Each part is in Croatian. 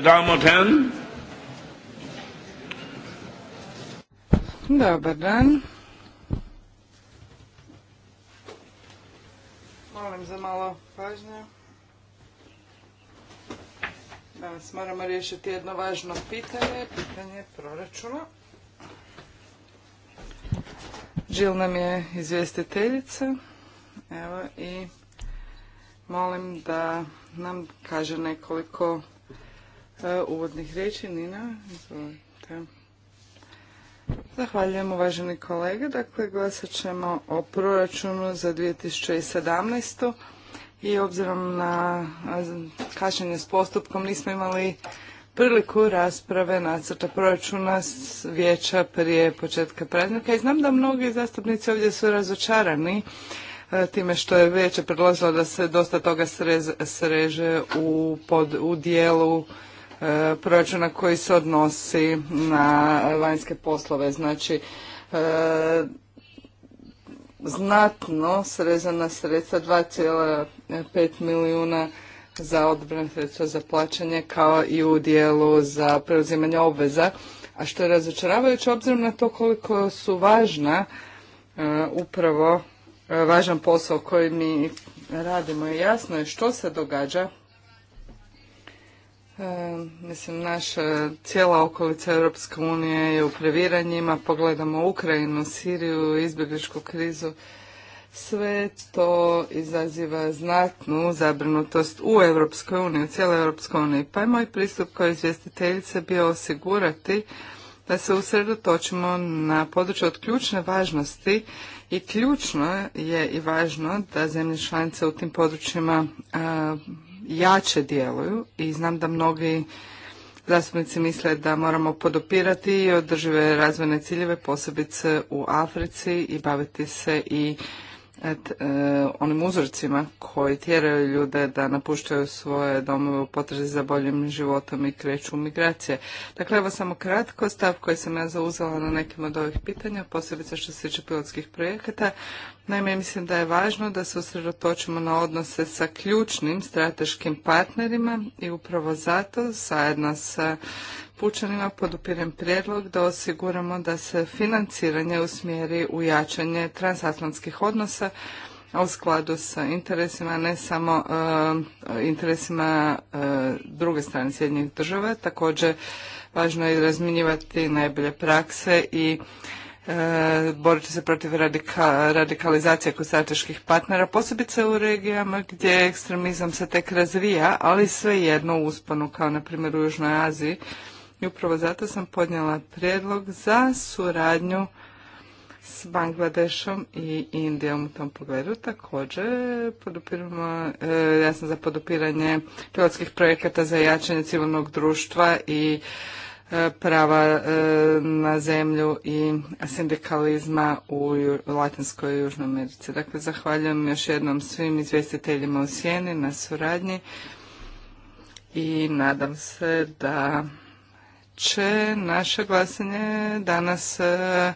Damen Dobar dan. Molim za malo pažnje. Danas moramo riješiti jedno važno pitanje, pitanje proračuna. Žil nam je izvjestiteljica. Evo i molim da nam kaže nekoliko E, uvodnih riječi. Nina, izvolite. Zahvaljujem uvaženi kolege. Dakle, glasat ćemo o proračunu za 2017. I obzirom na kašnjenje s postupkom nismo imali priliku rasprave nacrta proračuna s vijeća prije početka praznika i znam da mnogi zastupnici ovdje su razočarani e, time što je vijeće predložilo da se dosta toga sreže u, pod, u dijelu E, proračuna koji se odnosi na vanjske poslove. Znači, e, znatno srezana sredstva 2,5 milijuna za odbrane sredstva za plaćanje kao i u dijelu za preuzimanje obveza, a što je razočaravajuće obzirom na to koliko su važna e, upravo važan posao koji mi radimo i jasno je što se događa E, mislim, naša cijela okolica Europske unije je u previranjima. Pogledamo Ukrajinu, Siriju, izbjegličku krizu. Sve to izaziva znatnu zabrinutost u Europskoj uniji, u cijeloj Europskoj uniji. Pa je moj pristup kao izvjestiteljice bio osigurati da se usredotočimo na područje od ključne važnosti i ključno je i važno da zemlje članice u tim područjima jače djeluju i znam da mnogi zastupnici misle da moramo podopirati i održive razvojne ciljeve, posebice u Africi i baviti se i e, onim uzorcima koji tjeraju ljude da napuštaju svoje domove u potrazi za boljim životom i kreću u migracije. Dakle, evo samo kratko stav koji sam ja zauzela na nekim od ovih pitanja, posebice što se tiče pilotskih projekata. Naime, mislim da je važno da se usredotočimo na odnose sa ključnim strateškim partnerima i upravo zato zajedno sa pučanima podupirem prijedlog da osiguramo da se financiranje usmjeri u jačanje transatlantskih odnosa u skladu sa interesima ne samo e, interesima e, druge strane Sjedinjenih država. Također važno je razminjivati najbolje prakse i E, boriti se protiv radikalizacije kod strateških partnera, posebice u regijama gdje ekstremizam se tek razvija, ali svejedno u usponu, kao na primjer u Južnoj Aziji. I upravo zato sam podnijela prijedlog za suradnju s Bangladešom i Indijom u tom pogledu. Također, podupiramo, e, ja sam za podupiranje pilotskih projekata za jačanje civilnog društva i E, prava e, na zemlju i sindikalizma u Latinskoj i Južnoj Americi. Dakle, zahvaljujem još jednom svim izvjestiteljima u Sjeni na suradnji i nadam se da će naše glasanje danas e,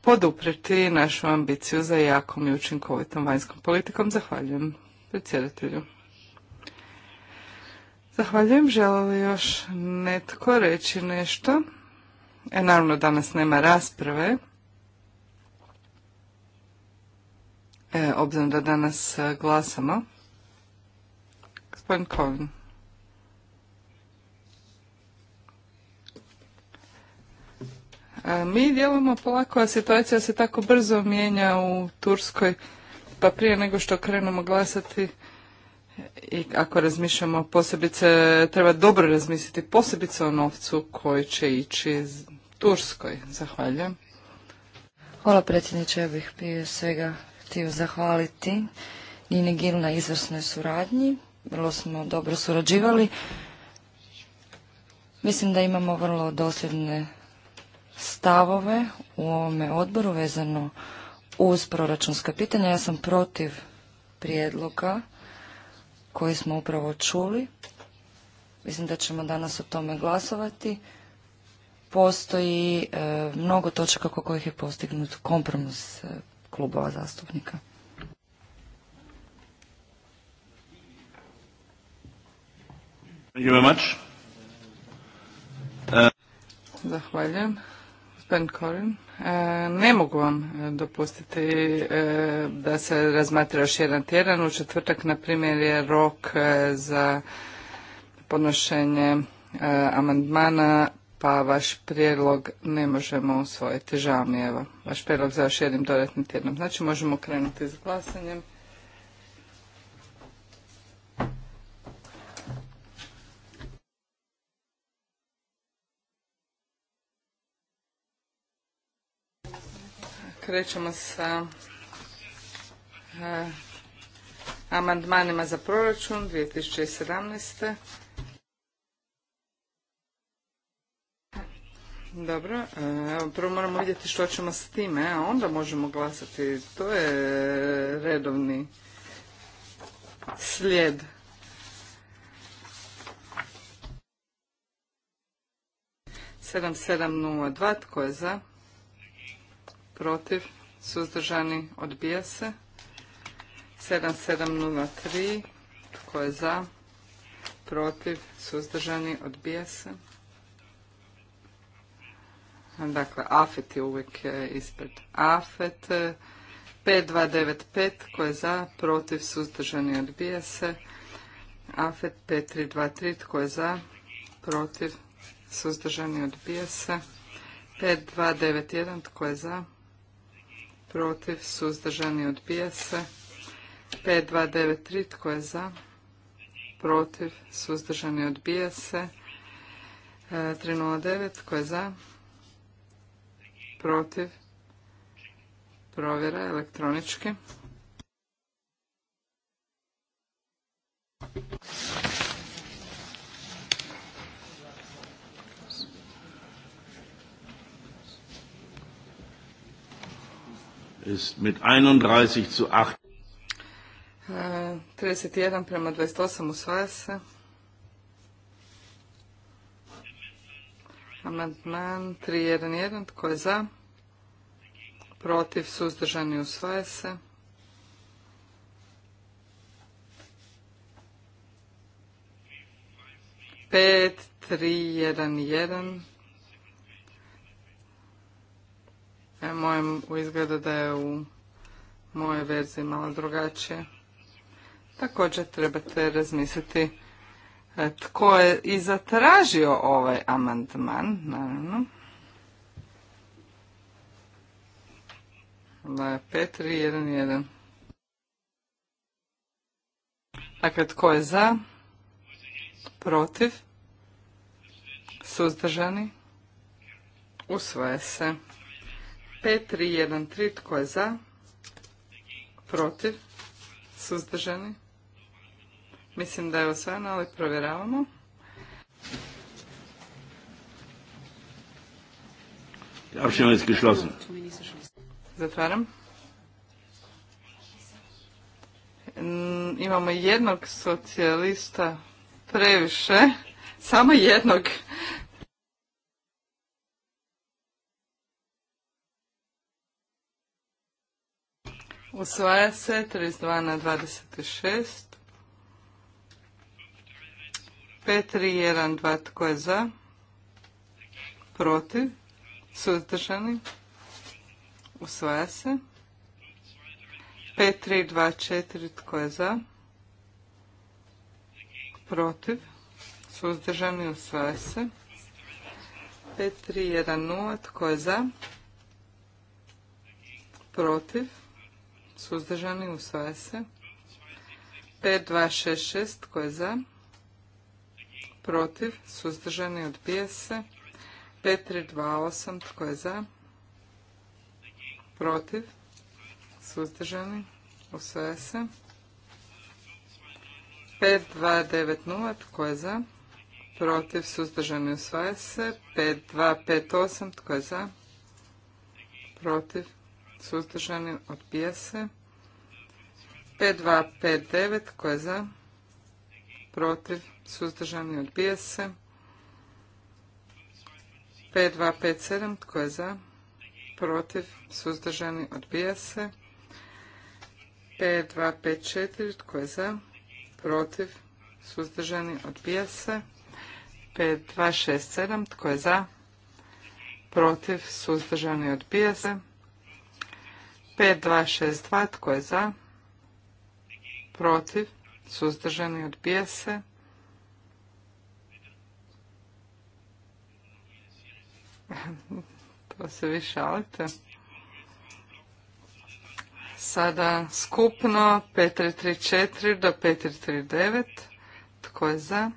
podupreti našu ambiciju za jakom i učinkovitom vanjskom politikom. Zahvaljujem predsjedatelju. Zahvaljujem. Žele li još netko reći nešto? E, naravno, danas nema rasprave. E, obzirom da danas e, glasamo. Gospodin Kovin. E, mi djelujemo polako, a situacija se tako brzo mijenja u Turskoj, pa prije nego što krenemo glasati, i ako razmišljamo posebice, treba dobro razmisliti posebice o novcu koji će ići iz Turskoj. Zahvaljujem. Hvala predsjedniče, ja bih prije svega htio zahvaliti Nini Gil na izvrsnoj suradnji. Vrlo smo dobro surađivali. Mislim da imamo vrlo dosljedne stavove u ovome odboru vezano uz proračunska pitanja. Ja sam protiv prijedloga koji smo upravo čuli. Mislim da ćemo danas o tome glasovati. Postoji e, mnogo točaka oko kojih je postignut kompromis e, klubova zastupnika. Thank you very much. Zahvaljujem. Gospodin e, ne mogu vam e, dopustiti e, da se razmatra još jedan tjedan. U četvrtak, na primjer, je rok za podnošenje amandmana, pa vaš prijedlog ne možemo usvojiti. Žao mi je, evo, vaš prijedlog za još jednim dodatnim tjednom. Znači, možemo krenuti s glasanjem. krećemo sa eh, amandmanima za proračun 2017. Dobro, eh, evo prvo moramo vidjeti što ćemo s time, a onda možemo glasati. To je redovni slijed. Sedam sedam nula dva, tko je za? protiv, suzdržani, odbija se. 7703, tko je za, protiv, suzdržani, odbija se. Dakle, AFET je uvijek e, ispred. AFET 5295, e, tko je za, protiv, suzdržani, odbija se. AFET 5323, tko je za, protiv, suzdržani, odbija se. 5291, tko je za, protiv, suzdržani, odbija se. 5293 tko je za, protiv, suzdržani, odbija se. 309 e, tko je za, protiv, provjera elektronički. ist mit 31 zu 8. 31 e, prema 28 usvaja se. Amandman 311. Tko je za? Protiv suzdržani usvaja se. Pet, tri, jedan, jedan. E, mojem u izgleda da je u mojoj verziji malo drugačije. Također trebate razmisliti e, tko je i zatražio ovaj amandman, naravno. Da je 5311. Dakle, tko je za? Protiv? Suzdržani? Usvoje se. 5313 tko je za? Protiv? Suzdržani? Mislim da je osvajano, ali provjeravamo. Zatvaram. Mm, imamo jednog socijalista previše, samo jednog Usvaja se 32 na 26. 5, 3, 1, 2, Tko je za? Protiv? Suzdržani? Usvaja se. 5, 3, 2, 4. Tko je za? Protiv? Suzdržani? Usvaja se. 5, 3, 1, 0. Tko je za? Protiv? Protiv? suzdržani, usvaja se. 5266 tko je za, protiv, suzdržani, odbije se. 5328 tko je za, protiv, suzdržani, usvaja se. 5290 tko je za, protiv, suzdržani, usvaja se. 5258 tko je za, protiv, suzdržani, od se. 5259 tko je za, protiv, suzdržani, od se. 5257 tko je za, protiv, suzdržani, od se. 5254 tko je za, protiv, suzdržani, odbija se. 5267 tko je za, protiv, suzdržani, odbija se. 5262. Tko je za? Protiv? Suzdržani? odbije se. to se vi šalite. Sada skupno 5334 do 5339. Tko je za?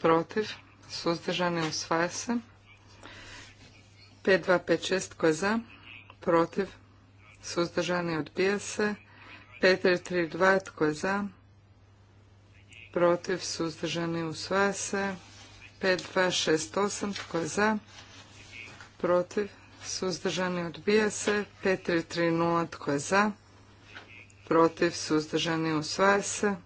Protiv? Suzdržani? Usvaja se. 5256. Tko je za? protiv, suzdržani, odbija se. 532 tko je za, protiv, suzdržani, usvaja se. 5268 tko je za, protiv, suzdržani, odbija se. 5330 tko je za, protiv, suzdržani, usvaja se.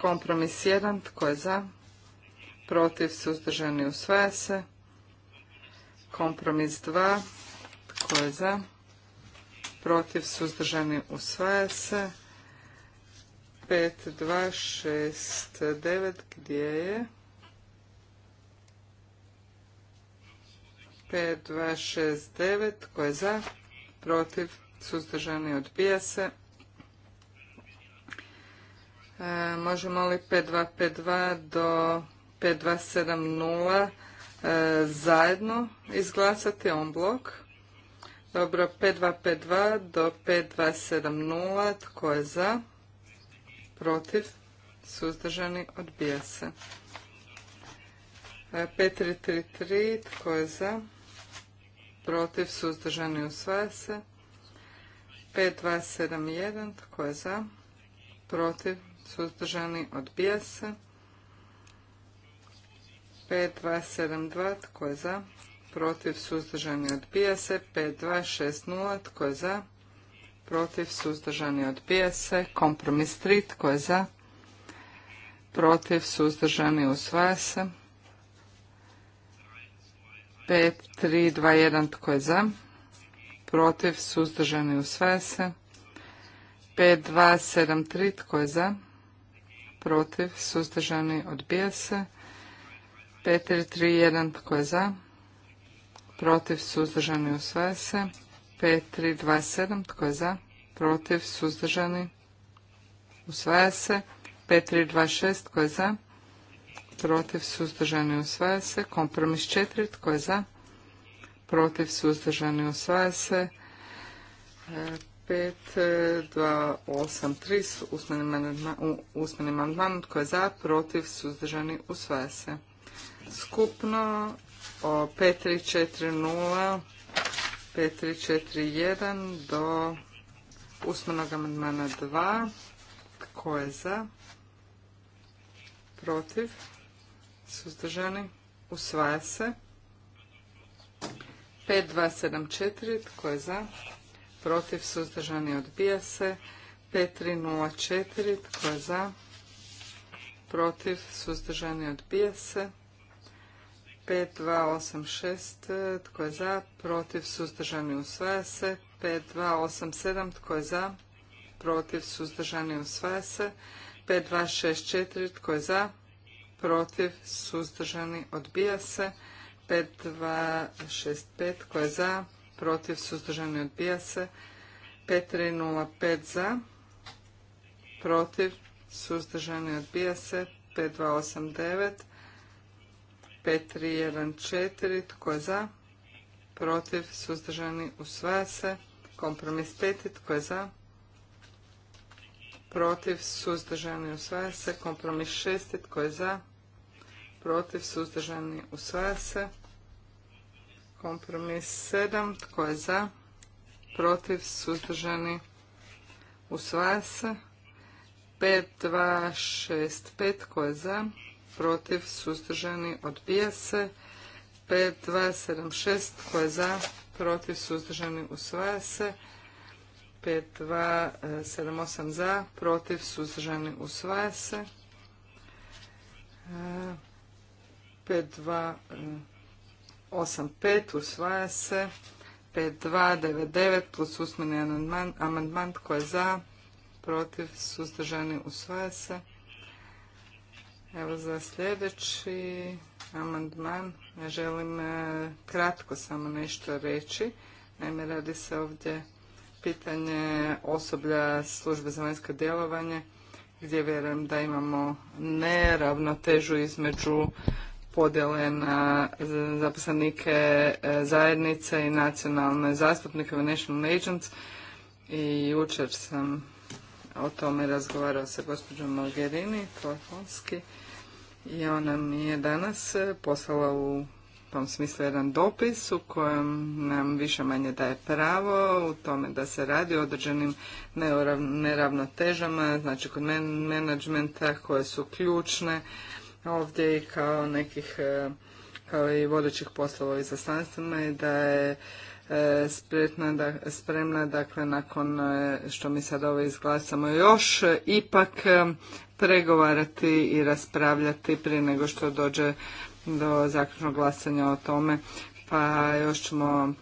Kompromis 1 tko je za, protiv, suzdržani, usvaja se. Kompromis 2. Tko je za? Protiv suzdržani usvaja se. 5, 2, 6, 9. Gdje je? 5, 2, 6, 9. Tko je za? Protiv suzdržani odbija se. E, možemo li 5252 do 5270 zajedno izglasati on blok. Dobro, 5252 do 5270. Tko je za? Protiv? Suzdržani? Odbija se. 5333. E, Tko je za? Protiv? Suzdržani? Usvaja se. 5271. Tko je za? Protiv? Suzdržani? Odbija se. 5272 tko je za, protiv suzdržani odbija se, 5260 tko je za, protiv suzdržani odbija se, kompromis 3 tko je za, protiv suzdržani usvaja se, 5321 tko je za, protiv suzdržani usvaja se, 5273 tko je za, protiv suzdržani odbija se, 5331 tko je za? Protiv suzdržani usvaja se. 5327 tko je za? Protiv suzdržani usvaja se. 5326 tko je za? Protiv suzdržani usvaja se. Kompromis 4 tko je za? Protiv suzdržani usvaja se. 5283 e, e, usmenim amandmanom tko je za? Protiv suzdržani usvaja se skupno o 5340, 5341 do usmenog amandmana 2. Tko je za? Protiv? Suzdržani? Usvaja se. 5274. Tko je za? Protiv? Suzdržani? Odbija se. 5304. Tko je za? Protiv? Suzdržani? Odbija se. 5286, tko je za, protiv, suzdržani, usvaja se. 5287, tko je za, protiv, suzdržani, usvaja se. 5264, tko je za, protiv, suzdržani, odbija se. 5265, tko je za, protiv, suzdržani, odbija se. 5305 za, protiv, suzdržani, odbija se. 5289, 5314. Tko je za? Protiv? Suzdržani? Usvaja se. Kompromis 5. Tko je za? Protiv? Suzdržani? Usvaja se. Kompromis 6. Tko je za? Protiv? Suzdržani? Usvaja se. Kompromis 7. Tko je za? Protiv? Suzdržani? Usvaja se. 5, Tko je za? protiv, suzdržani, odbija se. šest tko je za, protiv, suzdržani, usvaja se. osam za, protiv, suzdržani, usvaja se. 5285 usvaja se. 5299 plus usmeni amandman tko je za, protiv, suzdržani, usvaja se. Evo za sljedeći amandman ja želim e, kratko samo nešto reći. Naime, radi se ovdje pitanje osoblja službe za vanjsko djelovanje gdje vjerujem da imamo neravnotežu između podjele na zaposlenike e, zajednice i nacionalne zastupnike u National Agents i jučer sam o tome razgovarao sa gospođom Mogherini telefonski i ona mi je danas e, poslala u tom smislu jedan dopis u kojem nam više manje daje pravo u tome da se radi o određenim neravnotežama, znači kod menadžmenta koje su ključne ovdje i kao nekih e, kao i vodećih poslova i zastanstvima i da je e, spretna, da, spremna, dakle nakon što mi sad ovo izglasamo još ipak pregovarati i raspravljati prije nego što dođe do zaključnog glasanja o tome. Pa još ćemo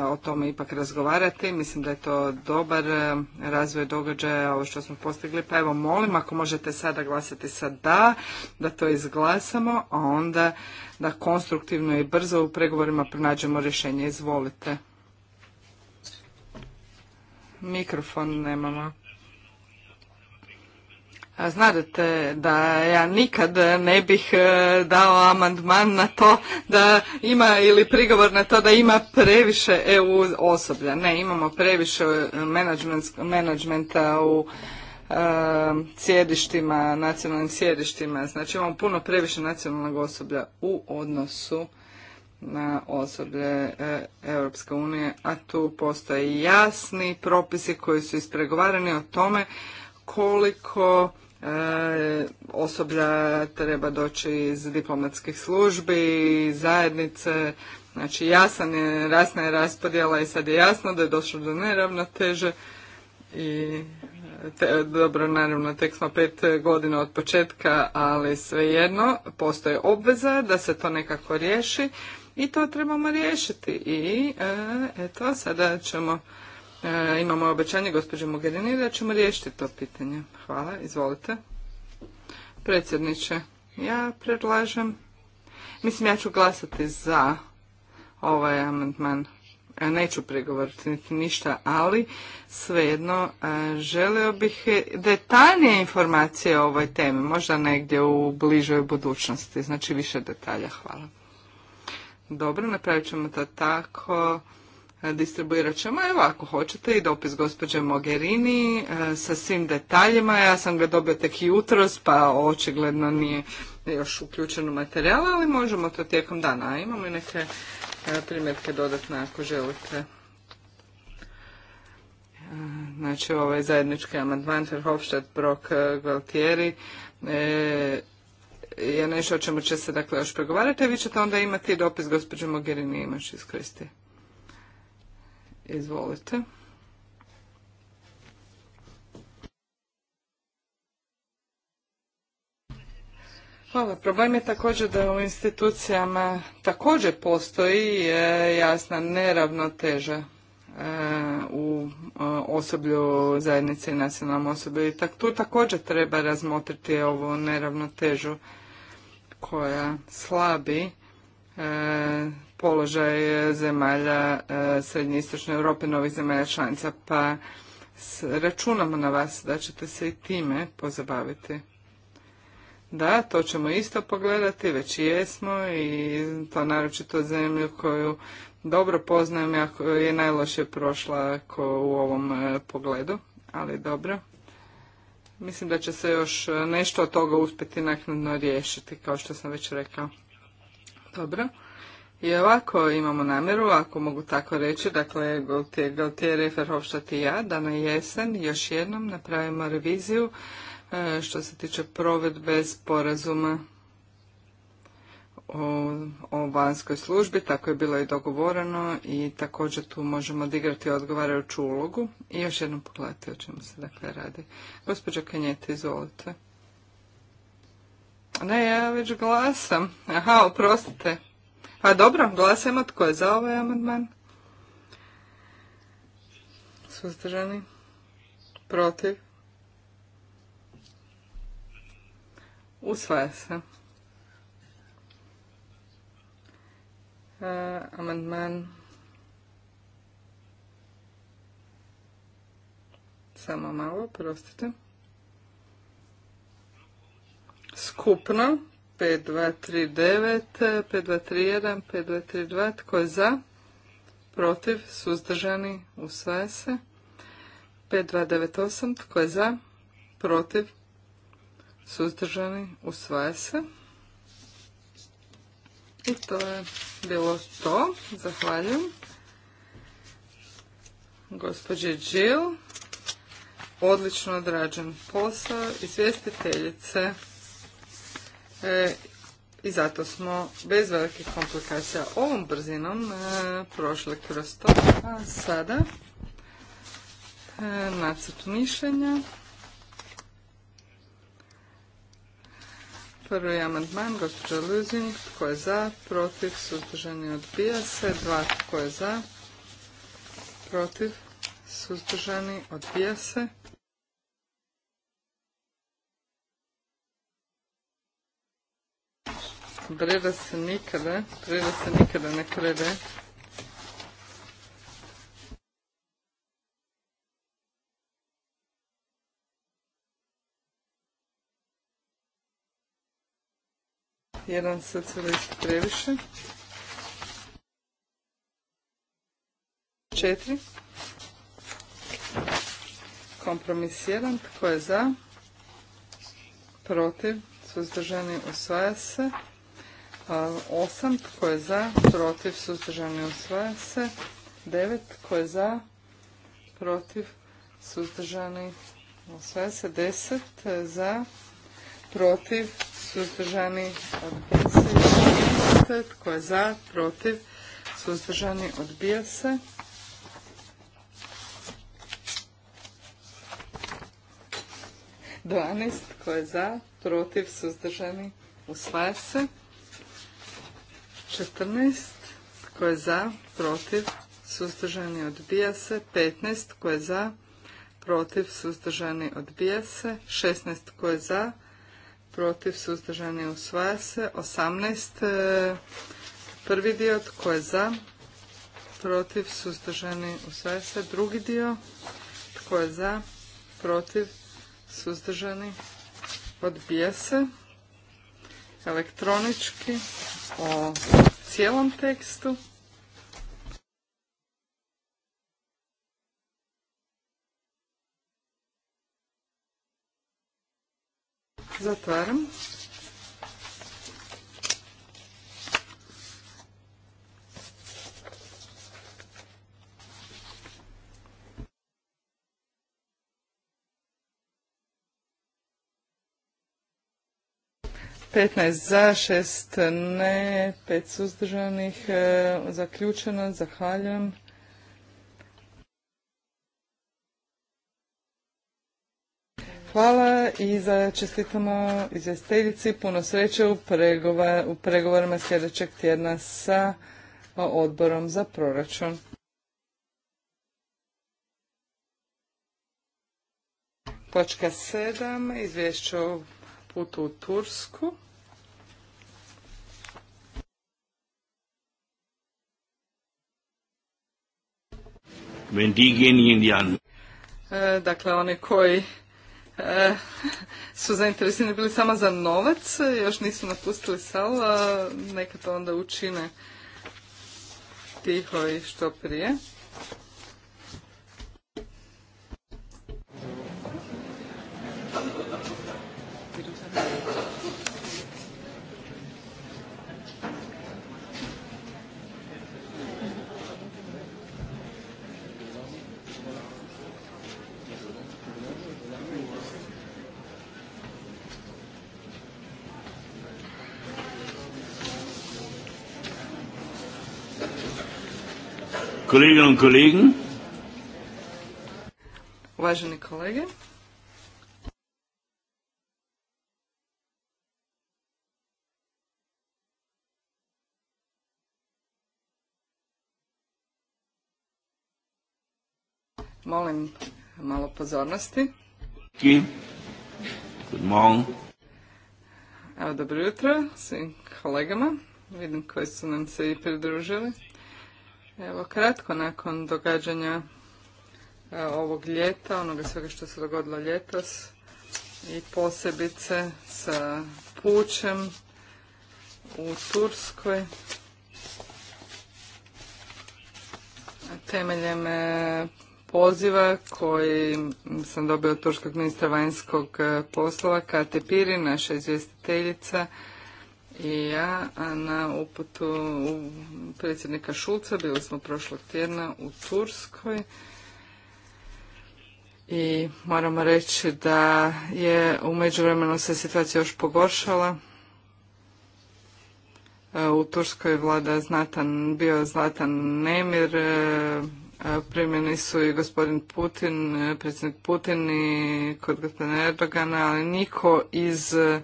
e, o tome ipak razgovarati. Mislim da je to dobar e, razvoj događaja, ovo što smo postigli. Pa evo, molim, ako možete sada glasati sa da, da to izglasamo, a onda da konstruktivno i brzo u pregovorima pronađemo rješenje. Izvolite. Mikrofon nemamo. Znate da ja nikad ne bih e, dao amandman na to da ima ili prigovor na to da ima previše EU osoblja. Ne, imamo previše menadžmenta u e, sjedištima, nacionalnim sjedištima. Znači imamo puno previše nacionalnog osoblja u odnosu na osoblje e, Europske unije, a tu postoje jasni propisi koji su ispregovarani o tome koliko E, osoblja treba doći iz diplomatskih službi, zajednice, znači jasan je, rasna je raspodjela i sad je jasno da je došlo do neravnoteže i dobro, naravno, tek smo pet godina od početka, ali svejedno postoje obveza da se to nekako riješi i to trebamo riješiti. I e, eto, sada ćemo E, imamo obećanje gospođe Mogherini da ćemo riješiti to pitanje. Hvala, izvolite. Predsjedniče, ja predlažem, mislim ja ću glasati za ovaj amandman. E, neću pregovoriti ništa, ali svejedno e, želeo bih detaljnije informacije o ovoj temi, možda negdje u bližoj budućnosti, znači više detalja. Hvala. Dobro, napravit ćemo to tako distribuirat ćemo. Evo, ako hoćete, i dopis gospođe Mogherini e, sa svim detaljima. Ja sam ga dobio tek jutros, pa očigledno nije još uključen u materijal, ali možemo to tijekom dana. A imamo i neke e, primjetke dodatne ako želite. E, znači, ovaj zajednički amandman Hofstadt, Brok, Gualtieri je nešto o čemu će se dakle još pregovarati, vi ćete onda imati dopis gospođe Mogherini imaš iskoristi. Izvolite. Hvala. Problem je također da u institucijama također postoji e, jasna neravnoteža e, u e, osoblju zajednice i nacionalnom osoblju. I tu također treba razmotriti ovu neravnotežu koja slabi položaj e, zemalja e, Srednje Istočne Europe, novih zemalja članica, pa računamo na vas da ćete se i time pozabaviti. Da, to ćemo isto pogledati, već i jesmo i to naročito zemlju koju dobro poznajem, jako je najloše prošla ko u ovom e, pogledu, ali dobro. Mislim da će se još nešto od toga uspjeti naknadno riješiti, kao što sam već rekao. Dobro. I ovako imamo namjeru, ako mogu tako reći, dakle Gautier, Ferhofstadt i ja, da na jesen još jednom napravimo reviziju e, što se tiče provedbe sporazuma o, o vanjskoj službi, tako je bilo i dogovoreno i također tu možemo odigrati odgovarajuću ulogu. I još jednom pogledati o čemu se dakle radi. Gospođo Kanjeta, izvolite. Ne, ja već glasam. Aha, oprostite. Pa dobro, glasajmo tko je za ovaj amandman. Suzdržani. Protiv. Usvaja se. E, amandman. Samo malo, prostite. Skupno. 5239, 5231, 5232. Tko je za? Protiv? Suzdržani? Usvaja se. 5298. Tko je za? Protiv? Suzdržani? Usvaja se. I to je bilo to. Zahvaljujem. Gospođe Jill odlično odrađen posao izvjestiteljice. E, I zato smo bez velikih komplikacija ovom brzinom e, prošli kroz to. A sada e, nacrt mišljenja. Prvi amandman, gospođa Luzin, tko je za, protiv, suzdržani odbija se, dva tko je za, protiv, suzdržani odbija se. Breda se nikada, Breda se nikada ne krede. Jedan socijalist previše. Četiri. Kompromis jedan. Tko je za? Protiv. Suzdržani osvaja se. 8. Tko je za? Protiv? Suzdržani? Usvaja se. 9. Tko je za? Protiv? Suzdržani? Usvaja se. 10. Za? Protiv? Suzdržani? Odbija se. Tko je za? Protiv? Suzdržani? Odbija se. Dvanaest. Tko je za? Protiv? Suzdržani? Usvaja se. 14. koje je za? Protiv? Suzdržani odbija se. 15. koje je za? Protiv? Suzdržani odbija se. 16. koje je za? Protiv? Suzdržani usvaja se. 18. E, prvi dio. koje je za? Protiv? Suzdržani usvaja se. Drugi dio. Tko je za? Protiv? Suzdržani odbija se elektronički o cijelom tekstu. Zatvaram. 15 za, 6 ne, 5 suzdržanih, e, zaključeno, zahvaljujem. Hvala i za čestitamo izvjestiteljici puno sreće u, pregova, u pregovorima sljedećeg tjedna sa odborom za proračun. Točka 7. Izvješću putu u Tursku. E, dakle, oni koji e, su zainteresirani bili samo za novac, još nisu napustili sal, a neka to onda učine tiho i što prije. Kolleginnen und Kollegen. Uvaženi kolege. Molim malo pozornosti. Good morning. Evo, dobro jutro svim kolegama. Vidim koji su nam se i pridružili. Evo, kratko nakon događanja e, ovog ljeta, onoga svega što se dogodilo ljetos i posebice sa pućem u Turskoj. Temeljem e, poziva koji sam dobio od Turskog ministra vanjskog e, poslova Kate Piri, naša izvjestiteljica, i ja na uputu predsjednika Šulca bili smo prošlog tjedna u Turskoj i moramo reći da je u međuvremenu se situacija još pogoršala. E, u Turskoj vlada znatan, bio znatan nemir, E, primjeni su i gospodin Putin, e, predsjednik Putin i kod gospodina Erdogana, ali niko iz e,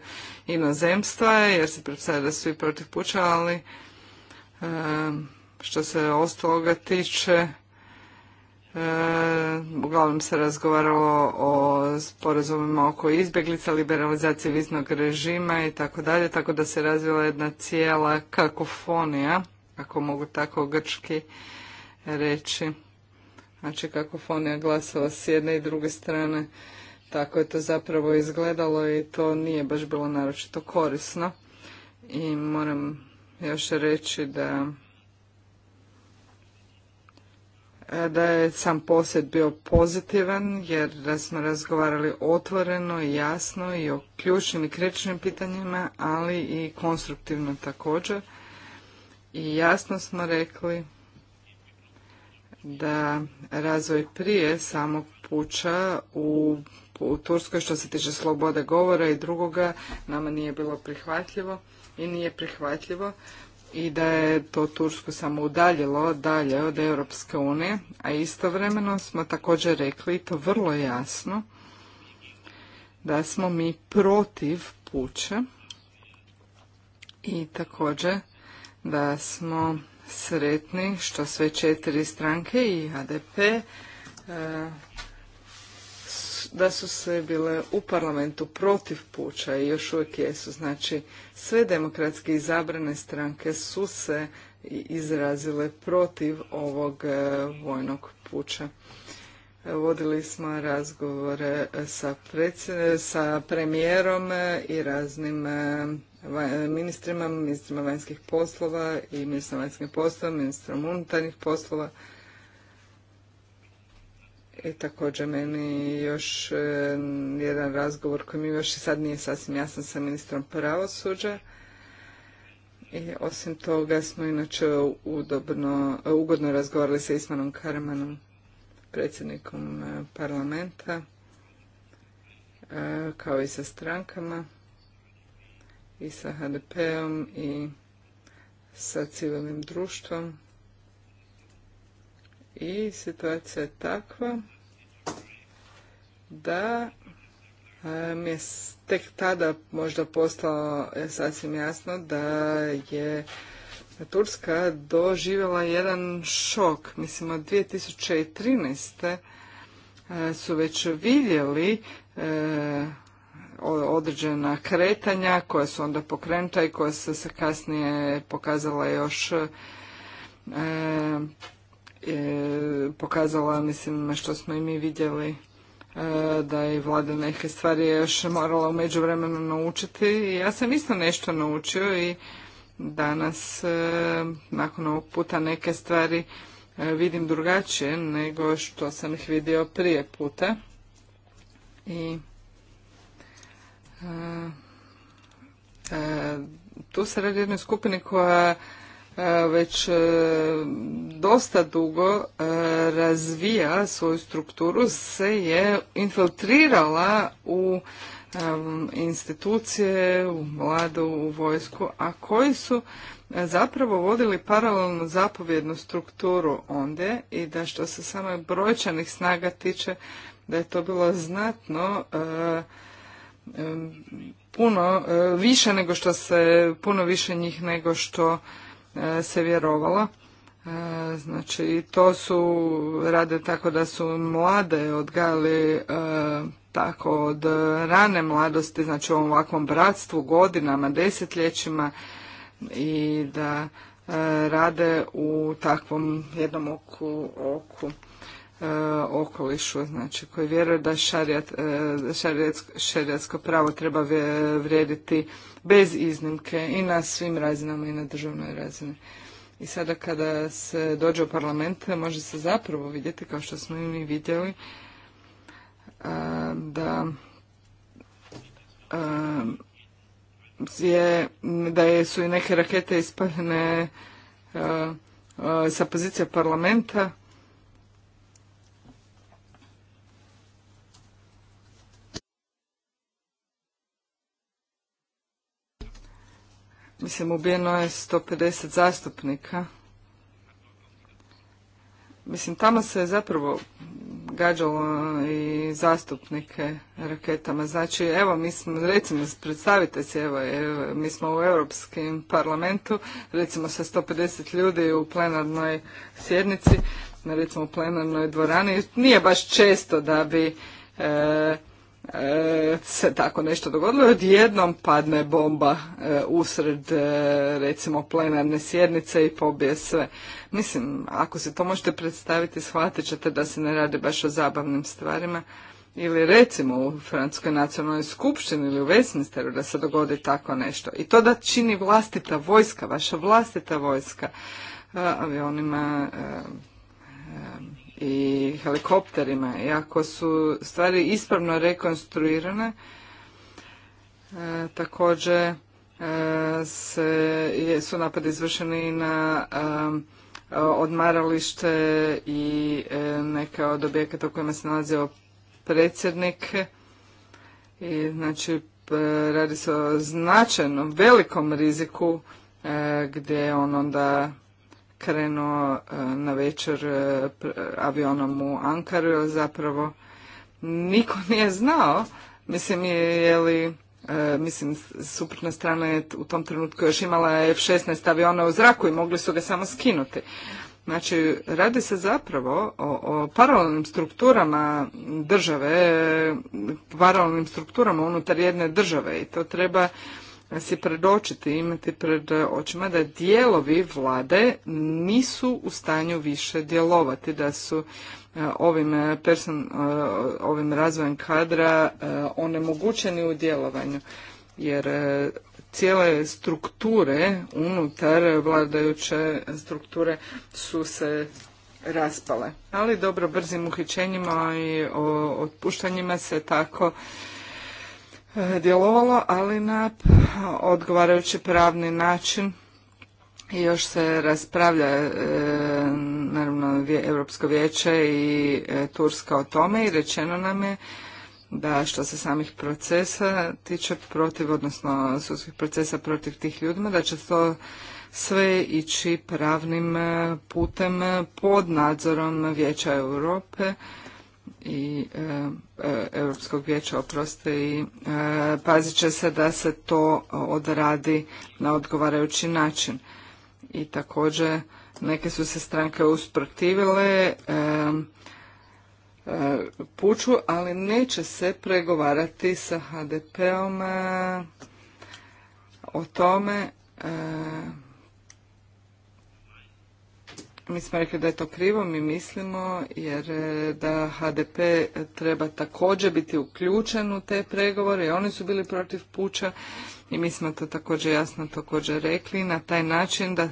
inozemstva, jer se predstavlja da svi protiv puća, ali što se ostaloga tiče, uglavnom se razgovaralo o sporazumima oko izbjeglica, liberalizacije viznog režima i tako dalje, tako da se razvila jedna cijela kakofonija, ako mogu tako grčki reći Znači kako fonija glasova s jedne i druge strane. Tako je to zapravo izgledalo i to nije baš bilo naročito korisno. I moram još reći da da je sam posjet bio pozitivan jer da smo razgovarali otvoreno i jasno i o ključnim i kritičnim pitanjima, ali i konstruktivno također. I jasno smo rekli da razvoj prije samog puća u, Turskoj što se tiče slobode govora i drugoga nama nije bilo prihvatljivo i nije prihvatljivo i da je to Tursku samo udaljilo dalje od Europske unije, a istovremeno smo također rekli i to vrlo jasno da smo mi protiv puća i također da smo sretni što sve četiri stranke i ADP e, da su sve bile u parlamentu protiv puča i još uvijek jesu. Znači, sve demokratske izabrane stranke su se izrazile protiv ovog e, vojnog puča vodili smo razgovore sa, premijerom i raznim e, ministrima, ministrima vanjskih poslova i ministrom vanjskih poslova, ministrom unutarnjih poslova. I također meni još e, jedan razgovor koji mi još i sad nije sasvim jasan sa ministrom pravosuđa. I osim toga smo inače udobno, ugodno razgovarali sa Ismanom Karamanom predsjednikom e, parlamenta e, kao i sa strankama i sa HDP-om i sa civilnim društvom i situacija je takva da e, mi je tek tada možda postalo sasvim jasno da je E, Turska doživjela jedan šok. Mislim, od 2013. E, su već vidjeli e, određena kretanja koja su onda pokrenuta i koja su se kasnije pokazala još pokazala, mislim, što smo i mi vidjeli da je vlada neke stvari još morala u međuvremenu naučiti. I ja sam isto nešto naučio i danas e, nakon ovog puta neke stvari e, vidim drugačije nego što sam ih vidio prije puta. I e, tu se radi jednoj skupini koja već dosta dugo razvija svoju strukturu, se je infiltrirala u Ehm, institucije, u vladu, u vojsku, a koji su e, zapravo vodili paralelnu zapovjednu strukturu onda i da što se samo brojčanih snaga tiče, da je to bilo znatno e, puno e, više nego što se, puno više njih nego što se vjerovalo. Znači, to su, rade tako da su mlade odgajali tako od e, rane mladosti, znači u ovom ovakvom bratstvu godinama, desetljećima i da e, rade u takvom jednom oku, oku e, okolišu, znači koji vjeruje da šarijat, šarijatsko, pravo treba vrijediti bez iznimke i na svim razinama i na državnoj razini. I sada kada se dođe u parlament može se zapravo vidjeti kao što smo i mi vidjeli E, da e, je, da su i neke rakete ispaljene e, sa pozicije parlamenta. Mislim, ubijeno je 150 zastupnika. Mislim, tamo se zapravo gađalo i zastupnike raketama. Znači, evo, mi smo, recimo, predstavite se, evo, evo, mi smo u Europskim parlamentu, recimo sa 150 ljudi u plenarnoj sjednici, recimo u plenarnoj dvorani. Nije baš često da bi e, E, se tako nešto dogodilo i odjednom padne bomba e, usred e, recimo plenarne sjednice i pobije sve. Mislim, ako se to možete predstaviti, shvatit ćete da se ne radi baš o zabavnim stvarima. Ili recimo u Francuskoj nacionalnoj skupštini ili u Westminsteru da se dogodi tako nešto. I to da čini vlastita vojska, vaša vlastita vojska avionima i helikopterima. I ako su stvari ispravno rekonstruirane, e, također e, se, su napadi izvršeni na e, odmaralište i neka od objekata u kojima se nalazio predsjednik. I, znači, radi se o značajnom, velikom riziku gdje on onda krenuo e, na večer e, avionom u Ankaru, zapravo niko nije znao. Mislim, je, li, e, mislim, suprotna strana je u tom trenutku još imala F-16 aviona u zraku i mogli su ga samo skinuti. Znači, radi se zapravo o, o paralelnim strukturama države, paralelnim strukturama unutar jedne države i to treba se predočiti, imati pred e, očima da dijelovi vlade nisu u stanju više djelovati, da su e, ovim, e, person, ovim razvojem kadra onemogućeni u djelovanju. Jer cijele strukture unutar vladajuće strukture su se raspale. Ali dobro, brzim uhićenjima i otpuštanjima se tako djelovalo, ali na odgovarajući pravni način i još se raspravlja e, naravno Europsko vijeće i e, Turska o tome i rečeno nam je da što se samih procesa tiče protiv, odnosno sudskih procesa protiv tih ljudima, da će to sve ići pravnim e, putem pod nadzorom Vijeća Europe i e, e, Europskog vijeća oproste i e, pazit će se da se to odradi na odgovarajući način. I također neke su se stranke usprotivile puču, ali neće se pregovarati sa HDP-om o tome mi smo rekli da je to krivo, mi mislimo jer e, da HDP treba također biti uključen u te pregovore i oni su bili protiv puča i mi smo to također jasno također rekli na taj način da,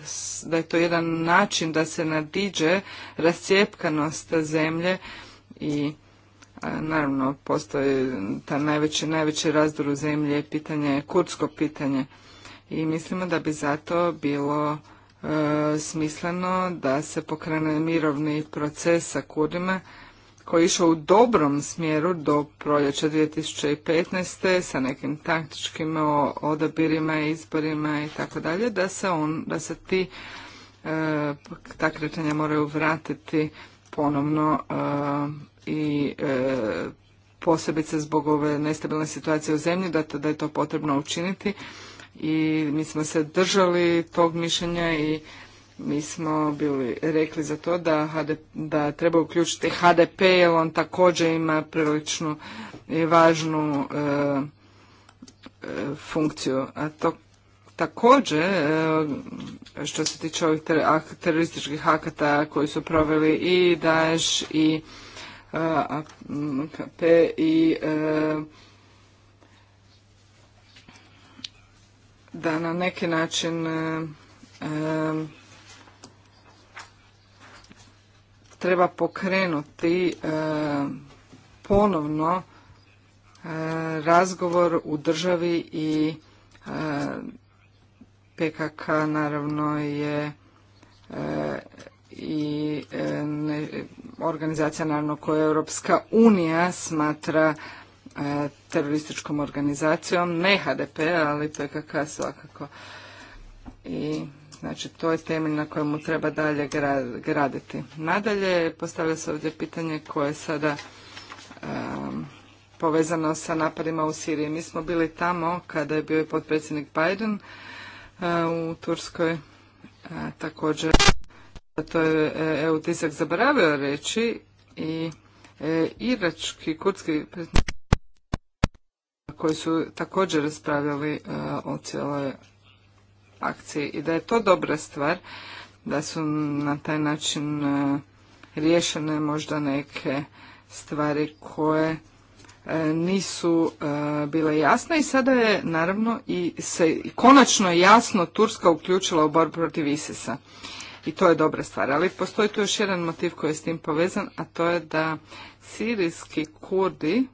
da je to jedan način da se nadiđe rascijepkanost zemlje i e, naravno postoji ta najveći, najveći razdor u zemlji je pitanje kurdsko pitanje i mislimo da bi zato bilo smisleno da se pokrene mirovni proces sa Kurdima koji je išao u dobrom smjeru do proljeća 2015. sa nekim taktičkim odabirima, izborima i tako dalje, da se on, da se ti e, ta kretanja moraju vratiti ponovno e, i e, posebice zbog ove nestabilne situacije u zemlji, da, da je to potrebno učiniti i mi smo se držali tog mišljenja i mi smo bili rekli za to da, da treba uključiti HDP jer on također ima priličnu i važnu e, e, funkciju. A to također e, što se tiče ovih ter, terorističkih akata koji su proveli i Daesh i AKP i da na neki način e, e, treba pokrenuti e, ponovno razgovor u državi i PKK naravno je i organizacija naravno koju Europska unija smatra E, terorističkom organizacijom, ne HDP, ali PKK svakako. I Znači, to je temelj na kojemu treba dalje graditi. Nadalje, postavlja se ovdje pitanje koje je sada e, povezano sa napadima u Siriji. Mi smo bili tamo kada je bio i potpredsjednik Biden e, u Turskoj. također, to je EU tisak zaboravio reći i e, irački, kurdski predsjednik koji su također raspravljali e, o cijeloj akciji i da je to dobra stvar da su na taj način e, riješene možda neke stvari koje e, nisu bile jasne i sada je naravno i se konačno jasno Turska uključila u borbu protiv Isisa I to je dobra stvar. Ali postoji tu još jedan motiv koji je s tim povezan, a to je da sirijski kurdi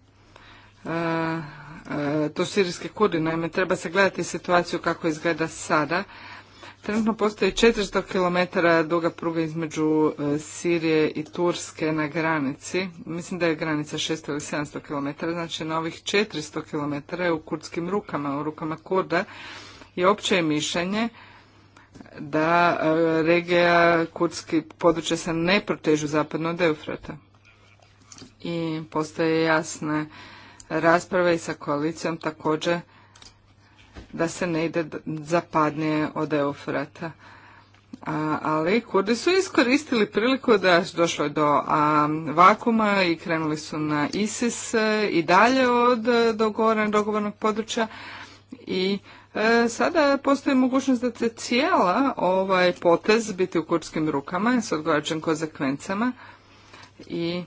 E, to sirijske kurde, Naime, treba se gledati situaciju kako izgleda sada. Trenutno postoji 400 km duga pruga između e, Sirije i Turske na granici. Mislim da je granica 600 ili 700 km, znači na ovih 400 km u kurdskim rukama, u rukama Kurda. je opće mišljenje da e, regija kurdski područje se ne protežu zapadno od Eufrata. I postoje jasne rasprave i sa koalicijom također da se ne ide zapadnije od Eufrata. A, ali Kurdi su iskoristili priliku da došlo do vakuma i krenuli su na ISIS e, i dalje od e, dogovornog, dogovornog područja i e, sada postoji mogućnost da će cijela ovaj potez biti u kurdskim rukama s odgovarajućim konzekvencama i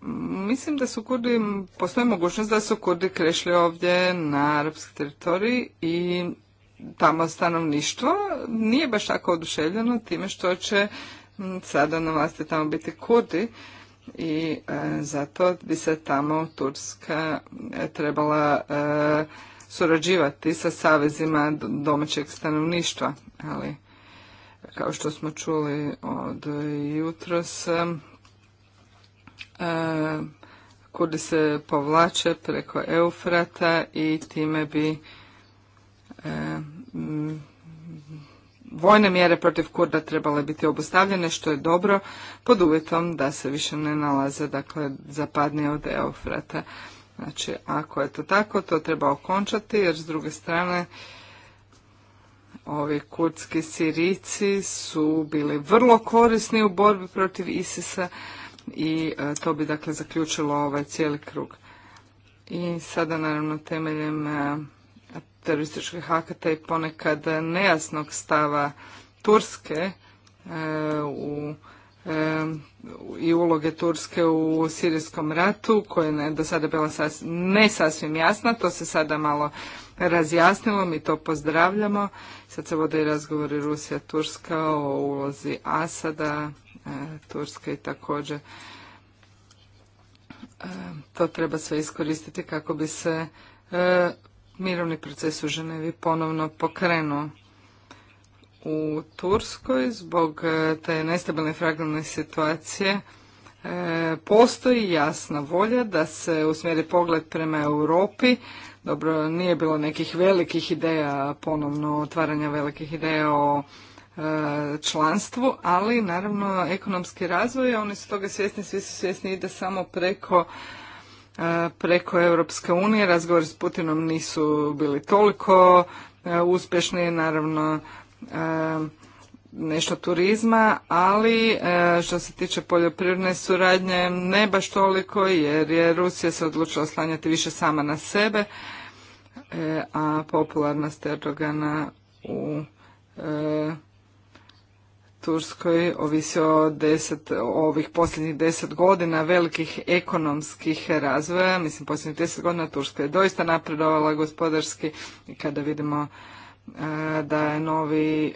Mislim da su Kurdi, postoji mogućnost da su Kurdi krešli ovdje na arapski teritorij i tamo stanovništvo nije baš tako oduševljeno time što će sada na vlasti tamo biti Kurdi i e, zato bi se tamo Turska e, trebala e, surađivati sa savezima domaćeg stanovništva, ali kao što smo čuli od jutros, E, Kurdi se povlače preko Eufrata i time bi e, vojne mjere protiv Kurda trebale biti obustavljene, što je dobro, pod uvjetom da se više ne nalaze dakle, zapadnije od Eufrata. Znači, ako je to tako, to treba okončati, jer s druge strane, ovi kurdski sirici su bili vrlo korisni u borbi protiv Isisa a i e, to bi dakle zaključilo ovaj cijeli krug. I sada naravno temeljem e, terorističkih hakata i ponekad nejasnog stava Turske e, u i uloge Turske u sirijskom ratu, koja je do sada bila ne sasvim jasna, to se sada malo razjasnilo, mi to pozdravljamo. Sad se vode i razgovori Rusija-Turska o ulozi Asada E, Turske i također e, to treba sve iskoristiti kako bi se e, mirovni proces u Ženevi ponovno pokrenuo. U Turskoj zbog te nestabilne fragilne situacije postoji jasna volja da se usmjeri pogled prema Europi. Dobro, nije bilo nekih velikih ideja, ponovno otvaranja velikih ideja o E, članstvu, ali naravno ekonomski razvoj, oni su toga svjesni, svi su svjesni ide samo preko e, preko Europske unije. Razgovori s Putinom nisu bili toliko e, uspješni, naravno nešto turizma, ali što se tiče poljoprivredne suradnje ne baš toliko jer je Rusija se odlučila oslanjati više sama na sebe, a popularnost Erdogana u Turskoj ovisi o, ovih posljednjih deset godina velikih ekonomskih razvoja. Mislim, posljednjih deset godina Turska je doista napredovala gospodarski i kada vidimo e, da je novi e,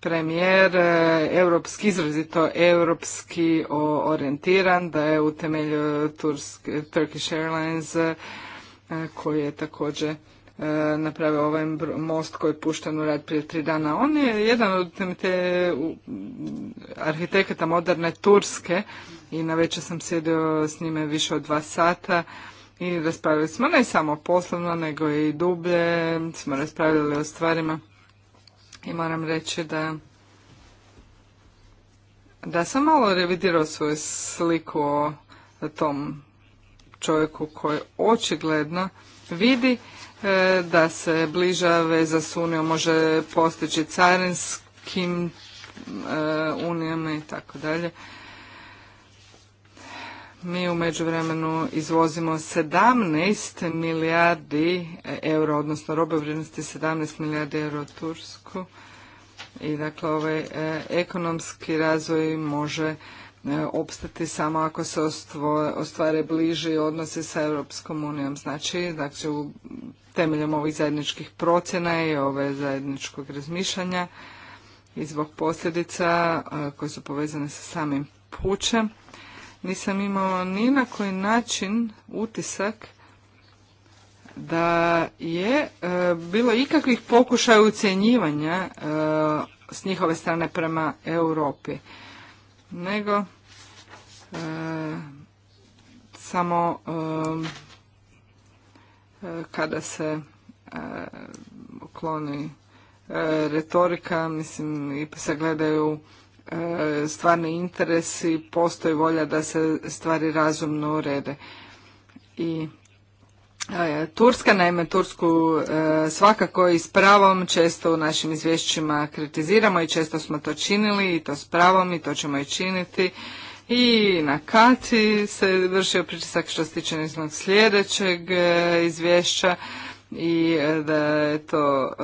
premijer europski, izrazito europski orijentiran, da je utemeljio Turkish Airlines e, koji je također E, napravio ovaj most koji je pušten u rad prije tri dana. On je jedan od te arhitekata moderne Turske i na večer sam sjedio s njime više od dva sata i raspravili smo ne samo poslovno nego i dublje, smo raspravljali o stvarima i moram reći da da sam malo revidirao svoju sliku o tom čovjeku koji očigledno vidi E, da se bliža veza s Unijom može postići carinskim e, unijama i tako dalje. Mi u međuvremenu izvozimo 17 milijardi euro, odnosno robe vrijednosti 17 milijardi euro u Tursku. I dakle ovaj e, ekonomski razvoj može opstati samo ako se ostvare bliži odnosi sa Europskom unijom. Znači, dakle, u temeljem ovih zajedničkih procjena i ove zajedničkog razmišljanja i zbog posljedica koje su povezane sa samim pućem, nisam imao ni na koji način utisak da je e, bilo ikakvih pokušaja ucjenjivanja e, s njihove strane prema Europi, nego e, samo kada se ukloni e, e, retorika, mislim i se gledaju e, stvarni interesi, postoji volja da se stvari razumno urede. I Turska, naime Tursku svakako i s pravom često u našim izvješćima kritiziramo i često smo to činili i to s pravom i to ćemo i činiti i na Kati se vršio pritisak što se tiče sljedećeg e, izvješća i e, da je to e,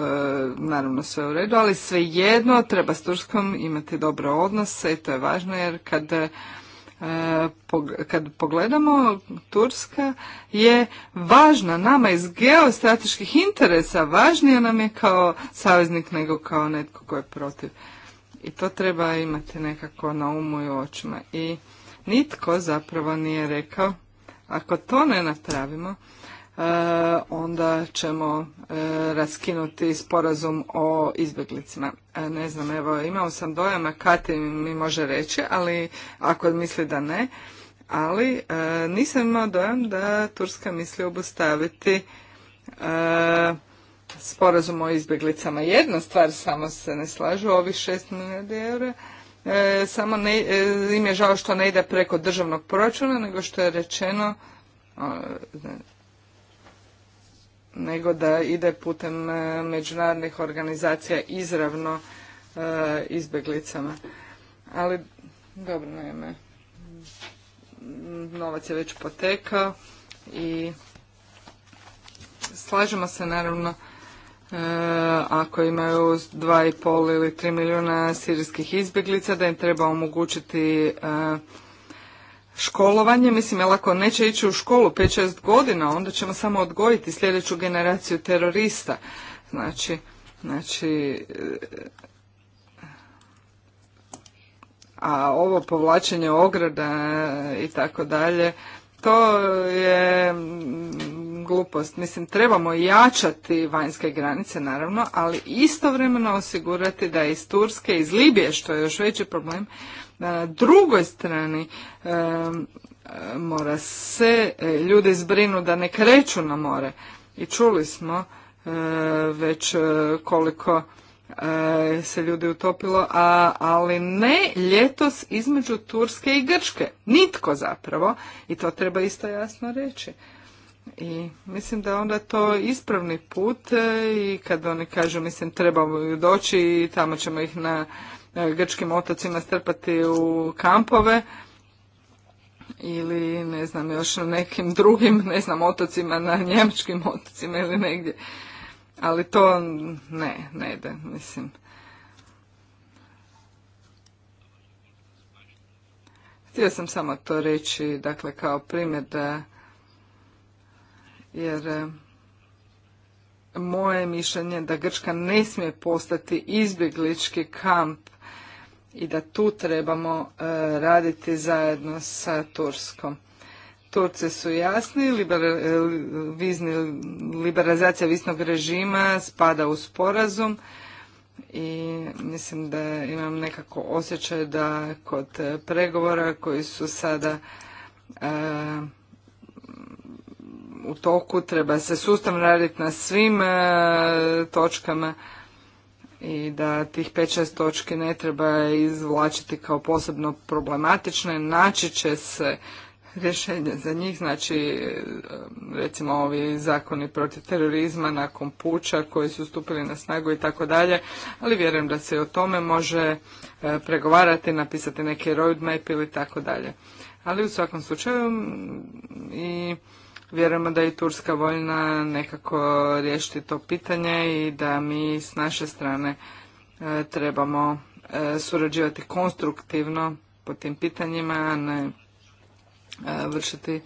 naravno sve u redu, ali svejedno treba s Turskom imati dobre odnose i to je važno jer kad kad pogledamo Turska je važna nama iz geostrateških interesa, važnija nam je kao saveznik nego kao netko tko je protiv. I to treba imati nekako na umu i očima. I nitko zapravo nije rekao, ako to ne napravimo, e, onda ćemo e, raskinuti sporazum o izbjeglicima. E, ne znam, evo, imao sam dojama Kati mi može reći, ali ako misli da ne, ali nisam imao dojam da Turska misli obustaviti sporazum o izbjeglicama. Jedna stvar samo se ne slažu, ovih šest milijardi eura. E, samo ne, e, im je žao što ne ide preko državnog proračuna, nego što je rečeno nego da ide putem e, međunarodnih organizacija izravno izbjeglicama. Ali, dobro, naime, novac je već potekao i slažemo se naravno E, ako imaju 2,5 ili 3 milijuna sirijskih izbjeglica, da im treba omogućiti e, školovanje. Mislim, jel ako neće ići u školu 5-6 godina, onda ćemo samo odgojiti sljedeću generaciju terorista. Znači, znači e, a ovo povlačenje ograda i tako dalje, to je glupost. Mislim, trebamo jačati vanjske granice, naravno, ali istovremeno osigurati da iz Turske, iz Libije, što je još veći problem, na drugoj strani mora se e, ljudi zbrinu da ne kreću na more. I čuli smo e, već e, koliko se ljudi utopilo, a, ali ne ljetos između Turske i Grčke. Nitko zapravo. I to treba isto jasno reći. I mislim da onda to ispravni put e, i kad oni kažu, mislim, trebamo doći i tamo ćemo ih na e, grčkim otocima strpati u kampove ili ne znam još na nekim drugim, ne znam, otocima, na njemačkim otocima ili negdje. Ali to ne, ne ide, mislim. Htio sam samo to reći, dakle, kao primjer da jer e, moje mišljenje da Grčka ne smije postati izbjeglički kamp i da tu trebamo e, raditi zajedno sa Turskom. Turci su jasni, e, liberalizacija visnog režima spada u sporazum i mislim da imam nekako osjećaj da kod pregovora koji su sada u toku, treba se sustavno raditi na svim e, točkama i da tih 5-6 točki ne treba izvlačiti kao posebno problematične, naći će se rješenje za njih, znači e, recimo ovi zakoni protiv terorizma nakon puča koji su stupili na snagu i tako dalje, ali vjerujem da se o tome može e, pregovarati, napisati neke roadmap ili tako dalje. Ali u svakom slučaju mm, i Vjerujemo da je i Turska voljna nekako riješiti to pitanje i da mi s naše strane e, trebamo e, surađivati konstruktivno po tim pitanjima, a ne e, vršiti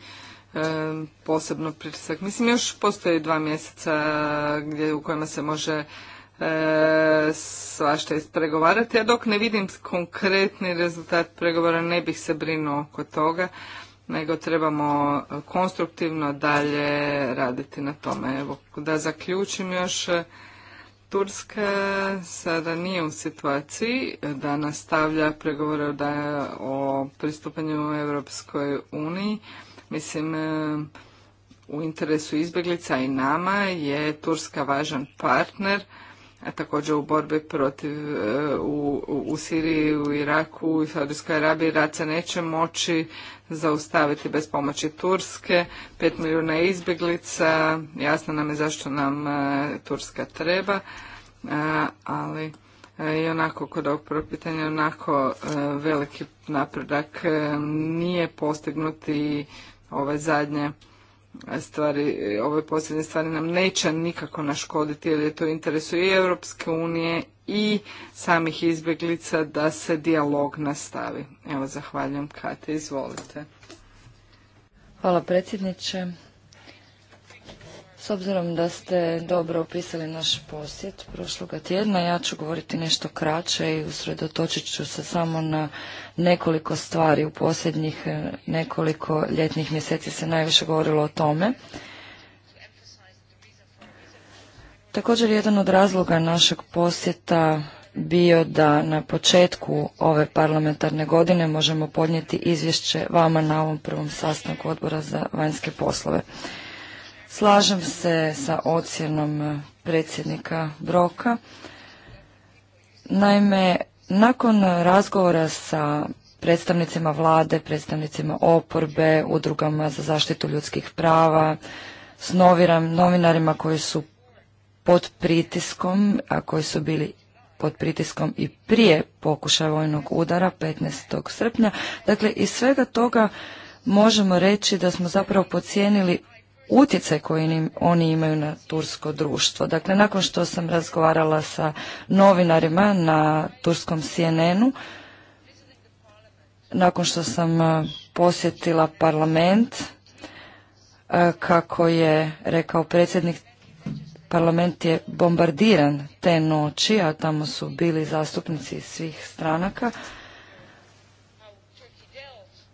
posebno pritisak. Mislim, još postoji dva mjeseca gdje, u kojima se može svašta ispregovarati, a dok ne vidim konkretni rezultat pregovora ne bih se brinuo oko toga, nego trebamo konstruktivno dalje raditi na tome. Evo, da zaključim još, Turska sada nije u situaciji da nastavlja pregovore da o pristupanju Europskoj uniji. Mislim, u interesu izbjeglica i nama je Turska važan partner a također u borbi protiv e, u, u Siriji, u Iraku, i Saudijskoj Arabiji rat se neće moći zaustaviti bez pomoći Turske, 5 milijuna izbjeglica, jasno nam je zašto nam e, Turska treba, e, ali i onako kod ovog prvog pitanja onako veliki napredak nije postignuti ove zadnje stvari, ove posljednje stvari nam neće nikako naškoditi jer je to interesu i Europske unije i samih izbjeglica da se dijalog nastavi. Evo, zahvaljujem Kate, izvolite. Hvala predsjedniče. S obzirom da ste dobro opisali naš posjet prošloga tjedna, ja ću govoriti nešto kraće i usredotočit ću se samo na nekoliko stvari. U posljednjih e, nekoliko ljetnih mjeseci se najviše govorilo o tome. Također jedan od razloga našeg posjeta bio da na početku ove parlamentarne godine možemo podnijeti izvješće vama na ovom prvom sastanku odbora za vanjske poslove. Slažem se sa ocjenom eh, predsjednika Broka. Naime, nakon razgovora sa predstavnicima vlade, predstavnicima oporbe, udrugama za zaštitu ljudskih prava, s novinarima koji su pod pritiskom, a koji su bili pod pritiskom i prije pokušaja vojnog udara 15. srpnja. Dakle, iz svega toga možemo reći da smo zapravo pocijenili utjecaj koji oni imaju na tursko društvo. Dakle, nakon što sam razgovarala sa novinarima na turskom CNN-u, nakon što sam e, posjetila parlament, e, kako je rekao predsjednik, parlament je bombardiran te noći, a tamo su bili zastupnici svih stranaka.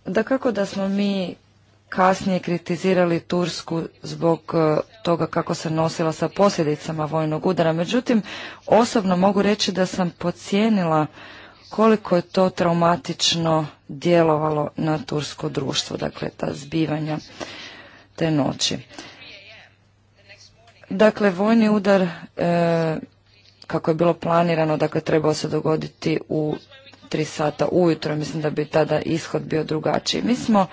Da kako da smo mi kasnije kritizirali Tursku zbog e, toga kako se nosila sa posljedicama vojnog udara. Međutim, osobno mogu reći da sam pocijenila koliko je to traumatično djelovalo na tursko društvo, dakle ta zbivanja te noći. Dakle, vojni udar e, kako je bilo planirano, dakle trebao se dogoditi u tri sata ujutro, mislim da bi tada ishod bio drugačiji. Mi smo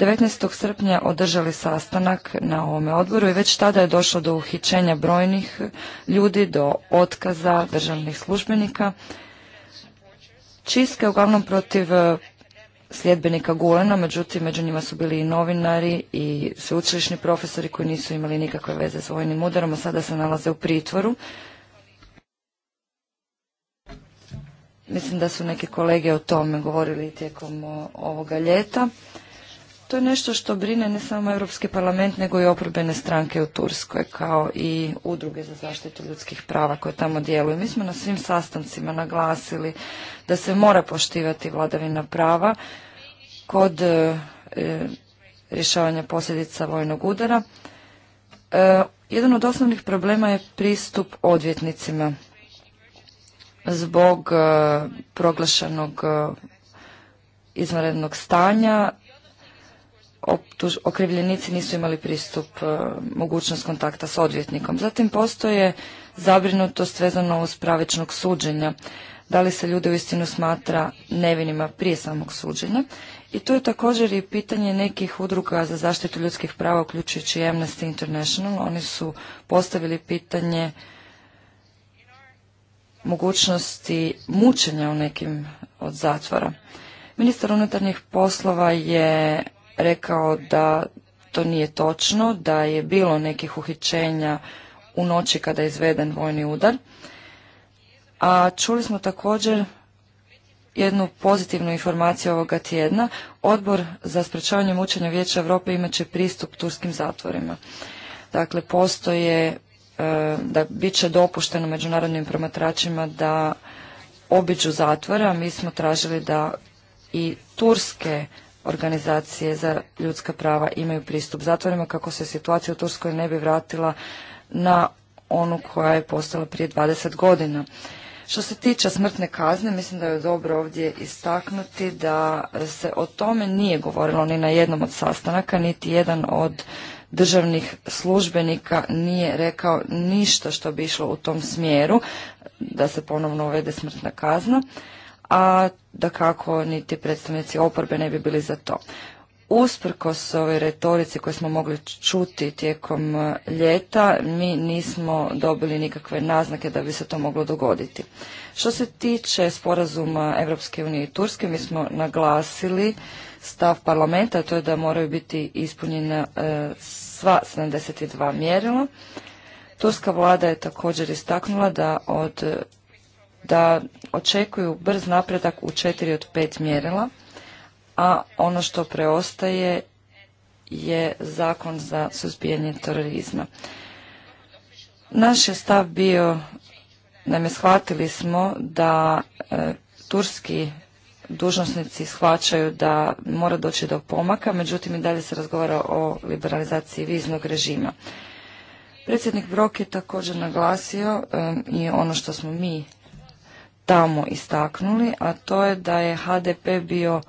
19. srpnja održali sastanak na ovome odboru i već tada je došlo do uhićenja brojnih ljudi, do otkaza državnih službenika. Čistke uglavnom protiv e, sljedbenika Gulena, međutim među njima su bili i novinari i sveučilišni profesori koji nisu imali nikakve veze s vojnim udarom, a sada se nalaze u pritvoru. Mislim da su neki kolege o tome govorili tijekom e, ovoga ljeta. To je nešto što brine ne samo Europski parlament, nego i oporbene stranke u Turskoj, kao i udruge za zaštitu ljudskih prava koje tamo djeluju. Mi smo na svim sastancima naglasili da se mora poštivati vladavina prava kod e, e, rješavanja posljedica vojnog udara. E, jedan od osnovnih problema je pristup odvjetnicima zbog proglašenog izvanrednog stanja okrivljenici nisu imali pristup e, mogućnost kontakta s odvjetnikom. Zatim postoje zabrinutost vezano uz pravičnog suđenja. Da li se ljude uistinu smatra nevinima prije samog suđenja? I tu je također i pitanje nekih udruga za zaštitu ljudskih prava, uključujući Amnesty International. Oni su postavili pitanje mogućnosti mučenja u nekim od zatvora. Ministar unutarnjih poslova je rekao da to nije točno, da je bilo nekih uhićenja u noći kada je izveden vojni udar. A čuli smo također jednu pozitivnu informaciju ovoga tjedna. Odbor za sprečavanje mučenja Vijeća Europe imat će pristup turskim zatvorima. Dakle, postoje e, da bit će dopušteno međunarodnim promatračima da obiđu zatvore, a mi smo tražili da i turske organizacije za ljudska prava imaju pristup zatvorima kako se situacija u Turskoj ne bi vratila na onu koja je postala prije 20 godina. Što se tiče smrtne kazne, mislim da je dobro ovdje istaknuti da se o tome nije govorilo ni na jednom od sastanaka, niti jedan od državnih službenika nije rekao ništa što bi išlo u tom smjeru da se ponovno uvede smrtna kazna a da kako niti predstavnici oporbe ne bi bili za to. Usprkos ove retorici koje smo mogli čuti tijekom e, ljeta, mi nismo dobili nikakve naznake da bi se to moglo dogoditi. Što se tiče sporazuma EU unije i Turske, mi smo naglasili stav parlamenta, to je da moraju biti ispunjena e, sva 72 mjerila. Turska vlada je također istaknula da od da očekuju brz napredak u četiri od pet mjerila, a ono što preostaje je zakon za suzbijanje terorizma. Naš je stav bio, nam shvatili smo da e, turski dužnosnici shvaćaju da mora doći do pomaka, međutim i dalje se razgovara o liberalizaciji viznog režima. Predsjednik Brok je također naglasio e, i ono što smo mi tamo istaknuli, a to je da je HDP bio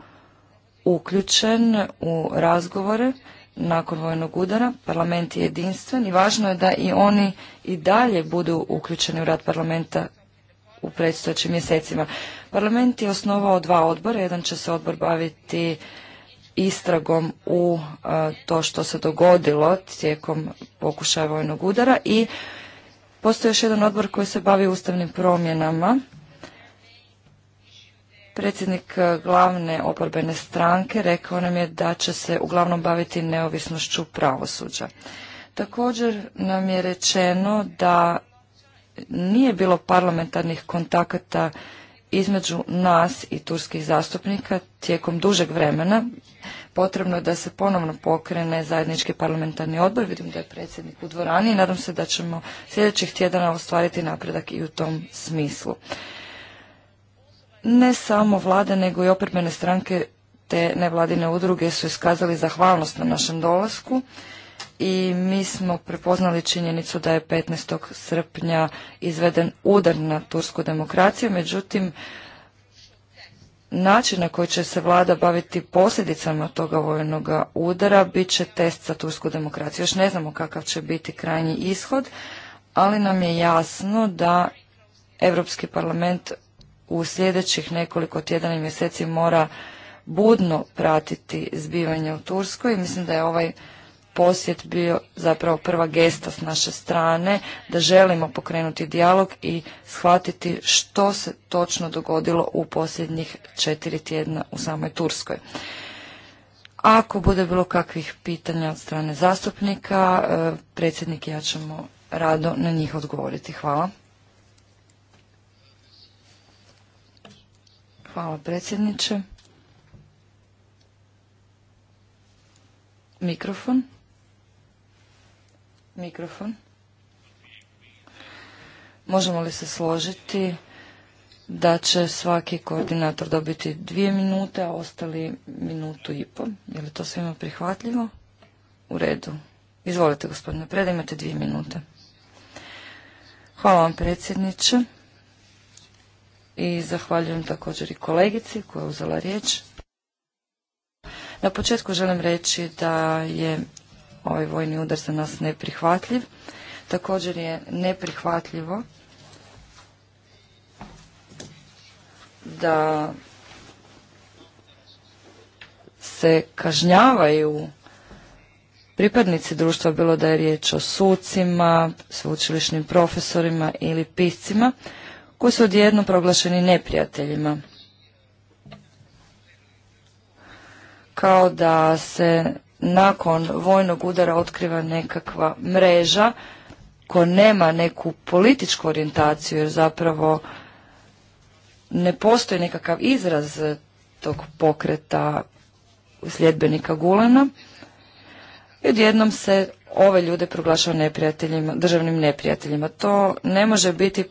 uključen u razgovore nakon vojnog udara. Parlament je jedinstven i važno je da i oni i dalje budu uključeni u rad parlamenta u predstojećim mjesecima. Parlament je osnovao dva odbora. Jedan će se odbor baviti istragom u e, to što se dogodilo tijekom pokušaja vojnog udara i postoji još jedan odbor koji se bavi ustavnim promjenama Predsjednik e, glavne oporbene stranke rekao nam je da će se uglavnom baviti neovisnošću pravosuđa. Također nam je rečeno da nije bilo parlamentarnih kontakata između nas i turskih zastupnika tijekom dužeg vremena. Potrebno je da se ponovno pokrene zajednički parlamentarni odbor. Vidim da je predsjednik u dvorani i nadam se da ćemo sljedećih tjedana ostvariti napredak i u tom smislu ne samo vlada, nego i opremene stranke te nevladine udruge su iskazali zahvalnost na našem dolasku i mi smo prepoznali činjenicu da je 15. srpnja izveden udar na tursku demokraciju, međutim način na koji će se vlada baviti posljedicama toga vojnog udara bit će test za tursku demokraciju. Još ne znamo kakav će biti krajnji ishod, ali nam je jasno da Europski parlament u sljedećih nekoliko tjedana i mjeseci mora budno pratiti zbivanje u Turskoj. Mislim da je ovaj posjet bio zapravo prva gesta s naše strane, da želimo pokrenuti dijalog i shvatiti što se točno dogodilo u posljednjih četiri tjedna u samoj Turskoj. Ako bude bilo kakvih pitanja od strane zastupnika, e, predsjednik i ja ćemo rado na njih odgovoriti. Hvala. Hvala predsjedniče. Mikrofon. Mikrofon. Možemo li se složiti da će svaki koordinator dobiti dvije minute, a ostali minutu i pol? Je li to svima prihvatljivo? U redu. Izvolite, gospodine Preda, imate dvije minute. Hvala vam, predsjedniče i zahvaljujem također i kolegici koja je uzela riječ. Na početku želim reći da je ovaj vojni udar za nas neprihvatljiv. Također je neprihvatljivo da se kažnjavaju pripadnici društva, bilo da je riječ o sucima, sveučilišnim profesorima ili piscima koji su odjedno proglašeni neprijateljima. Kao da se nakon vojnog udara otkriva nekakva mreža koja nema neku političku orijentaciju jer zapravo ne postoji nekakav izraz tog pokreta sljedbenika Gulana i odjednom se ove ljude proglašava neprijateljima, državnim neprijateljima. To ne može biti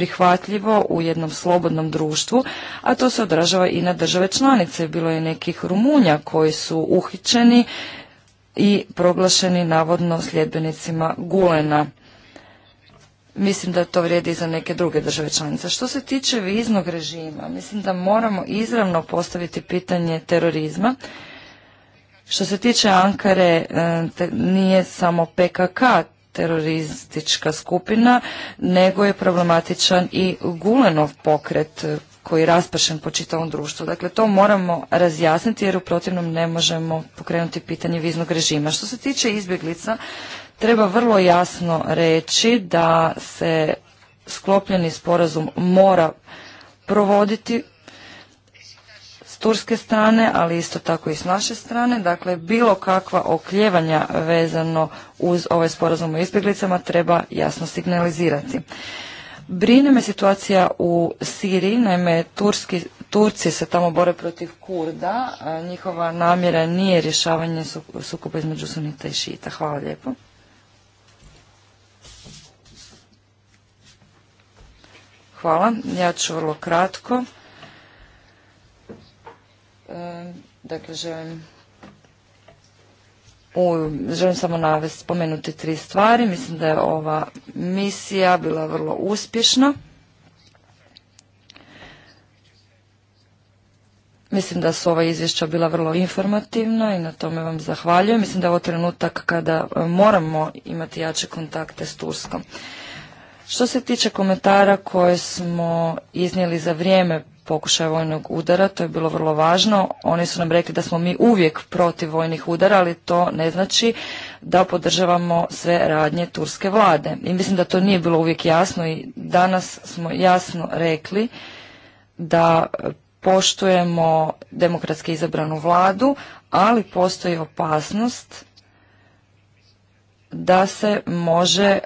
prihvatljivo u jednom slobodnom društvu, a to se odražava i na države članice. Bilo je nekih Rumunja koji su uhićeni i proglašeni navodno sljedbenicima Gulena. Mislim da to vrijedi i za neke druge države članice. Što se tiče viznog režima, mislim da moramo izravno postaviti pitanje terorizma. Što se tiče Ankare, e, nije samo PKK teroristička skupina, nego je problematičan i Gulenov pokret eh, koji je raspršen po čitavom društvu. Dakle, to moramo razjasniti jer u protivnom ne možemo pokrenuti pitanje viznog režima. Što se tiče izbjeglica, treba vrlo jasno reći da se sklopljeni sporazum mora provoditi turske strane, ali isto tako i s naše strane. Dakle, bilo kakva okljevanja vezano uz ovaj sporazum o izbjeglicama treba jasno signalizirati. Brine me situacija u Siriji, naime Turski, Turci se tamo bore protiv Kurda, njihova namjera nije rješavanje sukoba između sunita i šita. Hvala lijepo. Hvala, ja ću vrlo kratko. E, dakle, želim želim samo navesti, spomenuti tri stvari. Mislim da je ova misija bila vrlo uspješna. Mislim da su ova izvješća bila vrlo informativna i na tome vam zahvaljujem. Mislim da je ovo trenutak kada e, moramo imati jače kontakte s Turskom. Što se tiče komentara koje smo iznijeli za vrijeme pokušaja vojnog udara, to je bilo vrlo važno. Oni su nam rekli da smo mi uvijek protiv vojnih udara, ali to ne znači da podržavamo sve radnje turske vlade. I mislim da to nije bilo uvijek jasno i danas smo jasno rekli da poštujemo demokratski izabranu vladu, ali postoji opasnost da se može e,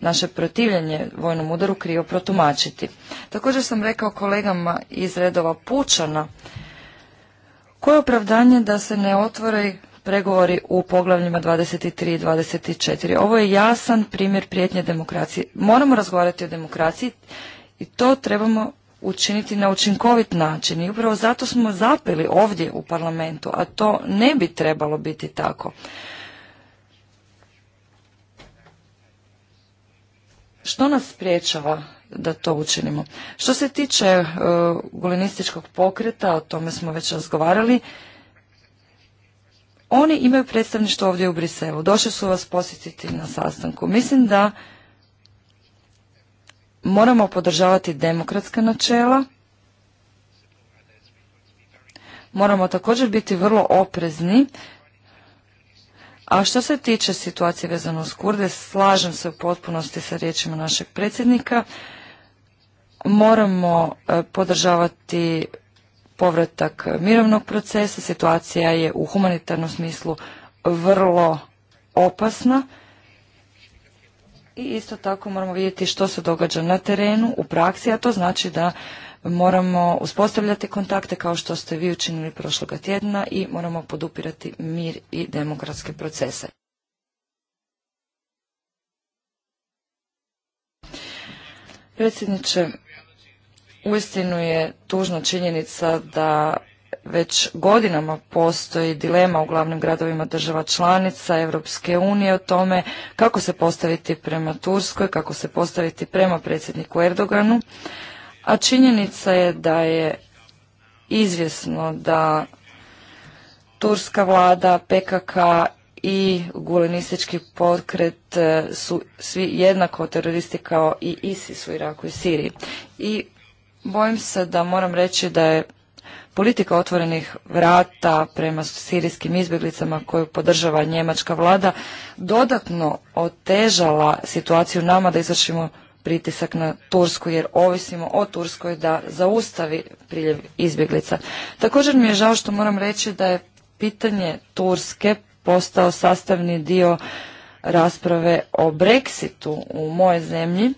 naše protivljenje vojnom udaru krivo protumačiti. Također sam rekao kolegama iz redova Pučana koje opravdanje da se ne otvore pregovori u poglavljima 23 i 24. Ovo je jasan primjer prijetnje demokracije. Moramo razgovarati o demokraciji i to trebamo učiniti na učinkovit način i upravo zato smo zapeli ovdje u parlamentu, a to ne bi trebalo biti tako. Što nas priječava da to učinimo? Što se tiče e, golenističkog pokreta, o tome smo već razgovarali, oni imaju predstavništvo ovdje u Briselu. Došli su vas posjetiti na sastanku. Mislim da moramo podržavati demokratska načela. Moramo također biti vrlo oprezni a što se tiče situacije vezano uz Kurde, slažem se u potpunosti sa riječima našeg predsjednika. Moramo e, podržavati povratak mirovnog procesa. Situacija je u humanitarnom smislu vrlo opasna. I isto tako moramo vidjeti što se događa na terenu, u praksi, a to znači da moramo uspostavljati kontakte kao što ste vi učinili prošloga tjedna i moramo podupirati mir i demokratske procese. Predsjedniče, uistinu je tužna činjenica da već godinama postoji dilema u glavnim gradovima država članica Europske unije o tome kako se postaviti prema Turskoj, kako se postaviti prema predsjedniku Erdoganu a činjenica je da je izvjesno da turska vlada, PKK i gulenistički pokret e, su svi jednako teroristi kao i ISIS u Iraku i Siriji. I bojim se da moram reći da je politika otvorenih vrata prema sirijskim izbjeglicama koju podržava njemačka vlada dodatno otežala situaciju nama da izvršimo pritisak na Tursku jer ovisimo o Turskoj da zaustavi priljev izbjeglica. Također mi je žao što moram reći da je pitanje Turske postao sastavni dio rasprave o Brexitu u moje zemlji,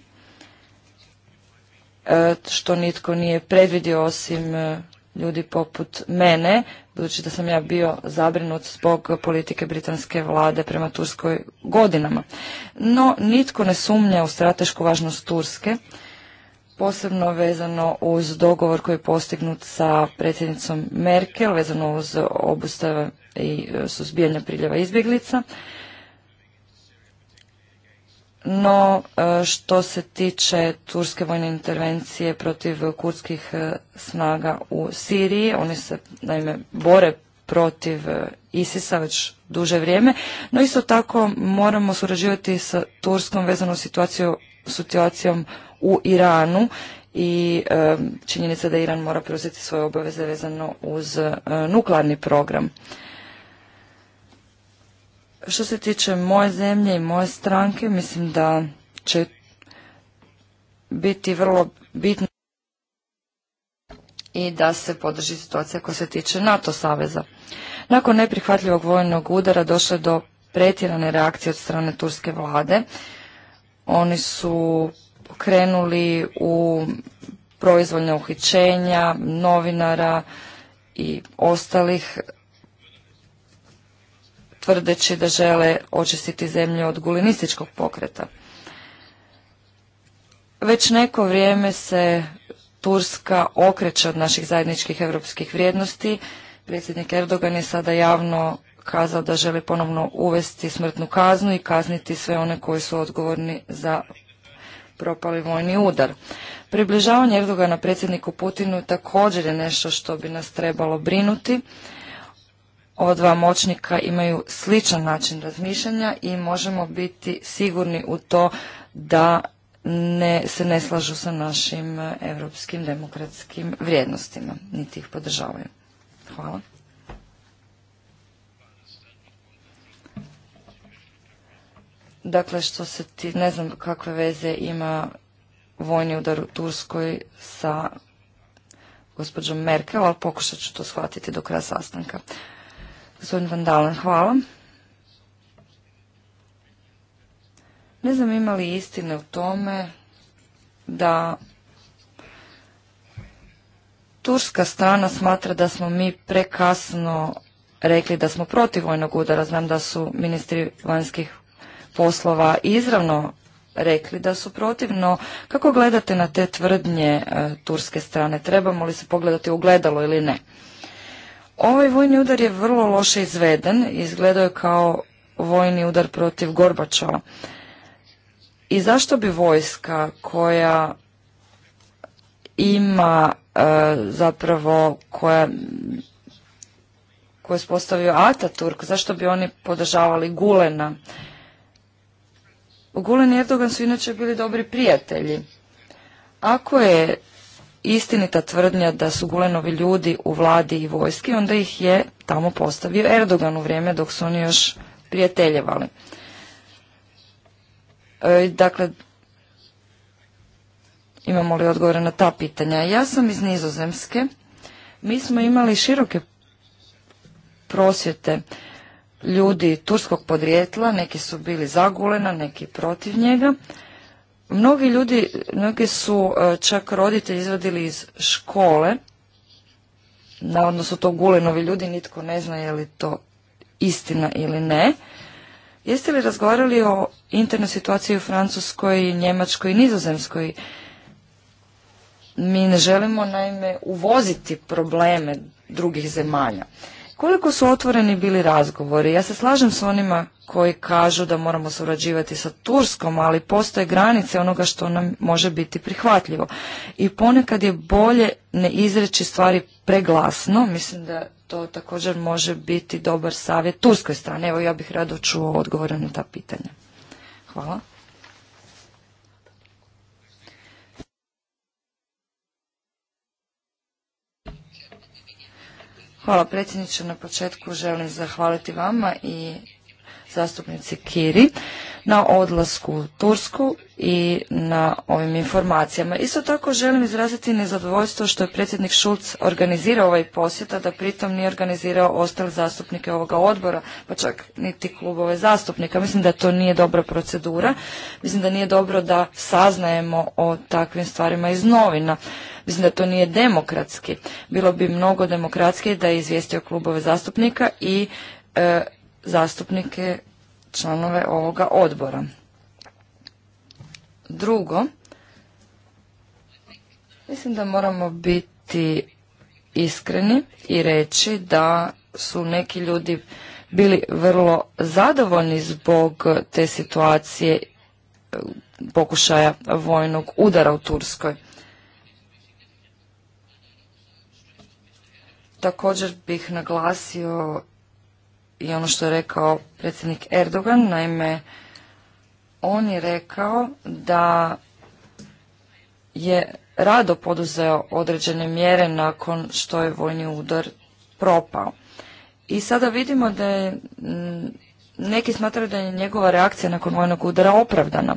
e, što nitko nije predvidio osim e, ljudi poput mene, budući da sam ja bio zabrinut zbog politike britanske vlade prema Turskoj godinama. No, nitko ne sumnja u stratešku važnost Turske, posebno vezano uz dogovor koji je postignut sa predsjednicom Merkel, vezano uz obustave i e, suzbijanje priljeva izbjeglica. No, e, što se tiče turske vojne intervencije protiv kurdskih e, snaga u Siriji, oni se, naime, bore protiv e, ISIS-a već duže vrijeme, no isto tako moramo surađivati sa Turskom vezano situaciju, situacijom u Iranu i činjenica da Iran mora preuzeti svoje obaveze vezano uz nuklearni program. Što se tiče moje zemlje i moje stranke, mislim da će biti vrlo bitno i da se podrži situacija koja se tiče NATO saveza. Nakon neprihvatljivog vojnog udara došlo je do pretjerane reakcije od strane turske vlade. Oni su krenuli u proizvoljne uhićenja, novinara i ostalih tvrdeći da žele očistiti zemlju od gulinističkog pokreta. Već neko vrijeme se Turska okreće od naših zajedničkih europskih vrijednosti. Predsjednik Erdogan je sada javno kazao da želi ponovno uvesti smrtnu kaznu i kazniti sve one koji su odgovorni za propali vojni udar. Približavanje Erdogana predsjedniku Putinu također je nešto što bi nas trebalo brinuti ova dva moćnika imaju sličan način razmišljanja i možemo biti sigurni u to da ne, se ne slažu sa našim europskim demokratskim vrijednostima, niti ih podržavaju. Hvala. Dakle, što se ti, ne znam kakve veze ima vojni udar u Turskoj sa gospođom Merkel, ali pokušat ću to shvatiti do kraja sastanka. Gospodin Van Dalen, hvala. Ne znam ima li istine u tome da turska strana smatra da smo mi prekasno rekli da smo protiv vojnog udara. Znam da su ministri vanjskih poslova izravno rekli da su protiv, no Kako gledate na te tvrdnje e, turske strane? Trebamo li se pogledati u gledalo ili ne? Ovaj vojni udar je vrlo loše izveden, izgledao je kao vojni udar protiv Gorbačova. I zašto bi vojska koja ima e, zapravo koja koje je spostavio Ataturk, zašto bi oni podržavali Gulena? Gulen i Erdogan su inače bili dobri prijatelji. Ako je istinita tvrdnja da su Gulenovi ljudi u vladi i vojski, onda ih je tamo postavio Erdogan u vrijeme dok su oni još prijateljevali. E, dakle, imamo li odgovore na ta pitanja? Ja sam iz Nizozemske. Mi smo imali široke prosvjete ljudi turskog podrijetla, neki su bili za Gulena, neki protiv njega. Mnogi ljudi, mnogi su e, čak roditelji izvadili iz škole, na su to novi ljudi, nitko ne zna je li to istina ili ne. Jeste li razgovarali o internoj situaciji u Francuskoj, Njemačkoj i Nizozemskoj? Mi ne želimo naime uvoziti probleme drugih zemalja. Koliko su otvoreni bili razgovori? Ja se slažem s onima koji kažu da moramo surađivati sa Turskom, ali postoje granice onoga što nam može biti prihvatljivo. I ponekad je bolje ne izreći stvari preglasno, mislim da to također može biti dobar savjet Turskoj strane. Evo ja bih rado čuo odgovore na ta pitanja. Hvala. Hvala predsjedniče. Na početku želim zahvaliti vama i zastupnici Kiri na odlasku u Tursku i na ovim informacijama. Isto tako želim izraziti nezadovoljstvo što je predsjednik Šulc organizirao ovaj posjet, a da pritom nije organizirao ostale zastupnike ovoga odbora, pa čak niti klubove zastupnika. Mislim da to nije dobra procedura. Mislim da nije dobro da saznajemo o takvim stvarima iz novina. Mislim da to nije demokratski. Bilo bi mnogo demokratski da je izvijestio klubove zastupnika i e, zastupnike članove ovoga odbora. Drugo, mislim da moramo biti iskreni i reći da su neki ljudi bili vrlo zadovoljni zbog te situacije e, pokušaja vojnog udara u Turskoj. Također bih naglasio i ono što je rekao predsjednik Erdogan. Naime, on je rekao da je rado poduzeo određene mjere nakon što je vojni udar propao. I sada vidimo da je, mm, neki smatraju da je njegova reakcija nakon vojnog udara opravdana.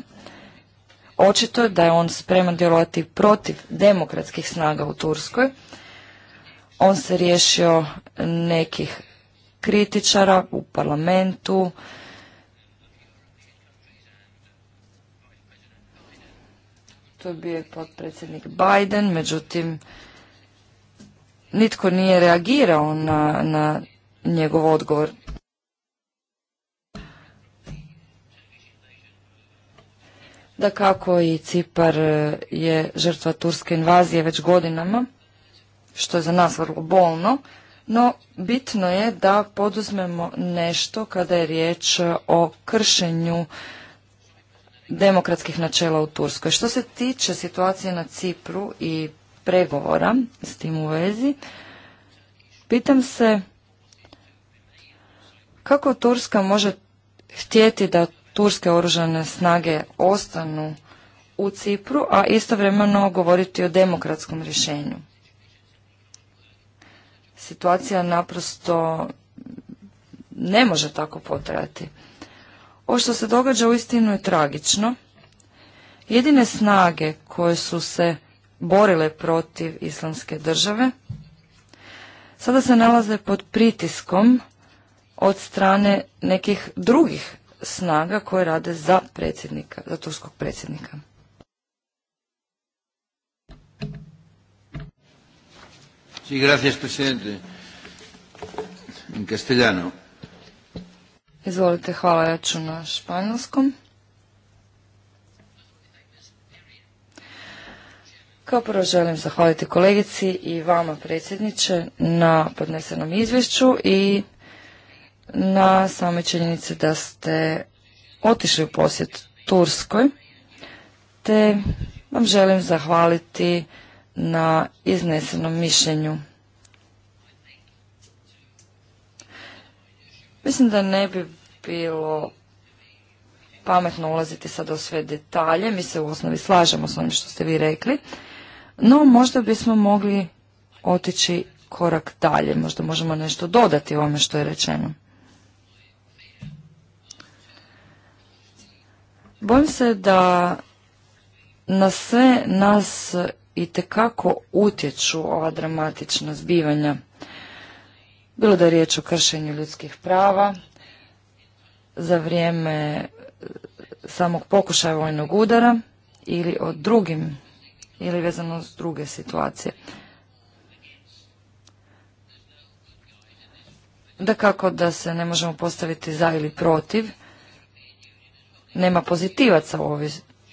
Očito je da je on spreman djelovati protiv demokratskih snaga u Turskoj. On se riješio nekih kritičara u parlamentu. To je bio potpredsjednik Biden, međutim, nitko nije reagirao na, na njegov odgovor. Da kako i Cipar je žrtva turske invazije već godinama, što je za nas vrlo bolno, no, bitno je da poduzmemo nešto kada je riječ o kršenju demokratskih načela u Turskoj. Što se tiče situacije na Cipru i pregovora s tim u vezi, pitam se kako Turska može htjeti da turske oružane snage ostanu u Cipru, a istovremeno govoriti o demokratskom rješenju situacija naprosto ne može tako potrajati. Ovo što se događa uistinu je tragično. Jedine snage koje su se borile protiv islamske države sada se nalaze pod pritiskom od strane nekih drugih snaga koje rade za predsjednika, za turskog predsjednika. gracias, Izvolite, hvala, ja ću na španjolskom. Kao prvo želim zahvaliti kolegici i vama predsjedniče na podnesenom izvješću i na same činjenice da ste otišli u posjet Turskoj, te vam želim zahvaliti na iznesenom mišljenju. Mislim da ne bi bilo pametno ulaziti sad u sve detalje, mi se u osnovi slažemo s onim što ste vi rekli, no možda bismo mogli otići korak dalje, možda možemo nešto dodati ovome što je rečeno. Bojim se da na sve nas i tekako utječu ova dramatična zbivanja. Bilo da je riječ o kršenju ljudskih prava, za vrijeme e, samog pokušaja vojnog udara ili o drugim ili vezano s druge situacije. Da kako da se ne možemo postaviti za ili protiv, nema pozitivaca u ovoj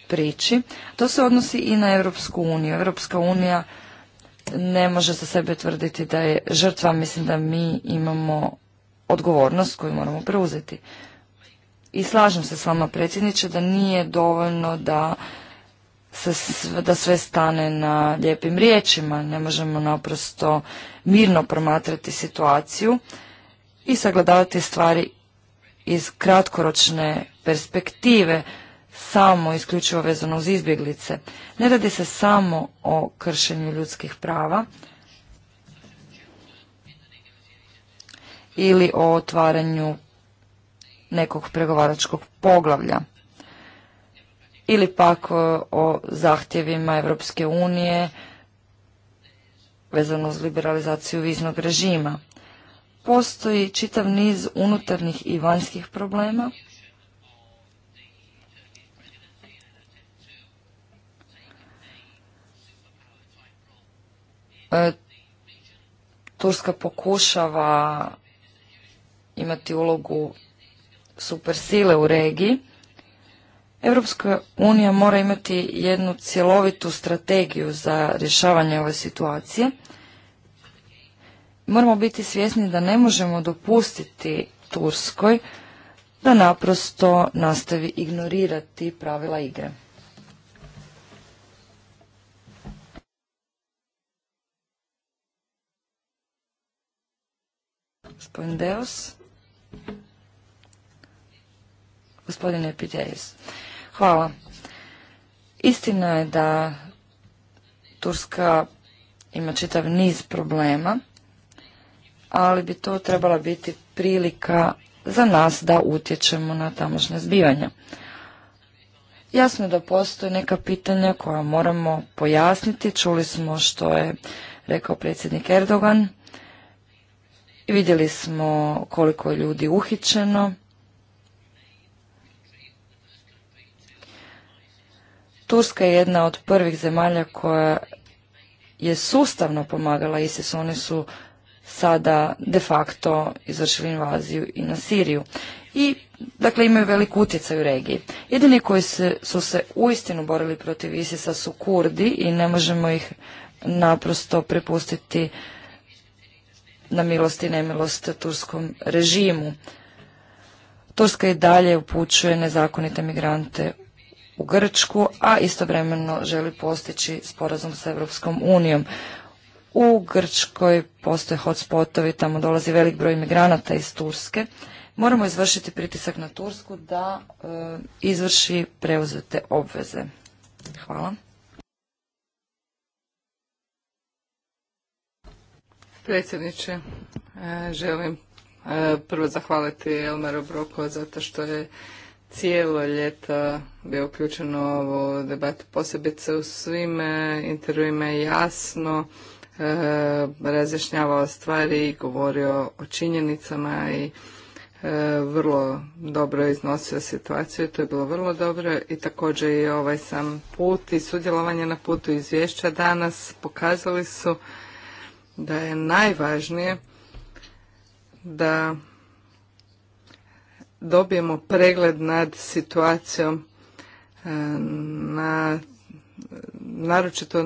priči To se odnosi i na Europsku uniju. Europska unija ne može za sebe tvrditi da je žrtva. Mislim da mi imamo odgovornost koju moramo preuzeti. I slažem se s vama predsjedniče da nije dovoljno da da sve stane na lijepim riječima. Ne možemo naprosto mirno promatrati situaciju i sagledavati stvari iz kratkoročne perspektive samo isključivo vezano uz izbjeglice. Ne radi se samo o kršenju ljudskih prava ili o otvaranju nekog pregovaračkog poglavlja ili pak o zahtjevima Evropske unije vezano uz liberalizaciju viznog režima. Postoji čitav niz unutarnjih i vanjskih problema E, Turska pokušava imati ulogu supersile u regiji, Europska unija mora imati jednu cjelovitu strategiju za rješavanje ove situacije. Moramo biti svjesni da ne možemo dopustiti Turskoj da naprosto nastavi ignorirati pravila igre. Gospodin Gospodine Hvala. Istina je da Turska ima čitav niz problema, ali bi to trebala biti prilika za nas da utječemo na tamošnje zbivanja. Jasno je da postoje neka pitanja koja moramo pojasniti. Čuli smo što je rekao predsjednik Erdogan. Vidjeli smo koliko je ljudi uhićeno. Turska je jedna od prvih zemalja koja je sustavno pomagala ISIS. Oni su sada de facto izvršili invaziju i na Siriju. I, dakle, imaju velik utjecaj u regiji. Jedini koji su se uistinu borili protiv ISIS-a su Kurdi i ne možemo ih naprosto prepustiti na milost i nemilost turskom režimu. Turska i dalje upućuje nezakonite migrante u Grčku, a istovremeno želi postići sporazum sa Europskom unijom. U Grčkoj postoje hotspotovi, tamo dolazi velik broj migranata iz Turske. Moramo izvršiti pritisak na Tursku da e, izvrši preuzete obveze. Hvala. predsjedniče. E, želim e, prvo zahvaliti Elmaru Broko zato što je cijelo ljeto bio uključen u ovu debatu posebice u svim e, intervjuima jasno razjašnjavao stvari i govorio o činjenicama i vrlo dobro iznosio situaciju, to je bilo vrlo dobro i također i ovaj sam put i sudjelovanje na putu izvješća danas pokazali su da je najvažnije da dobijemo pregled nad situacijom e, na naročito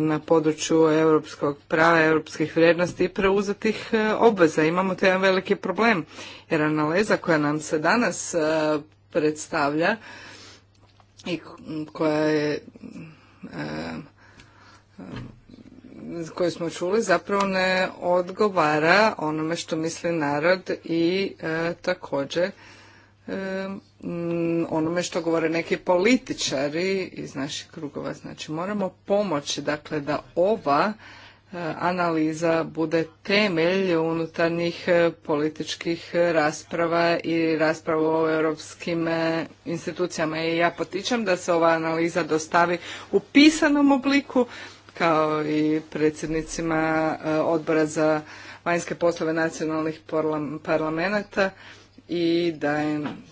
na području europskog prava, europskih vrijednosti i preuzetih e, obveza. Imamo to jedan veliki problem, jer analiza koja nam se danas e, predstavlja i koja je koje smo čuli zapravo ne odgovara onome što misli narod i e, također e, onome što govore neki političari iz naših krugova. Znači moramo pomoći dakle da ova e, analiza bude temelj unutarnjih političkih rasprava i rasprava o europskim institucijama. I ja potičem da se ova analiza dostavi u pisanom obliku kao i predsjednicima e, odbora za vanjske poslove nacionalnih parlamenta i da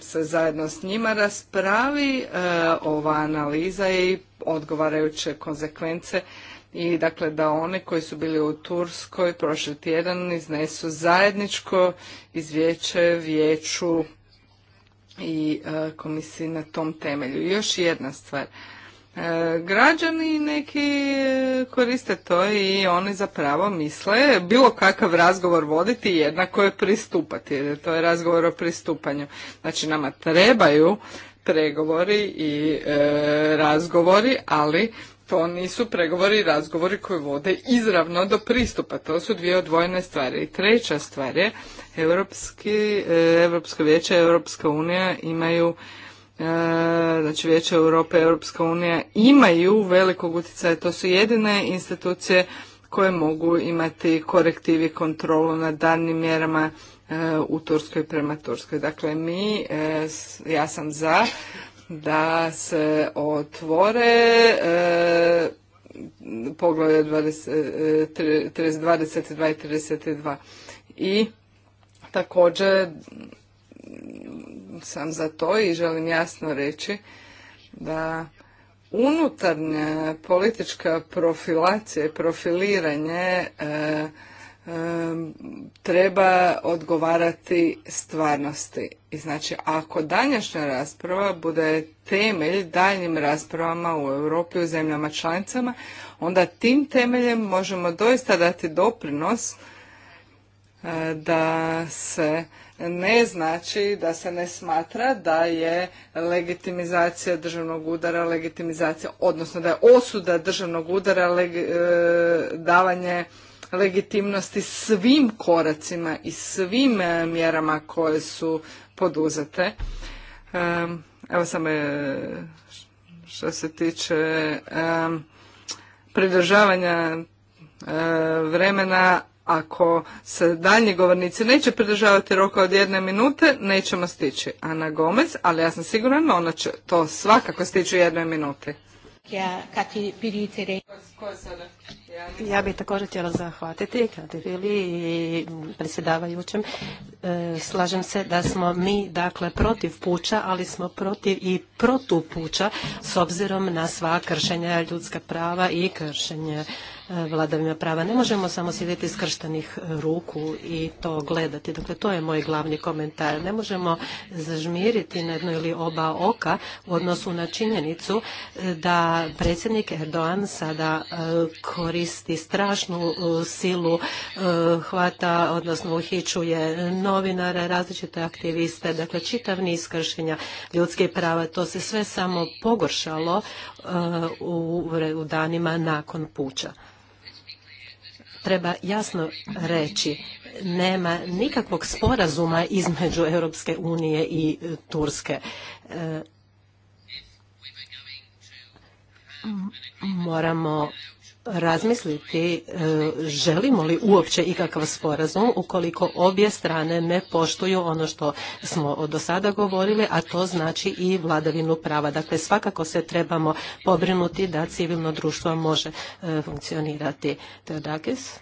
se zajedno s njima raspravi e, ova analiza i odgovarajuće konsekvence i dakle da one koji su bili u Turskoj prošli tjedan iznesu zajedničko izvješće vijeću i e, komisiji na tom temelju. I još jedna stvar. E, građani neki koriste to i oni zapravo misle bilo kakav razgovor voditi jednako je pristupati jer to je razgovor o pristupanju znači nama trebaju pregovori i e, razgovori ali to nisu pregovori i razgovori koji vode izravno do pristupa to su dvije odvojene stvari i treća stvar je europski e, europsko vijeće europska unija imaju E, znači Vijeće Europe i Europska unija imaju velikog utjecaja. To su jedine institucije koje mogu imati korektivi kontrolu nad danim mjerama e, u Turskoj prema Turskoj. Dakle, mi, e, ja sam za da se otvore poglavlje 20, dva i 32 i također sam za to i želim jasno reći da unutarnja politička profilacija i profiliranje e, e, treba odgovarati stvarnosti. I znači, ako današnja rasprava bude temelj daljnjim raspravama u Europi, u zemljama članicama, onda tim temeljem možemo doista dati doprinos e, da se ne znači da se ne smatra da je legitimizacija državnog udara, legitimizacija, odnosno da je osuda državnog udara e, davanje legitimnosti svim koracima i svim e, mjerama koje su poduzete. Evo samo e, što se tiče pridržavanja vremena ako se daljnji govornici neće pridržavati roka od jedne minute, nećemo stići. Ana Gomez, ali ja sam siguran, ona će to svakako stići u jednoj minuti. Ja bih također htjela zahvatiti kad bili i predsjedavajućem. E, slažem se da smo mi dakle protiv puća, ali smo protiv i protupuća s obzirom na sva kršenja ljudska prava i kršenje E, vladavina prava. Ne možemo samo sjediti skrštenih e, ruku i to gledati. Dakle, to je moj glavni komentar. Ne možemo zažmiriti na jedno ili oba oka u odnosu na činjenicu e, da predsjednik Erdogan sada koristi strašnu silu, hvata, odnosno uhićuje novinare, različite aktiviste, dakle čitav niz kršenja ljudskih prava. To se sve samo pogoršalo u danima nakon puća treba jasno reći nema nikakvog sporazuma između Europske unije i e, Turske. E, moramo razmisliti e, želimo li uopće ikakav sporazum ukoliko obje strane ne poštuju ono što smo do sada govorili, a to znači i vladavinu prava. Dakle, svakako se trebamo pobrinuti da civilno društvo može e, funkcionirati. Teodakis?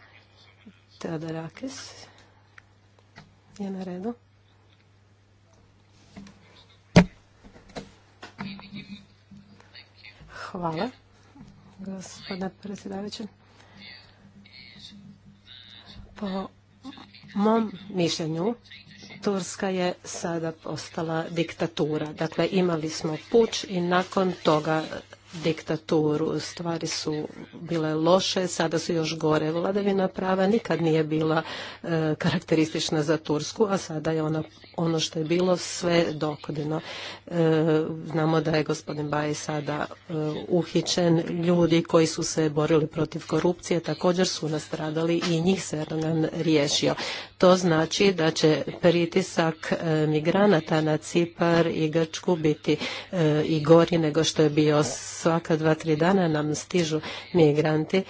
Je na redu? Hvala gospodine predsjedavajući. Po mom mišljenju, Turska je sada postala diktatura. Dakle, imali smo puć i nakon toga diktaturu. Stvari su bile loše, sada su još gore. Vladavina prava nikad nije bila e, karakteristična za Tursku, a sada je ono što je bilo sve dokodino. E, znamo da je gospodin Baj sada e, uhićen. Ljudi koji su se borili protiv korupcije također su nastradali i njih se Erdogan riješio. To znači da će pritisak e, migranata na Cipar i Grčku biti e, i gori nego što je bio svaka dva, tri dana nam stižu migranti.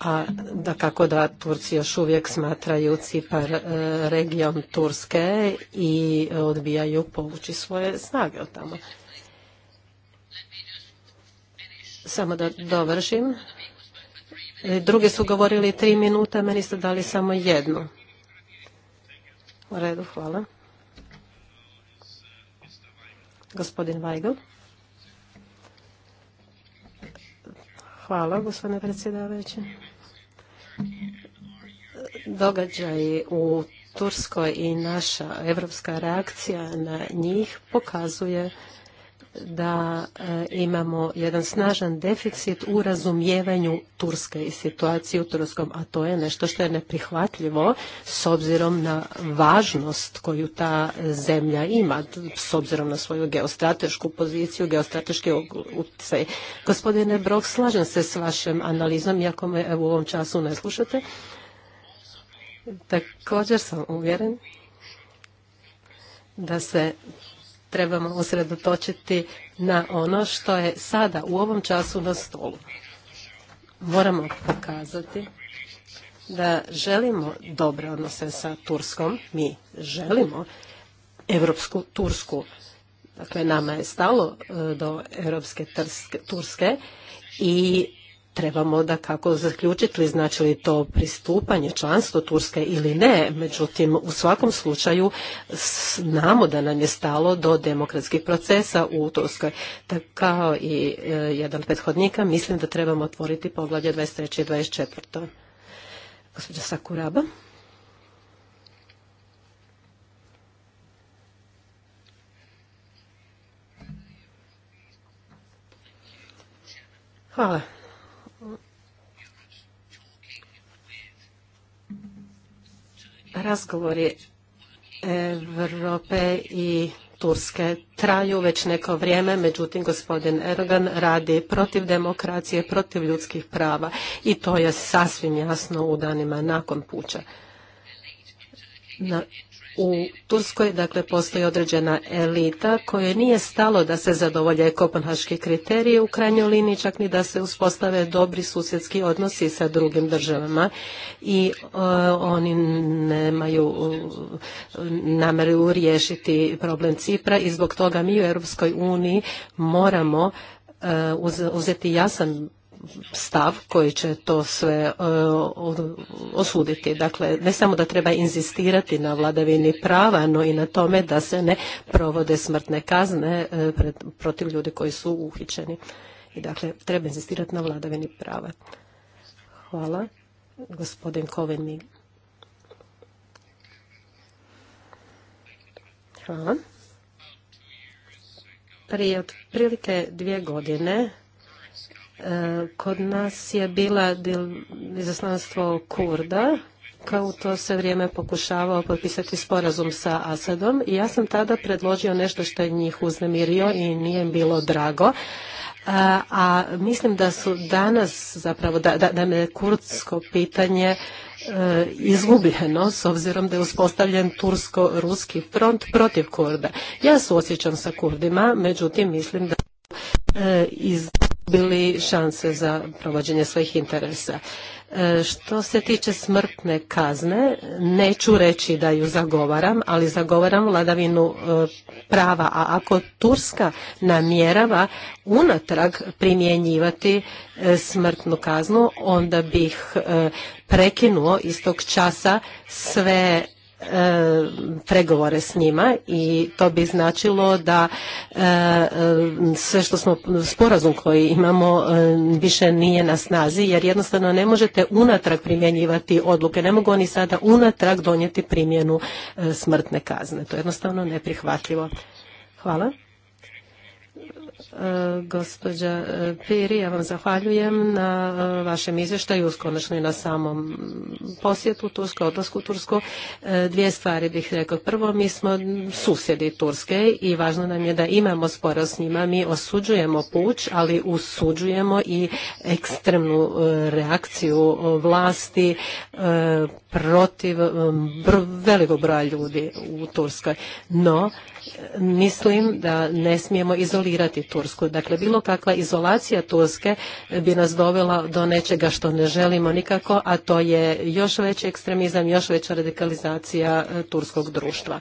a da kako da Turci još uvijek smatraju Cipar region regijom Turske i odbijaju povući svoje snage od tamo. Samo da dovršim. E, drugi su govorili tri minuta, meni ste dali samo jednu. U redu, hvala. Gospodin Vajgl. Hvala, gospodine predsjedavajući. Događaj u Turskoj i naša evropska reakcija na njih pokazuje da e, imamo jedan snažan deficit u razumijevanju Turske i situacije u Turskom, a to je nešto što je neprihvatljivo s obzirom na važnost koju ta zemlja ima, s obzirom na svoju geostratešku poziciju, geostrateški utjecaj. Gospodine Brok, slažem se s vašem analizom, iako me u ovom času ne slušate. Također sam uvjeren da se trebamo usredotočiti na ono što je sada u ovom času na stolu. Moramo pokazati da želimo dobre odnose sa Turskom, mi želimo Europsku Tursku. Dakle, nama je stalo e, do Europske Turske i trebamo da kako zaključiti znači li to pristupanje članstvo Turske ili ne, međutim u svakom slučaju znamo da nam je stalo do demokratskih procesa u Turskoj. Tako kao i e, jedan od prethodnika mislim da trebamo otvoriti poglavlje 23. i 24. Gospođa Sakuraba. Hvala Razgovori Europe i Turske traju već neko vrijeme, međutim gospodin Erdogan radi protiv demokracije, protiv ljudskih prava i to je sasvim jasno u danima nakon puća u Turskoj dakle postoji određena elita koje nije stalo da se zadovolje kopenhaški kriterije u krajnjoj liniji čak ni da se uspostave dobri susjedski odnosi sa drugim državama i e, oni nemaju e, nameru riješiti problem Cipra i zbog toga mi u Europskoj uniji moramo e, uzeti jasan stav koji će to sve e, osuditi. Dakle, ne samo da treba inzistirati na vladavini prava, no i na tome da se ne provode smrtne kazne e, protiv ljudi koji su uhićeni. I dakle, treba inzistirati na vladavini prava. Hvala. Gospodin Kovenig. Hvala. Prije otprilike dvije godine E, kod nas je bila izaslanstvo Kurda, kao u to se vrijeme pokušavao potpisati sporazum sa Asadom i ja sam tada predložio nešto što je njih uznemirio i nije bilo drago. E, a, mislim da su danas zapravo, da, da, je kurdsko pitanje e, izgubljeno s obzirom da je uspostavljen tursko-ruski front protiv Kurda. Ja suosjećam sa Kurdima, međutim mislim da e, iz bili šanse za provođenje svojih interesa. E, što se tiče smrtne kazne, neću reći da ju zagovaram, ali zagovaram vladavinu e, prava. A ako Turska namjerava unatrag primjenjivati e, smrtnu kaznu, onda bih prekinuo istog časa sve E, pregovore s njima i to bi značilo da e, e, sve što smo sporazum koji imamo više nije na snazi jer jednostavno ne možete unatrag primjenjivati odluke, ne mogu oni sada unatrag donijeti primjenu smrtne kazne. To je jednostavno neprihvatljivo. Hvala. Gospođa e, Piri, ja vam zahvaljujem na e, vašem izvještaju, konačno i na samom posjetu Turske, odlasku Tursku. E, dvije stvari bih rekao. Prvo, mi smo susjedi Turske i važno nam je da imamo sporo s njima. Mi osuđujemo puć, ali usuđujemo i ekstremnu reakciju vlasti protiv velikog broja ljudi u Turskoj. No, mislim da ne smijemo izolirati Tursku. Dakle, bilo kakva izolacija Turske bi nas dovela do nečega što ne želimo nikako, a to je još veći ekstremizam, još veća radikalizacija e, turskog društva.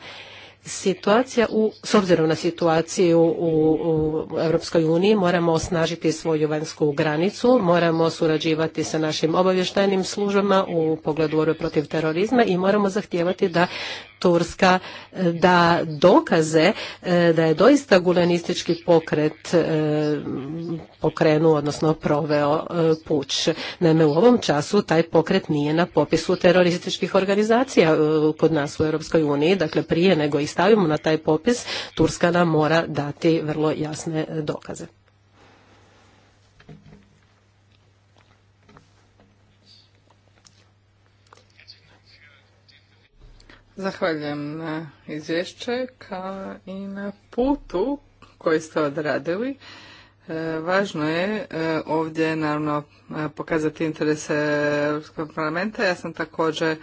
Situacija u, s obzirom na situaciju u, u Europskoj uniji moramo osnažiti svoju vanjsku granicu, moramo surađivati sa našim obavještajnim službama u pogledu borbe protiv terorizma i moramo zahtijevati da Turska e, da dokaze e, da je doista gulenistički pokret e, pokrenuo, odnosno proveo puć. Naime, u ovom času taj pokret nije na popisu terorističkih organizacija kod nas u Europskoj uniji. Dakle, prije nego ih stavimo na taj popis, Turska nam mora dati vrlo jasne dokaze. Zahvaljujem na izvješće kao i na putu koji ste odradili. E, važno je e, ovdje naravno e, pokazati interese Europskog parlamenta. Ja sam također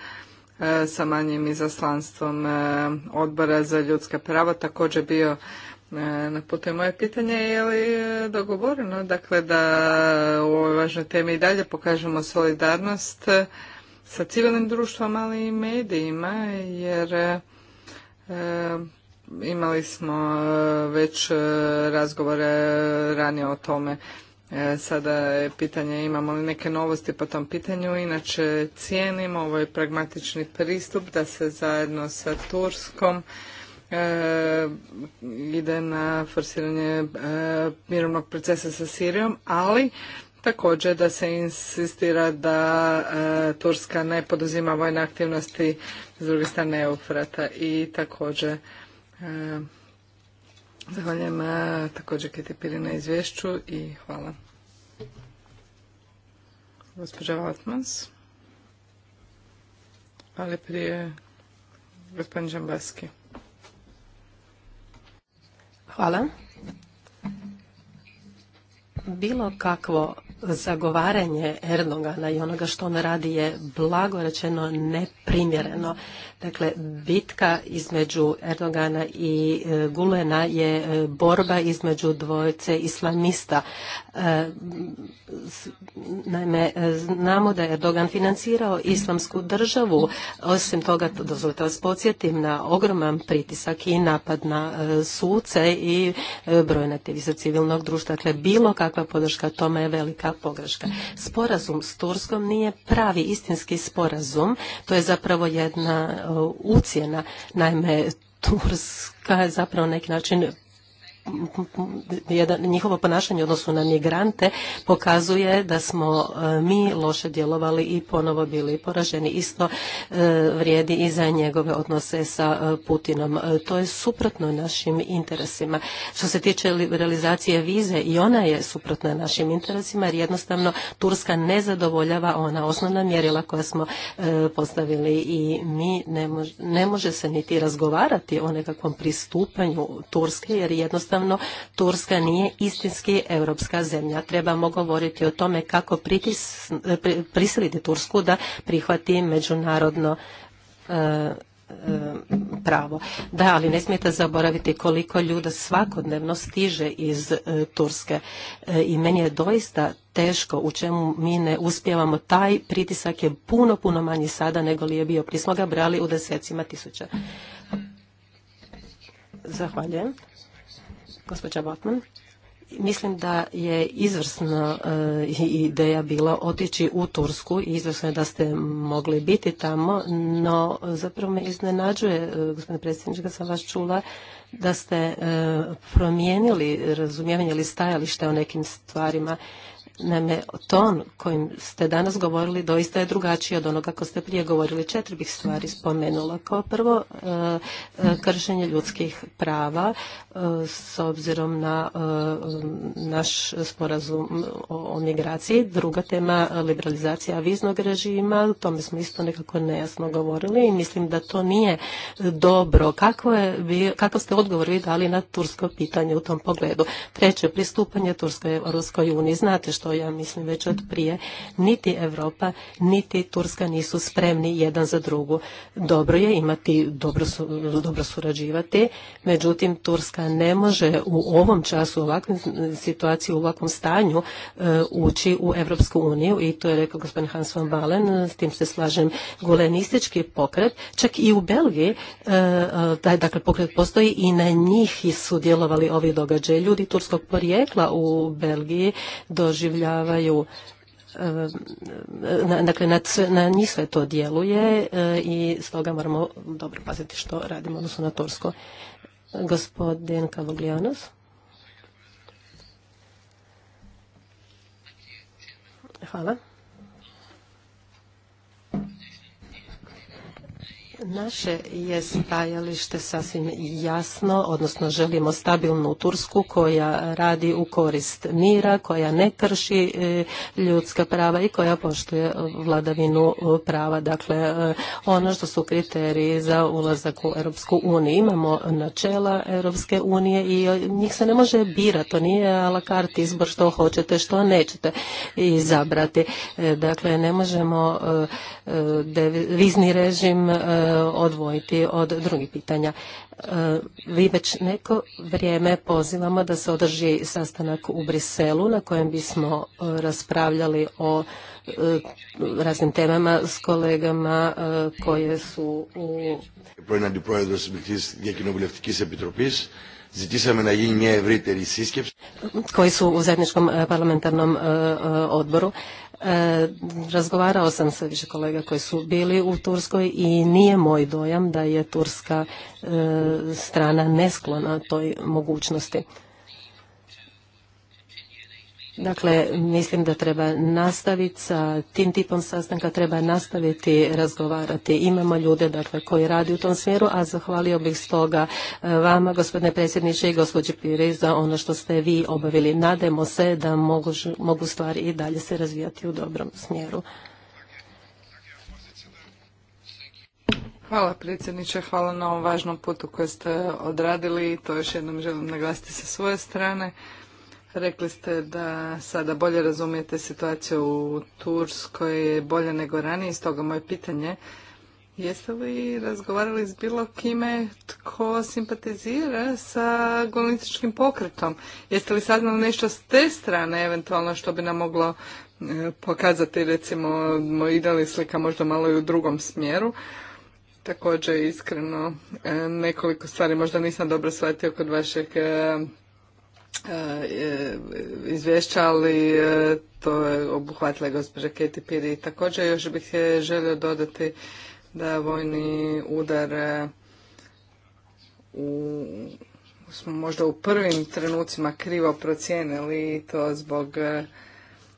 sa manjim izaslanstvom odbora za ljudska prava također bio na putu moje pitanje je li dogovoreno dakle da u ovoj važnoj temi i dalje pokažemo solidarnost sa civilnim društvom, ali i medijima, jer e, imali smo e, već e, razgovore ranije o tome. sada je pitanje imamo li neke novosti po tom pitanju. Inače cijenim ovaj pragmatični pristup da se zajedno sa Turskom ide na forsiranje mirovnog procesa sa Sirijom, ali Također da se insistira da e, Turska ne poduzima vojne aktivnosti s druge strane Eufrata i također e, zahvaljujem e, također Kiti Piri na izvješću i hvala. Gospođa Vatmans. Ali prije gospodin Žambaski. Hvala. Bilo kakvo zagovaranje Erdogana i onoga što on radi je blago rečeno neprimjereno. Dakle, bitka između Erdogana i e, Gulena je e, borba između dvojce islamista. E, naime, znamo da je Erdogan financirao islamsku državu. Osim toga, dozvolite vas podsjetim na ogroman pritisak i napad na suce i brojne aktiviste civilnog društva. Dakle, bilo kakva podrška tome je velika pogreška. Sporazum s Turskom nije pravi istinski sporazum. To je zapravo jedna ucijena. Naime, Turska je zapravo na neki način njihovo ponašanje u odnosu na migrante pokazuje da smo e, mi loše djelovali i ponovo bili poraženi. Isto e, vrijedi i za njegove odnose sa e, Putinom. To je suprotno našim interesima. Što se tiče liberalizacije vize i ona je suprotna našim interesima jer jednostavno Turska ne zadovoljava ona osnovna mjerila koja smo postavili i mi ne može, ne može se niti razgovarati o nekakvom pristupanju Turske jer jednostavno jednostavno Turska nije istinski europska zemlja. Trebamo govoriti o tome kako eh, prisiliti Tursku da prihvati međunarodno eh, eh, pravo. Da, ali ne smijete zaboraviti koliko ljuda svakodnevno stiže iz Turske. I meni je doista teško u čemu mi ne uspjevamo. Taj pritisak je puno, puno manji sada nego li je bio. Prije ga brali u desecima tisuća. Zahvaljujem. Gospođa Batman. Mislim da je izvrsna eh, ideja bila otići u Tursku i izvrsno je da ste mogli biti tamo, no eh, zapravo me iznenađuje, eh, gospodine predsjedniče, kad sam vas čula, da ste promijenili razumijevanje ili stajalište o nekim stvarima. Naime, ton kojim ste danas govorili doista je drugačiji od onoga kako ste prije govorili. Četiri bih stvari spomenula. Kao prvo, e, e, kršenje ljudskih prava e, s obzirom na naš sporazum o migraciji. Druga tema, liberalizacija viznog režima. O tome smo isto nekako nejasno govorili i mislim da to nije dobro. Kako, je, kako ste odgovorili dali na tursko pitanje u tom pogledu? Treće, pristupanje Turskoj Ruskoj uniji. Znate što ja mislim već od prije, niti Europa, niti Turska nisu spremni jedan za drugu. Dobro je imati, dobro, su, dobro surađivati, međutim Turska ne može u ovom času, u ovakvom situaciji, u ovakvom stanju e, ući u Europsku uniju i to je rekao gospodin Hans van Balen, s tim se slažem, golenistički pokret, čak i u Belgiji, e, e, taj dakle pokret postoji i na njih su djelovali ovi događaji. Ljudi turskog porijekla u Belgiji doživ doživljavaju e, dakle na, na njih sve to djeluje e, i stoga moramo dobro paziti što radimo odnosno na Tursko. Gospodin Kavoglijanos. Hvala. Naše je stajalište sasvim jasno, odnosno želimo stabilnu Tursku koja radi u korist mira, koja ne krši e, ljudska prava i koja poštuje vladavinu e, prava. Dakle, e, ono što su kriteriji za ulazak u Europsku uniju. Imamo načela Europske unije i njih se ne može birati. To nije a la carte izbor što hoćete, što nećete izabrati. Dakle, ne možemo vizni režim odvojiti od drugih pitanja. E, vi već neko vrijeme pozivamo da se održi sastanak u Briselu na kojem bismo e, raspravljali o e, raznim temama s kolegama koje su u... Koji su u zajedničkom parlamentarnom odboru razgovarao sam sa više kolega koji su bili u Turskoj i nije moj dojam da je turska e, strana nesklona toj mogućnosti. Dakle, mislim da treba nastaviti sa tim tipom sastanka, treba nastaviti razgovarati. Imamo ljude dakle, koji radi u tom smjeru, a zahvalio bih stoga e, vama, gospodine predsjedniče i gospođi Piri, za ono što ste vi obavili. Nademo se da mogu, mogu stvari i dalje se razvijati u dobrom smjeru. Hvala predsjedniče, hvala na ovom važnom putu koji ste odradili i to još jednom želim naglasiti sa svoje strane. Rekli ste da sada bolje razumijete situaciju u Turskoj bolje nego ranije, stoga moje pitanje Jeste li razgovarali s bilo kime tko simpatizira sa golističkim pokretom? Jeste li saznali nešto s te strane eventualno što bi nam moglo e, pokazati recimo ide slika možda malo i u drugom smjeru? Također iskreno e, nekoliko stvari možda nisam dobro shvatio kod vašeg e, E, e, izvješća, ali e, to je obuhvatila gospođa Katie Piri. Također još bih želio dodati da vojni udar u, smo možda u prvim trenucima krivo procijenili i to zbog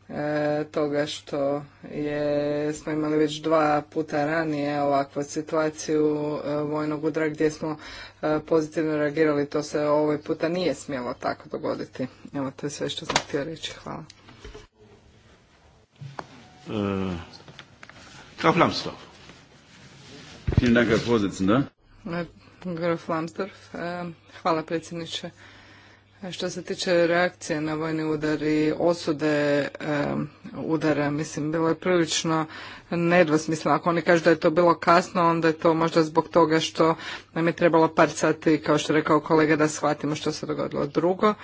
E, toga što je, smo imali već dva puta ranije ovakvu situaciju e, vojnog udra gdje smo e, pozitivno reagirali. To se ovaj puta nije smjelo tako dogoditi. Evo, to je sve što sam htio reći. Hvala. Graf Hvala predsjedniče. Što se tiče reakcije na vojni udar i osude udara, mislim, bilo je prilično nedvosmisleno. Ako oni kažu da je to bilo kasno, onda je to možda zbog toga što nam je trebalo par sati, kao što je rekao kolega, da shvatimo što se dogodilo. Drugo,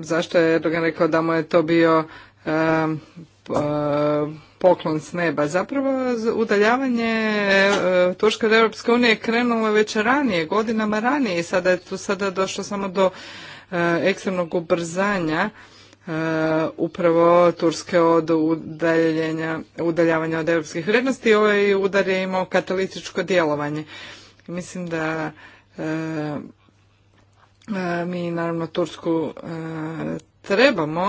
zašto je Erdogan rekao da mu je to bio E, poklon s neba. Zapravo udaljavanje e, Turske od Europske unije krenulo već ranije, godinama ranije i sada je tu sada došlo samo do e, ekstremnog ubrzanja upravo Turske od udaljenja, udaljavanja od europskih vrijednosti i ovaj udar je imao katalitičko djelovanje. Mislim da mi naravno Tursku trebamo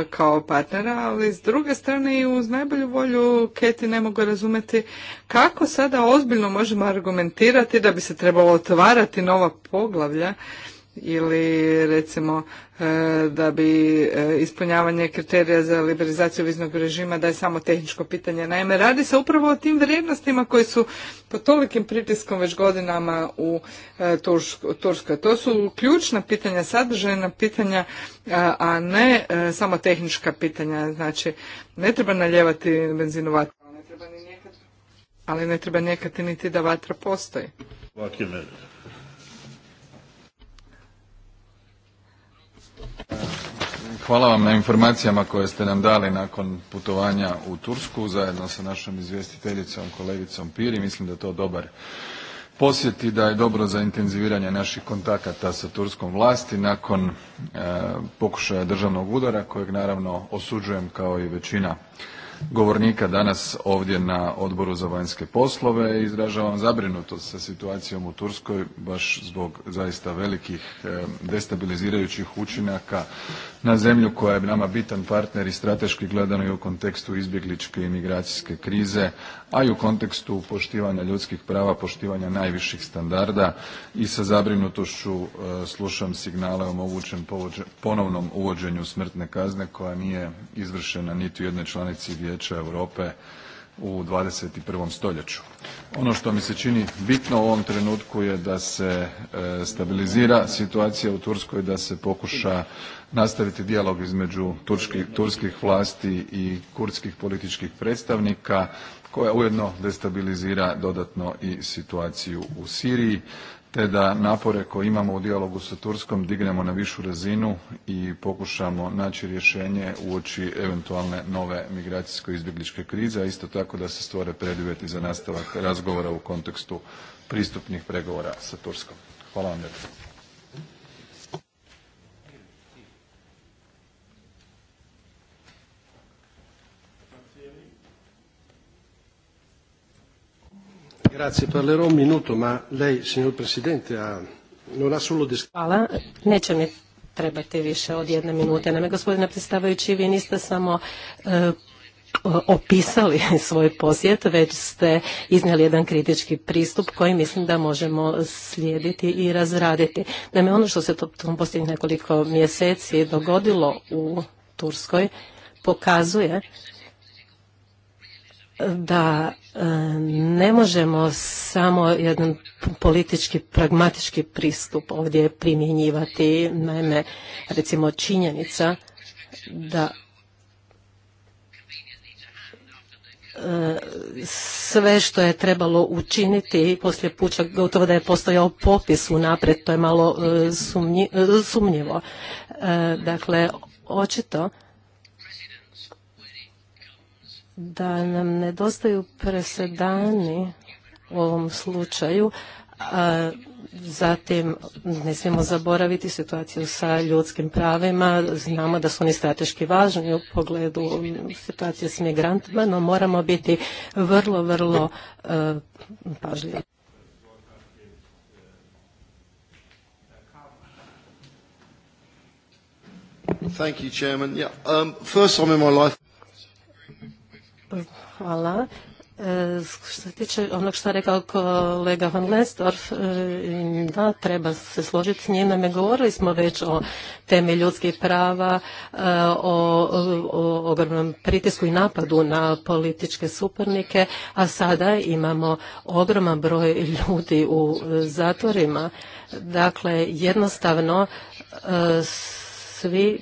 e, kao partnera, ali s druge strane i uz najbolju volju Keti ne mogu razumjeti kako sada ozbiljno možemo argumentirati da bi se trebalo otvarati nova poglavlja ili recimo e, da bi e, ispunjavanje kriterija za liberalizaciju viznog režima da je samo tehničko pitanje. Naime, radi se upravo o tim vrijednostima koji su pod tolikim pritiskom već godinama u e, Turskoj. To su ključna pitanja, sadržajna pitanja, a ne samo tehnička pitanja. Znači, ne treba naljevati benzinu ali ne treba ni niti da vatra postoji. Hvala vam na informacijama koje ste nam dali nakon putovanja u Tursku zajedno sa našom izvjestiteljicom, kolegicom Piri. Mislim da je to dobar posjet i da je dobro za intenziviranje naših kontakata sa turskom vlasti nakon e, pokušaja državnog udara kojeg naravno osuđujem kao i većina govornika danas ovdje na Odboru za vanjske poslove izražavam zabrinutost sa situacijom u Turskoj baš zbog zaista velikih eh, destabilizirajućih učinaka na zemlju koja je nama bitan partner i strateški gledano i u kontekstu izbjegličke i migracijske krize, a i u kontekstu poštivanja ljudskih prava, poštivanja najviših standarda i sa zabrinutošću eh, slušam signale o mogućem ponovnom uvođenju smrtne kazne koja nije izvršena niti u jednoj članici vijeća Vijeća Europe u 21. stoljeću. Ono što mi se čini bitno u ovom trenutku je da se e, stabilizira situacija u Turskoj, da se pokuša nastaviti dijalog između turskih, turskih vlasti i kurdskih političkih predstavnika koja ujedno destabilizira dodatno i situaciju u Siriji te da napore koje imamo u dijalogu sa Turskom dignemo na višu razinu i pokušamo naći rješenje uoči eventualne nove migracijsko-izbjegličke krize, a isto tako da se stvore preduvjeti za nastavak razgovora u kontekstu pristupnih pregovora sa Turskom. Hvala vam lijepo. Grazie, parlerò un minuto, ma lei, signor Presidente, non ha solo... Hvala, neće mi trebati više od jedne minute. Naime, gospodine predstavajući, vi niste samo e, opisali opisali svoj posjet, već ste iznijeli jedan kritički pristup koji mislim da možemo slijediti i razraditi. Naime, ono što se to, to posljednjih nekoliko mjeseci dogodilo u Turskoj pokazuje da e, ne možemo samo jedan politički, pragmatički pristup ovdje primjenjivati. Naime, recimo činjenica da e, sve što je trebalo učiniti poslije puća, gotovo da je postojao popis unaprijed, to je malo e, sumnjivo. Dakle, očito da nam nedostaju presedani u ovom slučaju, a zatim ne smijemo zaboraviti situaciju sa ljudskim pravima, znamo da su oni strateški važni u pogledu situacije s migrantima, no moramo biti vrlo, vrlo e, pažljivi. Thank you, Chairman. Yeah, um, first time in my life. Hvala. E, što se tiče onog što je rekao kolega Van Lestorf, e, da, treba se složiti s njim. Me govorili smo već o temi ljudskih prava, e, o, o ogromnom pritisku i napadu na političke supernike, a sada imamo ogroman broj ljudi u zatvorima. Dakle, jednostavno svi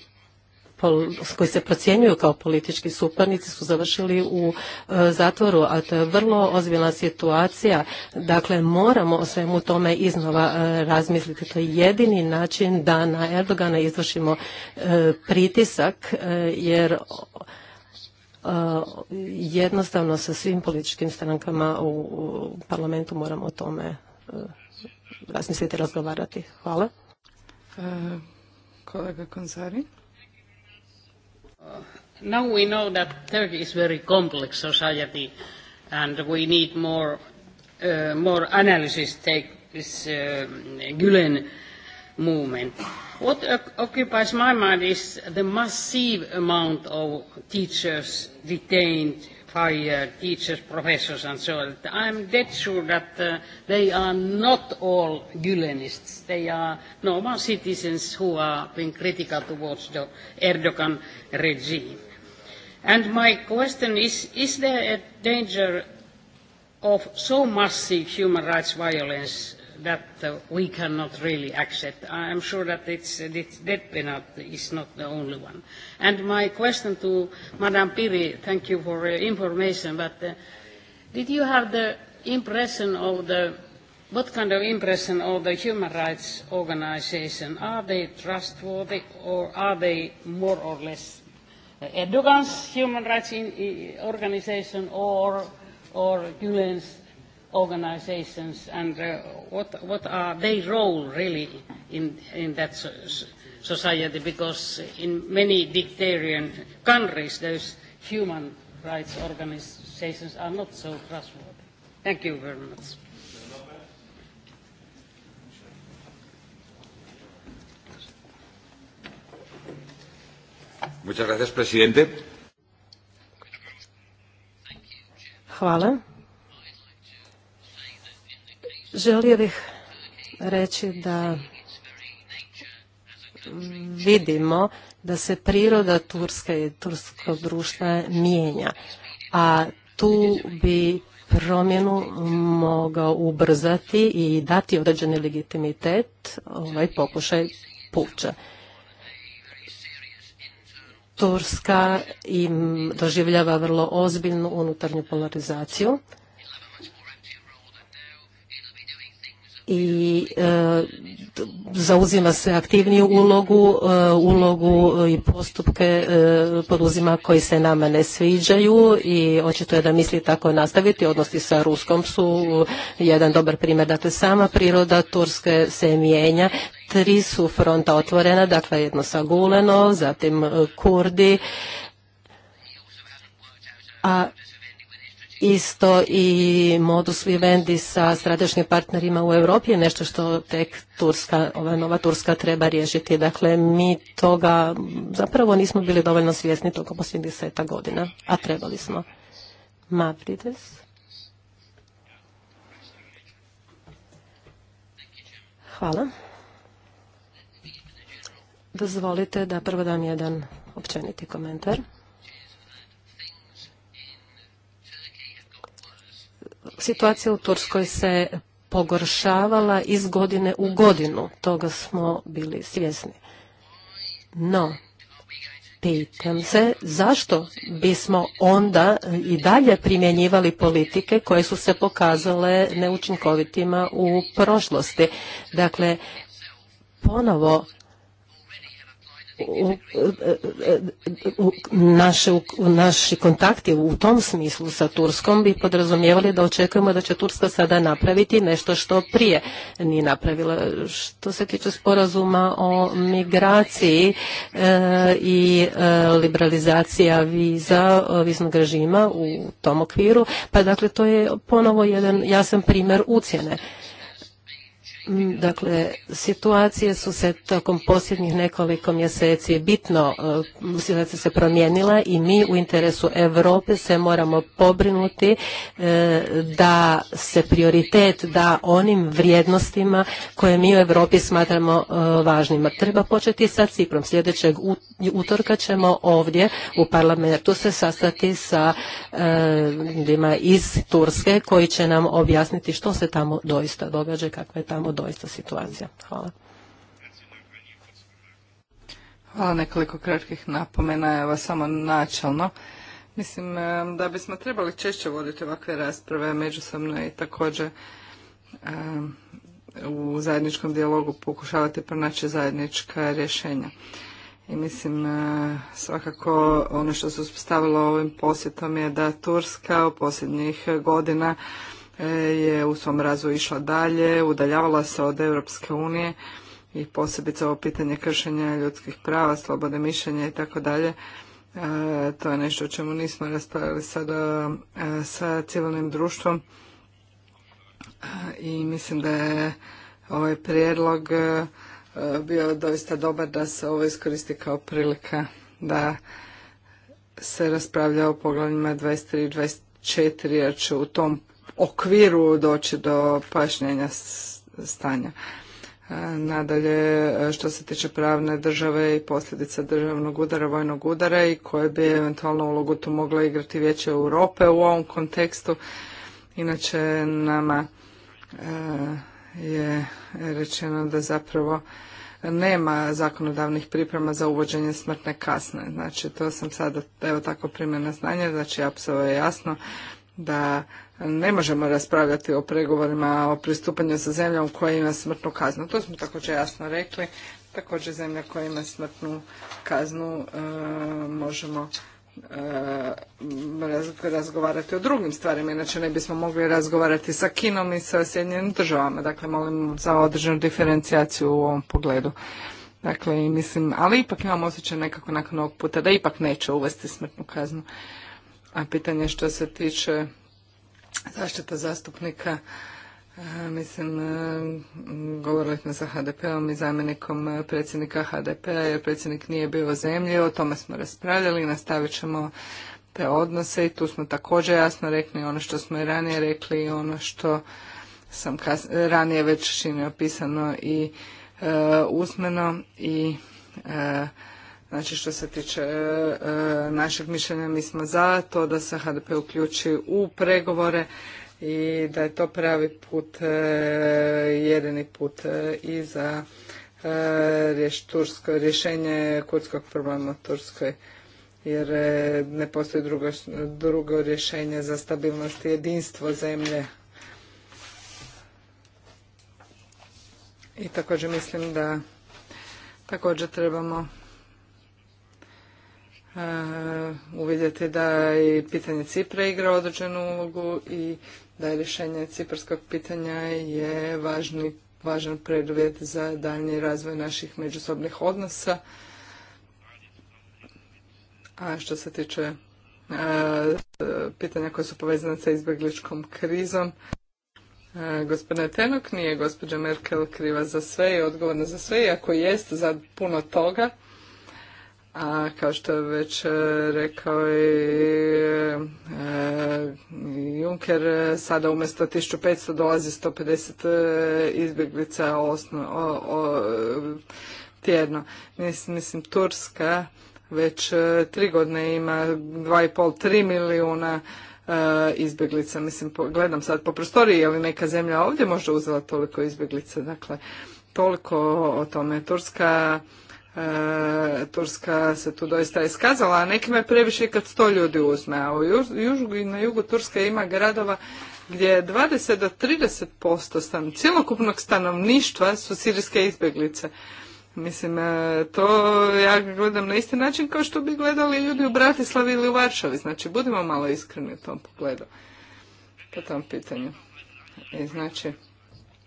koji se procjenjuju kao politički suparnici su završili u e, zatvoru, a to je vrlo ozbiljna situacija. Dakle, moramo o svemu tome iznova e, razmisliti. To je jedini način da na Erdogana izvršimo e, pritisak, jer jednostavno sa svim političkim strankama u parlamentu moramo o tome razmisliti i razgovarati. Hvala. kolega Konzari. Now we know that Turkey is very complex society and we need more, uh, more analysis take this uh, movement. What occupies my mind is the massive amount of teachers detained fired uh, teachers, professors and so on. I'm dead sure that uh, they are not all Gülenists. They are normal citizens who are being critical towards the Erdogan regime. And my question is, is there a danger of so massive human rights violence that uh, we cannot really accept. I am sure that it's, it's uh, death penalty is not the only one. And my question to Madame Piri, thank you for your uh, information, but did you have the impression of the, what kind of impression of the human rights organization? Are they trustworthy or are they more or less Erdogan's human rights organization or, or organizations and uh, what, what are their role really in, in that so society because in many dictatorial countries those human rights organizations are not so trustworthy. Thank you very much. Muchas gracias, presidente. Hvala. Želio bih reći da vidimo da se priroda Turske i turskog društva mijenja, a tu bi promjenu mogao ubrzati i dati određeni legitimitet ovaj pokušaj puča. Turska im doživljava vrlo ozbiljnu unutarnju polarizaciju i e, zauzima se aktivniju ulogu, e, ulogu i postupke e, poduzima koji se nama ne sviđaju i očito je da misli tako nastaviti. Odnosi sa Ruskom su jedan dobar primjer. Dakle, sama priroda Turske se mijenja. Tri su fronta otvorena, dakle jedno sa Guleno, zatim Kurdi, a isto i modus vivendi sa strateškim partnerima u Europi je nešto što tek Turska, ova nova Turska treba riješiti. Dakle, mi toga zapravo nismo bili dovoljno svjesni tokom posljednjih deseta godina, a trebali smo. Mavrides. Hvala. Dozvolite da prvo dam jedan općeniti komentar. situacija u Turskoj se pogoršavala iz godine u godinu. Toga smo bili svjesni. No, pitam se zašto bismo onda i dalje primjenjivali politike koje su se pokazale neučinkovitima u prošlosti. Dakle, ponovo naše, naši kontakti u tom smislu sa Turskom bi podrazumijevali da očekujemo da će Turska sada napraviti nešto što prije nije napravila. Što se tiče sporazuma o migraciji e, i e, liberalizacija viza, e, viznog režima u tom okviru, pa dakle to je ponovo jedan jasan primjer ucjene. Mm, dakle, situacije su se tokom posljednjih nekoliko mjeseci bitno e, situacija se promijenila i mi u interesu Europe se moramo pobrinuti e, da se prioritet da onim vrijednostima koje mi u Europi smatramo e, važnima. Treba početi sa Ciprom. Sljedećeg utorka ćemo ovdje u parlamentu se sastati sa ljudima iz Turske koji će nam objasniti što se tamo doista događa i kakva je tamo doista situacija. Hvala. Hvala nekoliko kratkih napomena, evo samo načelno. Mislim da bismo trebali češće voditi ovakve rasprave međusobno i također u zajedničkom dijalogu pokušavati pronaći zajednička rješenja. I mislim svakako ono što se uspostavilo ovim posjetom je da Turska u posljednjih godina E, je u svom razvoju išla dalje, udaljavala se od Europske unije i posebice ovo pitanje kršenja ljudskih prava, slobode mišljenja i tako dalje. E, to je nešto o čemu nismo raspravili sada e, sa civilnim društvom i mislim da je ovaj prijedlog bio doista dobar da se ovo iskoristi kao prilika da se raspravlja o poglavljima 23 i 24 jer će u tom okviru doći do pojašnjenja stanja. E, nadalje, što se tiče pravne države i posljedica državnog udara, vojnog udara i koje bi eventualno ulogu tu mogla igrati Vijeće Europe u ovom kontekstu. Inače, nama e, je rečeno da zapravo nema zakonodavnih priprema za uvođenje smrtne kasne. Znači, to sam sada, evo tako primjena znanje, znači, apsolutno je jasno da ne možemo raspravljati o pregovorima o pristupanju sa zemljom koja ima smrtnu kaznu. To smo također jasno rekli. Također zemlja koja ima smrtnu kaznu e, možemo e, razgovarati o drugim stvarima. Inače ne bismo mogli razgovarati sa Kinom i sa Sjedinjenim državama. Dakle, molim za određenu diferencijaciju u ovom pogledu. Dakle, mislim, ali ipak imam osjećaj nekako nakon ovog puta da ipak neće uvesti smrtnu kaznu. A pitanje što se tiče zaštita zastupnika e, Mislim, e, govorili smo sa HDP-om i zamjenikom predsjednika HDP-a jer predsjednik nije bio zemlje, o tome smo raspravljali i nastavit ćemo te odnose i tu smo također jasno rekli ono što smo i ranije rekli i ono što sam ranije već čini pisano i e, usmeno i Znači što se tiče e, e, našeg mišljenja, mi smo za to da se HDP uključi u pregovore i da je to pravi put, e, jedini put i za tursko, rješenje kurskog problema u Turskoj jer ne postoji drugo, drugo rješenje za stabilnost i jedinstvo zemlje i također mislim da također trebamo Uh, uvidjeti da je pitanje Cipra igra određenu ulogu i da je rješenje ciprskog pitanja je važni, važan preduvjet za daljnji razvoj naših međusobnih odnosa. A što se tiče uh, pitanja koja su povezana sa izbjegličkom krizom. Uh, gospodine Tenok, nije gospođa Merkel kriva za sve i odgovorna za sve, iako jest za puno toga. A kao što je već e, rekao e, i Juncker, sada umjesto 1500 dolazi 150 e, izbjeglica tjedno. Mislim, Turska već tri godine ima 2,5-3 milijuna izbjeglica. Mislim, gledam sad po prostoriji, je li neka zemlja ovdje možda uzela toliko izbjeglica? Dakle, toliko o tome. Turska E, Turska se tu doista iskazala, a nekima je previše kad sto ljudi uzme, a u juž, na jugu Turske ima gradova gdje je 20 do 30 posto cjelokupnog stanovništva su sirijske izbjeglice. Mislim, e, to ja gledam na isti način kao što bi gledali ljudi u Bratislavi ili u Varšavi. Znači, budimo malo iskreni u tom pogledu po tom pitanju. I znači,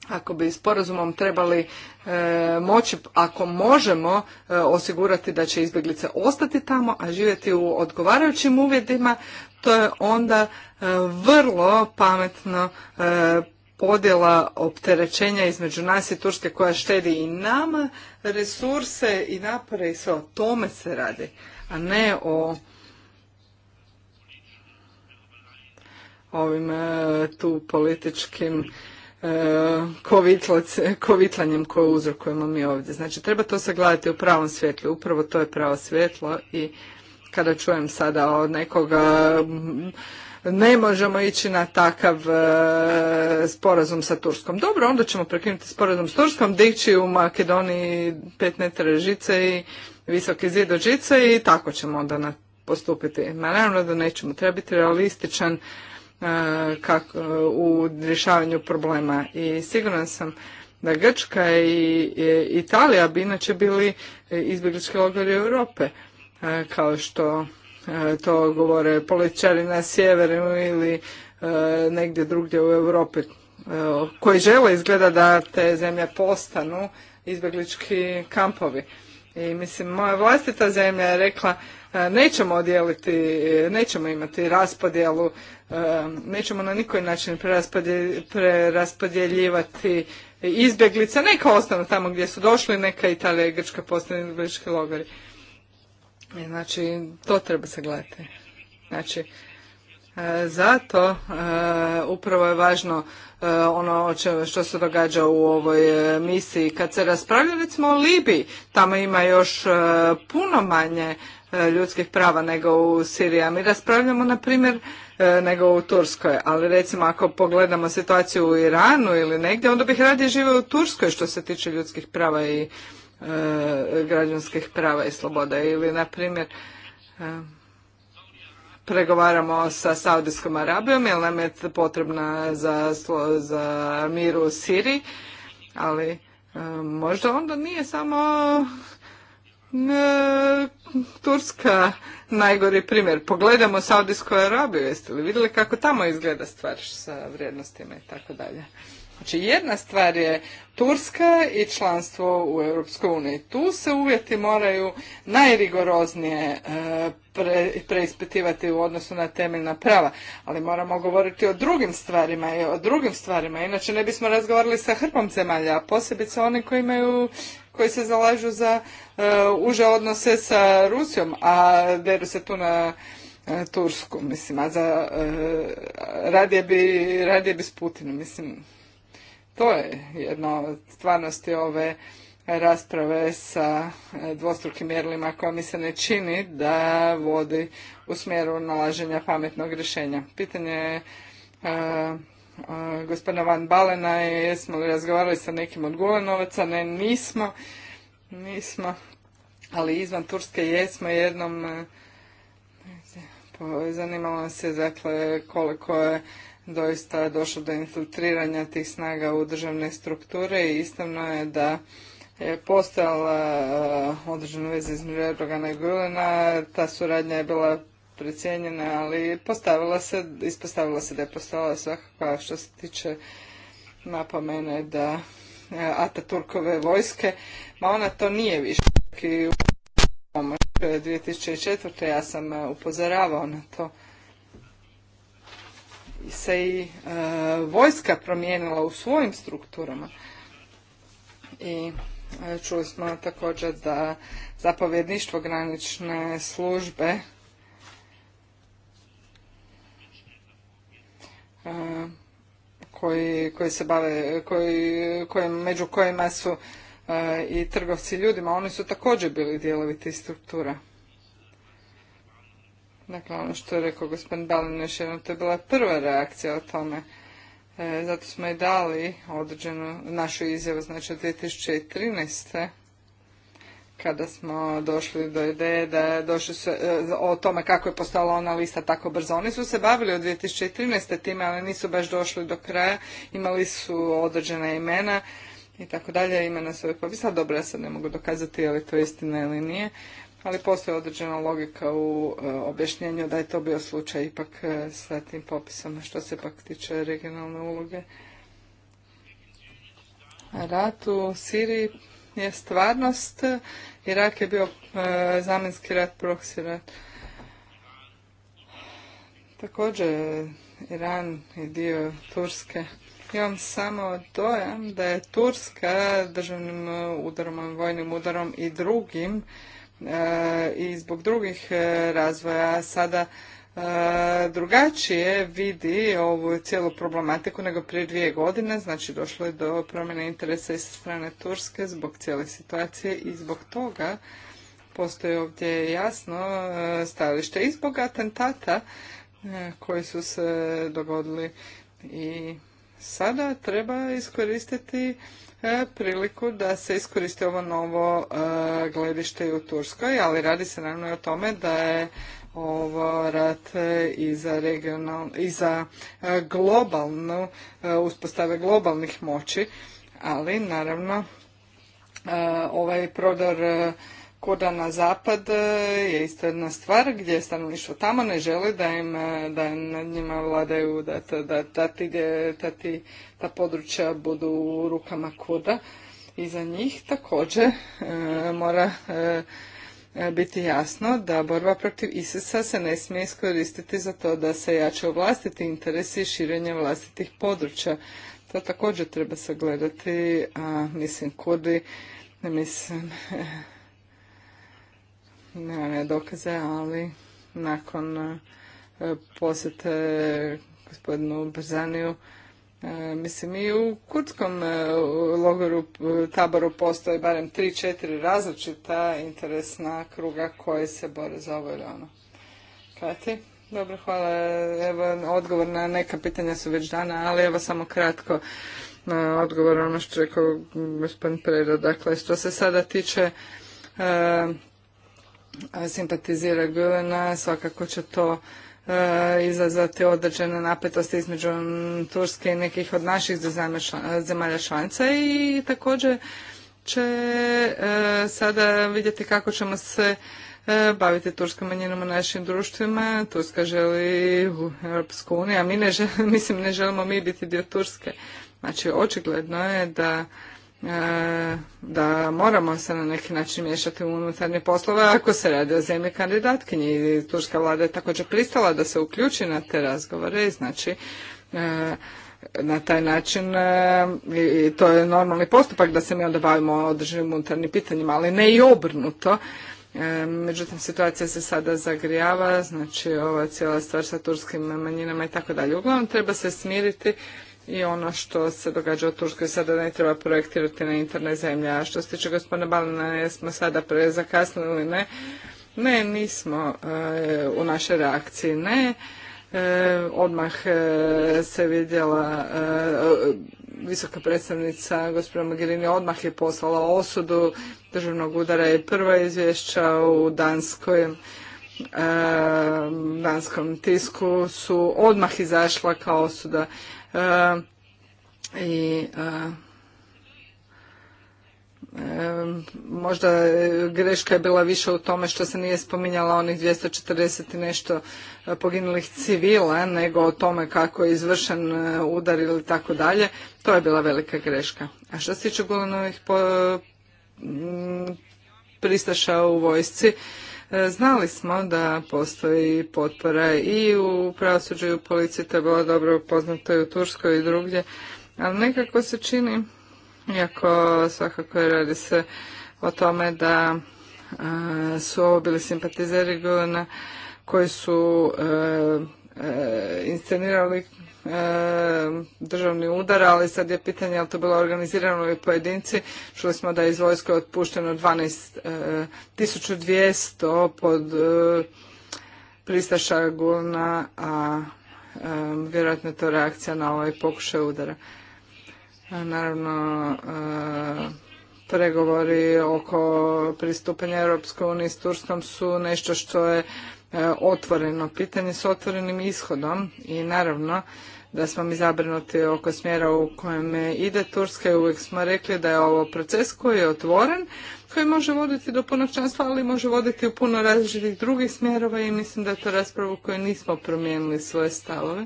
ako bi sporazumom trebali e, moći, ako možemo e, osigurati da će izbjeglice ostati tamo, a živjeti u odgovarajućim uvjetima, to je onda e, vrlo pametno podjela opterećenja između nas i Turske koja štedi i nama resurse i napore i sve o tome se radi, a ne o ovim tu političkim E, kovitlanjem koje uzrokujemo mi ovdje. Znači treba to sagledati u pravom svjetlu, upravo to je pravo svjetlo i kada čujem sada od nekoga ne možemo ići na takav e, sporazum sa Turskom. Dobro, onda ćemo prekinuti sporazum s Turskom, dići u Makedoniji pet metara žice i visoki zid žice i tako ćemo onda postupiti. Ma naravno da nećemo, treba biti realističan E, kako, e, u rješavanju problema. I siguran sam da Grčka i Italija bi inače bili izbjeglički logori Europe, e, kao što to govore političari na sjeveru ili negdje drugdje u Europi koji žele izgleda da te zemlje postanu izbjeglički kampovi. I mislim, moja vlastita zemlja je rekla E, nećemo odjeliti, nećemo imati raspodjelu, e, nećemo na nikoj način preraspodjeljivati izbjeglice, neka ostanu tamo gdje su došli, neka Italija i Grčka postane grčki logori. E, znači, to treba se Znači, zato upravo je važno ono što se događa u ovoj misiji. Kad se raspravlja recimo o Libiji, tamo ima još puno manje E, ljudskih prava nego u Siriji. A mi raspravljamo, na primjer, e, nego u Turskoj. Ali recimo ako pogledamo situaciju u Iranu ili negdje, onda bih radije živio u Turskoj što se tiče ljudskih prava i e, građanskih prava i sloboda. Ili, na primjer, pregovaramo sa Saudijskom Arabijom, jer nam je potrebna za, za mir u Siriji, ali možda onda nije samo Turska najgori primjer. Pogledamo Saudijsku Arabiju, jeste li vidjeli kako tamo izgleda stvar sa vrijednostima i tako dalje. Znači jedna stvar je Turska i članstvo u Europskoj uniji. Tu se uvjeti moraju najrigoroznije e, preispitivati u odnosu na temeljna prava, ali moramo govoriti o drugim stvarima i o drugim stvarima, inače ne bismo razgovarali sa hrpom zemalja, a posebice oni koji imaju koji se zalažu za e, uže odnose sa Rusijom, a deru se tu na e, Tursku, mislim, a za e, radije bi, radije s Putinom, mislim. To je jedna od stvarnosti ove rasprave sa dvostrukim mjerilima koja mi se ne čini da vodi u smjeru nalaženja pametnog rješenja. Pitanje je gospodina Van Balena jesmo li razgovarali sa nekim od Gulenovaca, ne nismo, nismo, ali izvan Turske jesmo jednom, e, zanimalo nas je dakle koliko je doista došlo do infiltriranja tih snaga u državne strukture i istavno je da je postojala e, određena veza između Erdogana i Gulena, ta suradnja je bila precijenjene, ali postavila se, ispostavila se da je postavila svakako što se tiče napomene da e, Ataturkove vojske, ma ona to nije više. I u 2004. ja sam e, upozoravao na to se i e, vojska promijenila u svojim strukturama. I e, čuli smo također da zapovjedništvo granične službe koji, se bave, koji, među kojima su i trgovci ljudima, oni su također bili dijelovi tih struktura. Dakle, ono što je rekao gospodin Balin još jednom, to je bila prva reakcija o tome. E, zato smo i dali određenu našu izjavu, znači od 2013 kada smo došli do ideje da došli se, e, o tome kako je postala ona lista tako brzo. Oni su se bavili od 2013. time, ali nisu baš došli do kraja. Imali su određena imena i tako dalje. Imena su uvijek popisala. Dobro, ja sad ne mogu dokazati je li to istina ili nije. Ali postoji određena logika u e, objašnjenju da je to bio slučaj ipak e, sa tim popisom što se pak tiče regionalne uloge. Rat u Siriji je stvarnost Irak je bio e, zamenski zamjenski rat, proksi rat. Također, Iran je dio Turske. Imam samo dojam da je Turska državnim e, udarom, vojnim udarom i drugim e, i zbog drugih razvoja sada E, drugačije vidi ovu cijelu problematiku nego prije dvije godine. Znači došlo je do promjene interesa i sa strane Turske zbog cijele situacije i zbog toga postoji ovdje jasno e, stajalište i zbog atentata e, koji su se dogodili i sada treba iskoristiti priliku da se iskoristi ovo novo gledište u Turskoj, ali radi se naravno i o tome da je ovo rat e, i za, regional, i za e, globalnu, e, uspostave globalnih moći, ali naravno ovaj prodor koda na zapad je isto jedna stvar gdje stanovništvo tamo ne želi da im da nad njima vladaju da, da, ti, ti, ta područja budu u rukama koda. i za njih također mora E, biti jasno da borba protiv ISIS-a se ne smije iskoristiti za to da se jače vlastiti interesi i širenje vlastitih područja. To također treba sagledati, a mislim kurdi, ne mislim, nema ne dokaze, ali nakon e, posjete gospodinu Brzaniju, E, mislim, i u kurdskom e, logoru, e, taboru postoje barem tri, četiri različita interesna kruga koji se bore za ovo ili ono. Kati? Dobro, hvala. Evo, odgovor na neka pitanja su već dana, ali evo samo kratko na odgovor ono što je rekao gospodin Preda. Dakle, što se sada tiče simpatizira Gulena, svakako će to E, izazvati određene napetosti između Turske i nekih od naših zemalja članica i također će e, sada vidjeti kako ćemo se e, baviti turskom manjinom u našim društvima. Turska želi u Europsku uniju, a mi ne želimo, mislim ne želimo mi biti dio Turske. Znači očigledno je da E, da moramo se na neki način miješati u unutarnje poslove ako se radi o zemlji kandidatkinji. I turska vlada je također pristala da se uključi na te razgovore i znači e, na taj način e, i to je normalni postupak da se mi onda bavimo određenim unutarnjim pitanjima, ali ne i obrnuto. Međutim, situacija se sada zagrijava, znači ova cijela stvar sa turskim manjinama i tako dalje. Uglavnom, treba se smiriti i ono što se događa u Turskoj sada ne treba projektirati na interne zemlje. A što se tiče gospodina Balina, jesmo sada prezakasnili ili ne? Ne, nismo eh, u našoj reakciji. Ne, eh, odmah eh, se vidjela visoka predstavnica gospođa Mogherini odmah je poslala osudu državnog udara i prva izvješća u Danskoj danskom tisku su odmah izašla kao osuda i e, e, možda greška je bila više u tome što se nije spominjala onih 240 i nešto poginulih civila nego o tome kako je izvršen e, udar ili tako dalje. To je bila velika greška. A što se tiče Gulenovih pristaša u vojsci, E, znali smo da postoji potpora i u pravosuđu i u policiji, to je bilo dobro poznato i u Turskoj i drugdje, ali nekako se čini, iako svakako radi se o tome da e, su ovo bili simpatizeri Gulena koji su e, E, inscenirali e, državni udar, ali sad je pitanje je to bilo organizirano ili pojedinci. Čuli smo da je iz vojske otpušteno 12.200 e, pod pristaša Gulna, a vjerojatno je to reakcija na ovaj pokušaj udara. naravno, pregovori oko pristupanja Europskoj uniji s Turskom su nešto što je E, otvoreno pitanje s otvorenim ishodom i naravno da smo mi zabrinuti oko smjera u kojem ide Turska i uvijek smo rekli da je ovo proces koji je otvoren, koji može voditi do čanstva ali može voditi u puno različitih drugih smjerova i mislim da je to rasprava u kojoj nismo promijenili svoje stavove.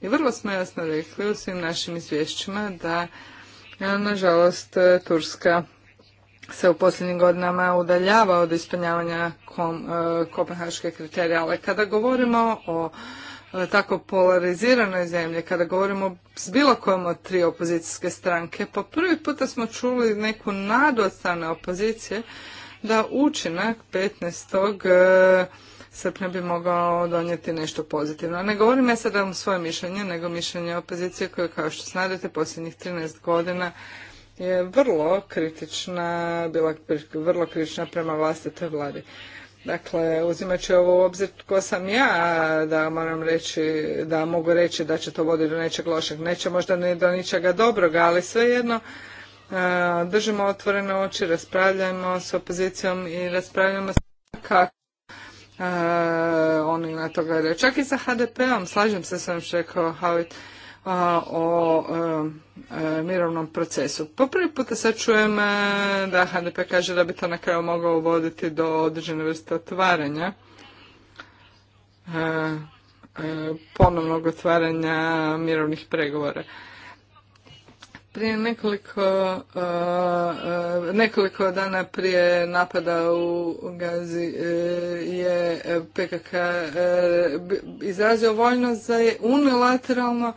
I vrlo smo jasno rekli u svim našim izvješćima da, e, nažalost, Turska se u posljednjim godinama udaljava od ispunjavanja kom, e, kopenhaške kriterije, ali kada govorimo o e, tako polariziranoj zemlji, kada govorimo s bilo kojom od tri opozicijske stranke, po prvi puta smo čuli neku nadu od strane opozicije da učinak 15. E, srpnja bi mogao donijeti nešto pozitivno. Ne govorim ja sad o svoje mišljenje, nego mišljenje opozicije koje, kao što znadete, posljednjih 13 godina je vrlo kritična, bila vrlo kritična prema vlastitoj vladi. Dakle, uzimajući ovo u obzir tko sam ja, da moram reći, da mogu reći da će to voditi do nečeg lošeg. Neće možda ni do ničega dobroga, ali svejedno držimo otvorene oči, raspravljamo s opozicijom i raspravljamo s kako oni na to gledaju. Čak i sa HDP-om, slažem se s vam što je rekao Havit o e, e, mirovnom procesu. Po prvi puta sad čujem e, da HDP kaže da bi to na kraju moglo uvoditi do određene vrste otvaranja ponovnog otvaranja mirovnih pregovora. Prije nekoliko, nekoliko dana prije napada u Gazi je PKK izrazio voljno za unilateralno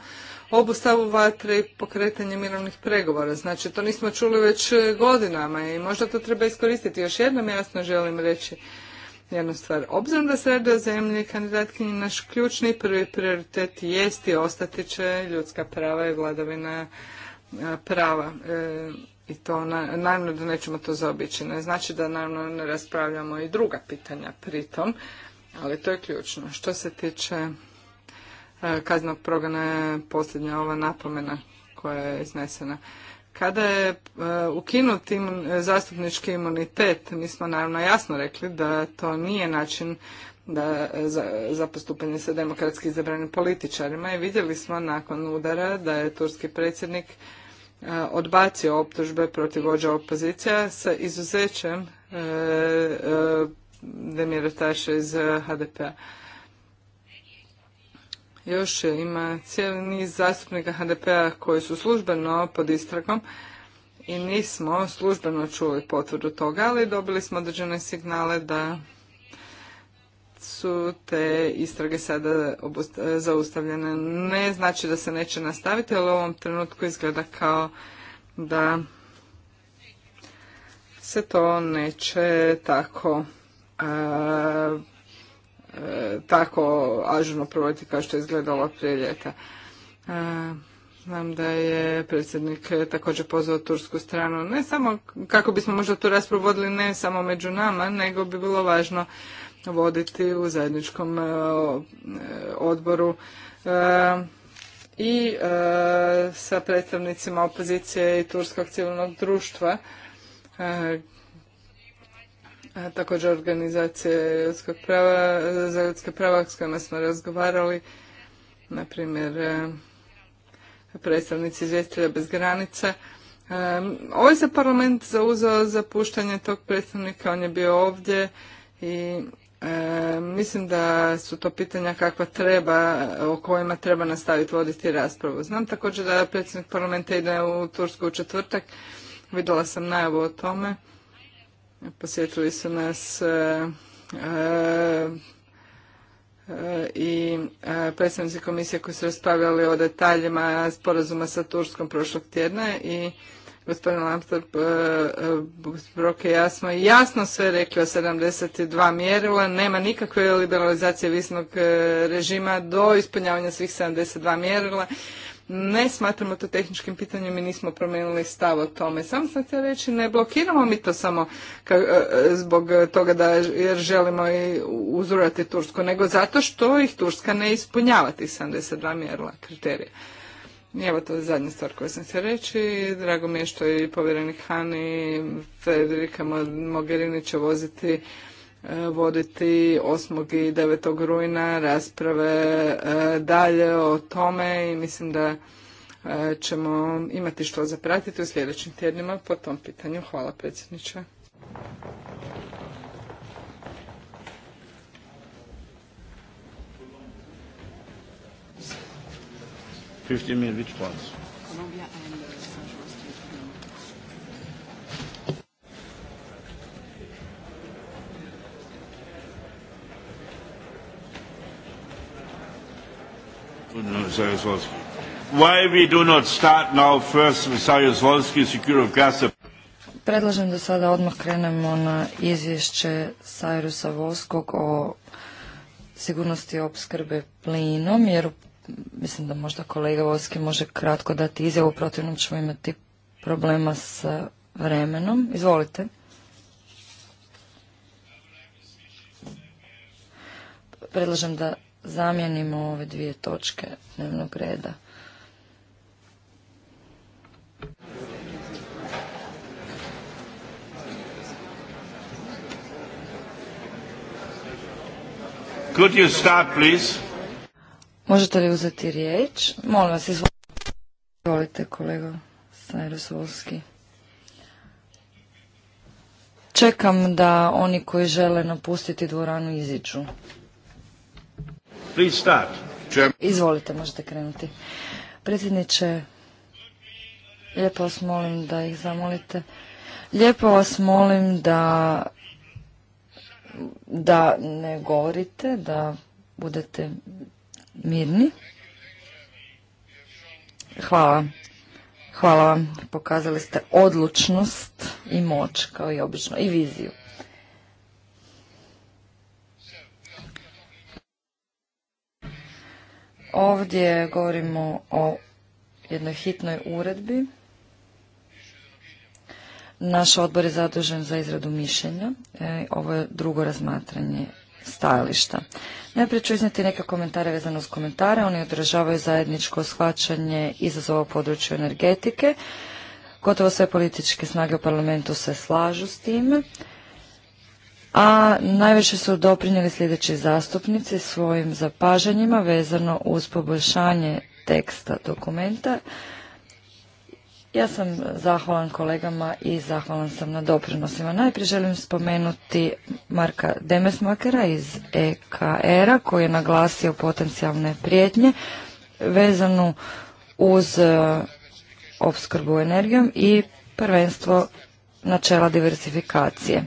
obustavu vatre i pokretanje mirovnih pregovora. Znači, to nismo čuli već e, godinama i možda to treba iskoristiti. Još jednom jasno želim reći jednu stvar. Obzirom da se radi o zemlji, kandidatkinji naš ključni prvi prioritet jest i ostati će ljudska prava i vladavina e, prava. E, I to, naravno da nećemo to zaobići. Ne znači da naravno ne raspravljamo i druga pitanja pritom, ali to je ključno. Što se tiče E, kaznog progona je posljednja ova napomena koja je iznesena. Kada je e, ukinut zastupnički imunitet, mi smo naravno jasno rekli da to nije način da, e, za, postupanje sa demokratski izabranim političarima i vidjeli smo nakon udara da je turski predsjednik odbacio optužbe protiv vođa opozicija sa izuzećem e, Demira Taša iz HDP-a još ima cijeli niz zastupnika HDP-a koji su službeno pod istragom i nismo službeno čuli potvrdu toga, ali dobili smo određene signale da su te istrage sada zaustavljene. Ne znači da se neće nastaviti, ali u ovom trenutku izgleda kao da se to neće tako tako ažurno provoditi kao što je izgledalo prije ljeta. E, znam da je predsjednik također pozvao tursku stranu, ne samo kako bismo možda tu raspravu vodili ne samo među nama, nego bi bilo važno voditi u zajedničkom e, e, odboru i sa predstavnicima opozicije i Turskog civilnog društva a također organizacije ljudskog prava, za ljudska prava s kojima smo razgovarali, na primjer e, predstavnici izvjestitelja bez granica. E, ovaj se parlament zauzeo za puštanje tog predstavnika, on je bio ovdje i e, mislim da su to pitanja kakva treba, o kojima treba nastaviti voditi raspravu. Znam također da predsjednik parlamenta ide u Tursku u četvrtak, vidjela sam najavu o tome Posjetili su nas e, e, i e, predstavnici komisije koji su raspravljali o detaljima sporazuma sa Turskom prošlog tjedna i gospodin Lamstor broke i jasno i jasno sve rekli o 72 mjerila. Nema nikakve liberalizacije visnog režima do ispunjavanja svih 72 mjerila ne smatramo to tehničkim pitanjem i nismo promijenili stav o tome. Samo sam htio reći, ne blokiramo mi to samo e, zbog toga da jer želimo i uzurati Tursku, nego zato što ih Turska ne ispunjava tih 72 mjerila kriterija. Evo to je zadnja stvar koju sam se reći. Drago mi je što i povjerenik Hani Federika Mogherini će voziti voditi 8. i 9. rujna rasprave e, dalje o tome i mislim da e, ćemo imati što zapratiti u sljedećim tjednima po tom pitanju. Hvala predsjedniče. Fifteen minutes Predlažem da sada odmah krenemo na izvješće Cyrusa Volskog o sigurnosti opskrbe plinom, jer mislim da možda kolega Volski može kratko dati izjavu, protivno ćemo imati problema s vremenom. Izvolite. Predlažem da zamijenimo ove dvije točke dnevnog reda. Could you please? Možete li uzeti riječ? Molim vas, izvolite kolega Čekam da oni koji žele napustiti dvoranu iziđu. Please Izvolite, možete krenuti. Predsjedniče, lijepo vas molim da ih zamolite. Lijepo vas molim da da ne govorite, da budete mirni. Hvala. Hvala vam. Pokazali ste odlučnost i moć, kao i obično, i viziju. Ovdje govorimo o jednoj hitnoj uredbi. Naš odbor je zadužen za izradu mišljenja. E, ovo je drugo razmatranje stajališta. Najprije ću iznijeti neke komentare vezano uz komentare. Oni odražavaju zajedničko shvaćanje izazova u području energetike. Gotovo sve političke snage u parlamentu se slažu s tim a najviše su doprinijeli sljedeći zastupnici svojim zapažanjima vezano uz poboljšanje teksta dokumenta. Ja sam zahvalan kolegama i zahvalan sam na doprinosima. Najprije želim spomenuti Marka Demesmakera iz EKR-a koji je naglasio potencijalne prijetnje vezanu uz e, opskrbu energijom i prvenstvo načela diversifikacije.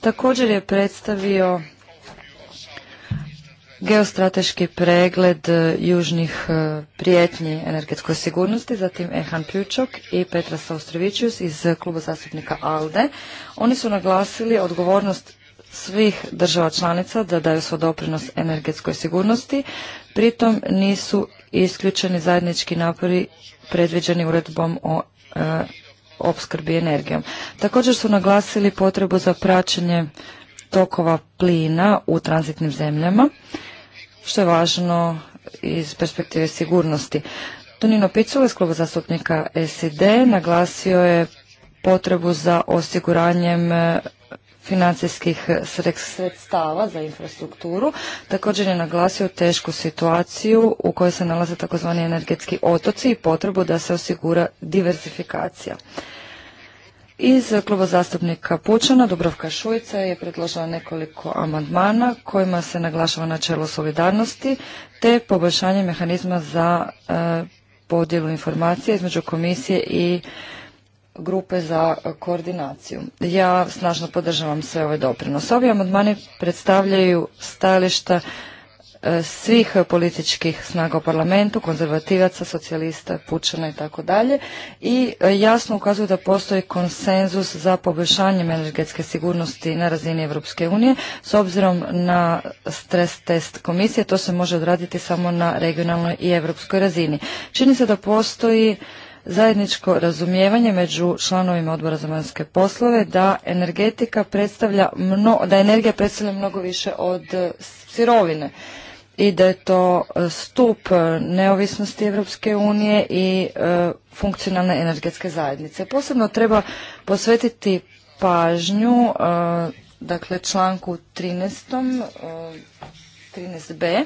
Također je predstavio geostrateški pregled e, južnih e, prijetnji energetskoj sigurnosti, zatim Ehan Pjučok i Petra Saustrovićius iz kluba zastupnika ALDE. Oni su naglasili odgovornost svih država članica da daju svoj doprinos energetskoj sigurnosti, pritom nisu isključeni zajednički napori predviđeni uredbom o e, opskrbi energijom. Također su naglasili potrebu za praćenje tokova plina u tranzitnim zemljama, što je važno iz perspektive sigurnosti. Tonino Picula iz kluba zastupnika SID naglasio je potrebu za osiguranjem financijskih eh, sredstava za infrastrukturu. Također je naglasio tešku situaciju u kojoj se nalaze takozvani energetski otoci i potrebu da se osigura diversifikacija. Iz kluba zastupnika Pučana Dubrovka Šujica je predložila nekoliko amandmana kojima se naglašava načelo solidarnosti te poboljšanje mehanizma za eh, podjelu informacije između komisije i grupe za koordinaciju. Ja snažno podržavam sve ove doprinos. Ovi amandmani predstavljaju stajališta e, svih političkih snaga u parlamentu, konzervativaca, socijalista, pučana i tako dalje i e, jasno ukazuju da postoji konsenzus za poboljšanje energetske sigurnosti na razini Europske unije s obzirom na stres test komisije, to se može odraditi samo na regionalnoj i europskoj razini. Čini se da postoji zajedničko razumijevanje među članovima odbora za vanjske poslove da energetika predstavlja mno, da energija predstavlja mnogo više od e, sirovine i da je to e, stup e, neovisnosti Europske unije i funkcionalne energetske zajednice. Posebno treba posvetiti pažnju dakle članku 13. 13b.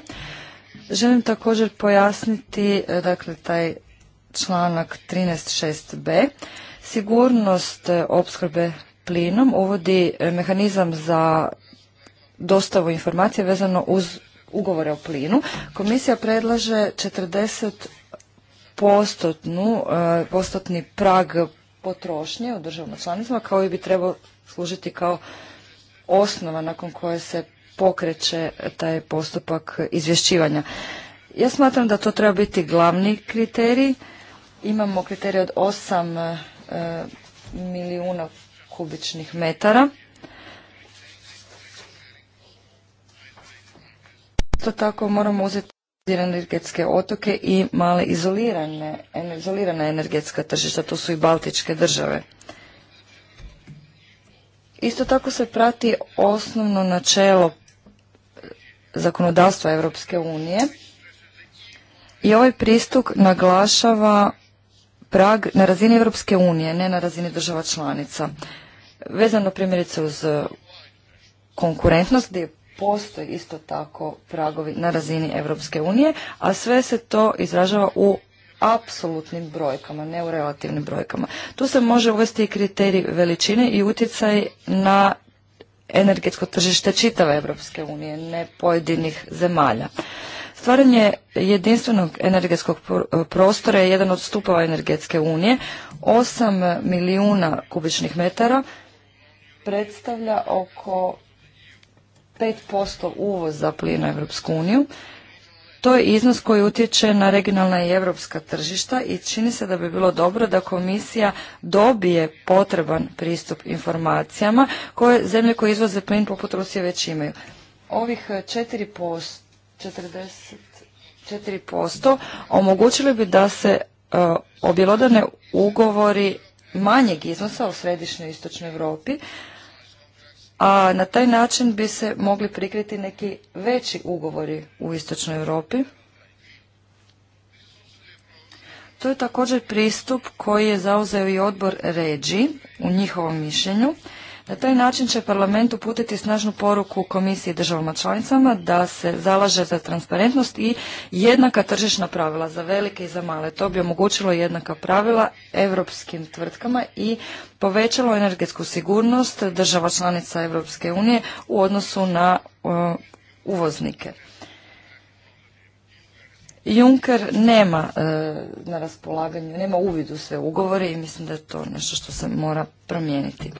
Želim također pojasniti dakle taj članak 13.6b. Sigurnost opskrbe plinom uvodi mehanizam za dostavu informacije vezano uz ugovore o plinu. Komisija predlaže 40 postotnu, e, postotni prag potrošnje u državnom članicama kao i bi trebao služiti kao osnova nakon koje se pokreće taj postupak izvješćivanja. Ja smatram da to treba biti glavni kriterij imamo kriterij od 8 e, milijuna kubičnih metara. Isto tako moramo uzeti energetske otoke i male izolirane, izolirana energetska tržišta, to su i baltičke države. Isto tako se prati osnovno načelo zakonodavstva Europske unije i ovaj pristup naglašava prag na razini Europske unije, ne na razini država članica. Vezano primjerice uz e, konkurentnost gdje postoji isto tako pragovi na razini Europske unije, a sve se to izražava u apsolutnim brojkama, ne u relativnim brojkama. Tu se može uvesti i kriterij veličine i utjecaj na energetsko tržište čitave Europske unije, ne pojedinih zemalja. Stvaranje jedinstvenog energetskog e, prostora je jedan od stupova energetske unije. 8 milijuna kubičnih metara predstavlja oko 5% uvoza plina Evropsku uniju. To je iznos koji utječe na regionalna i europska tržišta i čini se da bi bilo dobro da komisija dobije potreban pristup informacijama koje zemlje koje izvoze plin poput Rusije već imaju. Ovih 4% 44% omogućili bi da se e, objelodane ugovori manjeg iznosa u središnjoj istočnoj Europi, a na taj način bi se mogli prikriti neki veći ugovori u istočnoj Europi. To je također pristup koji je zauzeo i odbor Ređi u njihovom mišljenju na taj način će parlament uputiti snažnu poruku komisiji i državama članicama da se zalaže za transparentnost i jednaka tržišna pravila za velike i za male. To bi omogućilo jednaka pravila europskim tvrtkama i povećalo energetsku sigurnost država članica Europske unije u odnosu na uvoznike. Juncker nema e, na raspolaganju, nema uvid u sve ugovore i mislim da je to nešto što se mora promijeniti.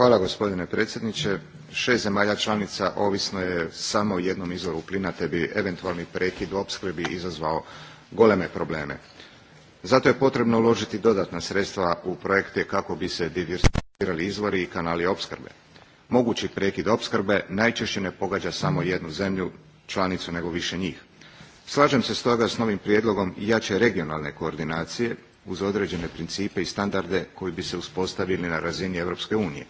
Hvala gospodine predsjedniče. Šest zemalja članica ovisno je samo o jednom izvoru plina te bi eventualni prekid u opskrbi izazvao goleme probleme. Zato je potrebno uložiti dodatna sredstva u projekte kako bi se diversificirali izvori i kanali opskrbe. Mogući prekid opskrbe najčešće ne pogađa samo jednu zemlju članicu nego više njih. Slažem se stoga s novim prijedlogom jače regionalne koordinacije uz određene principe i standarde koji bi se uspostavili na razini Europske unije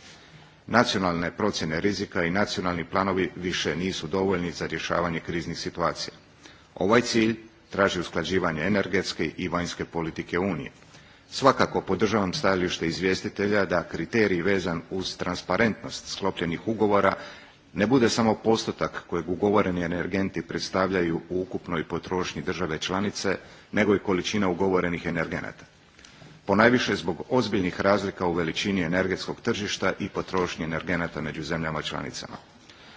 nacionalne procjene rizika i nacionalni planovi više nisu dovoljni za rješavanje kriznih situacija. Ovaj cilj traži usklađivanje energetske i vanjske politike Unije. Svakako podržavam stajalište izvjestitelja da kriterij vezan uz transparentnost sklopljenih ugovora ne bude samo postotak kojeg ugovoreni energenti predstavljaju u ukupnoj potrošnji države članice, nego i količina ugovorenih energenata ponajviše zbog ozbiljnih razlika u veličini energetskog tržišta i potrošnje energenata među zemljama članicama.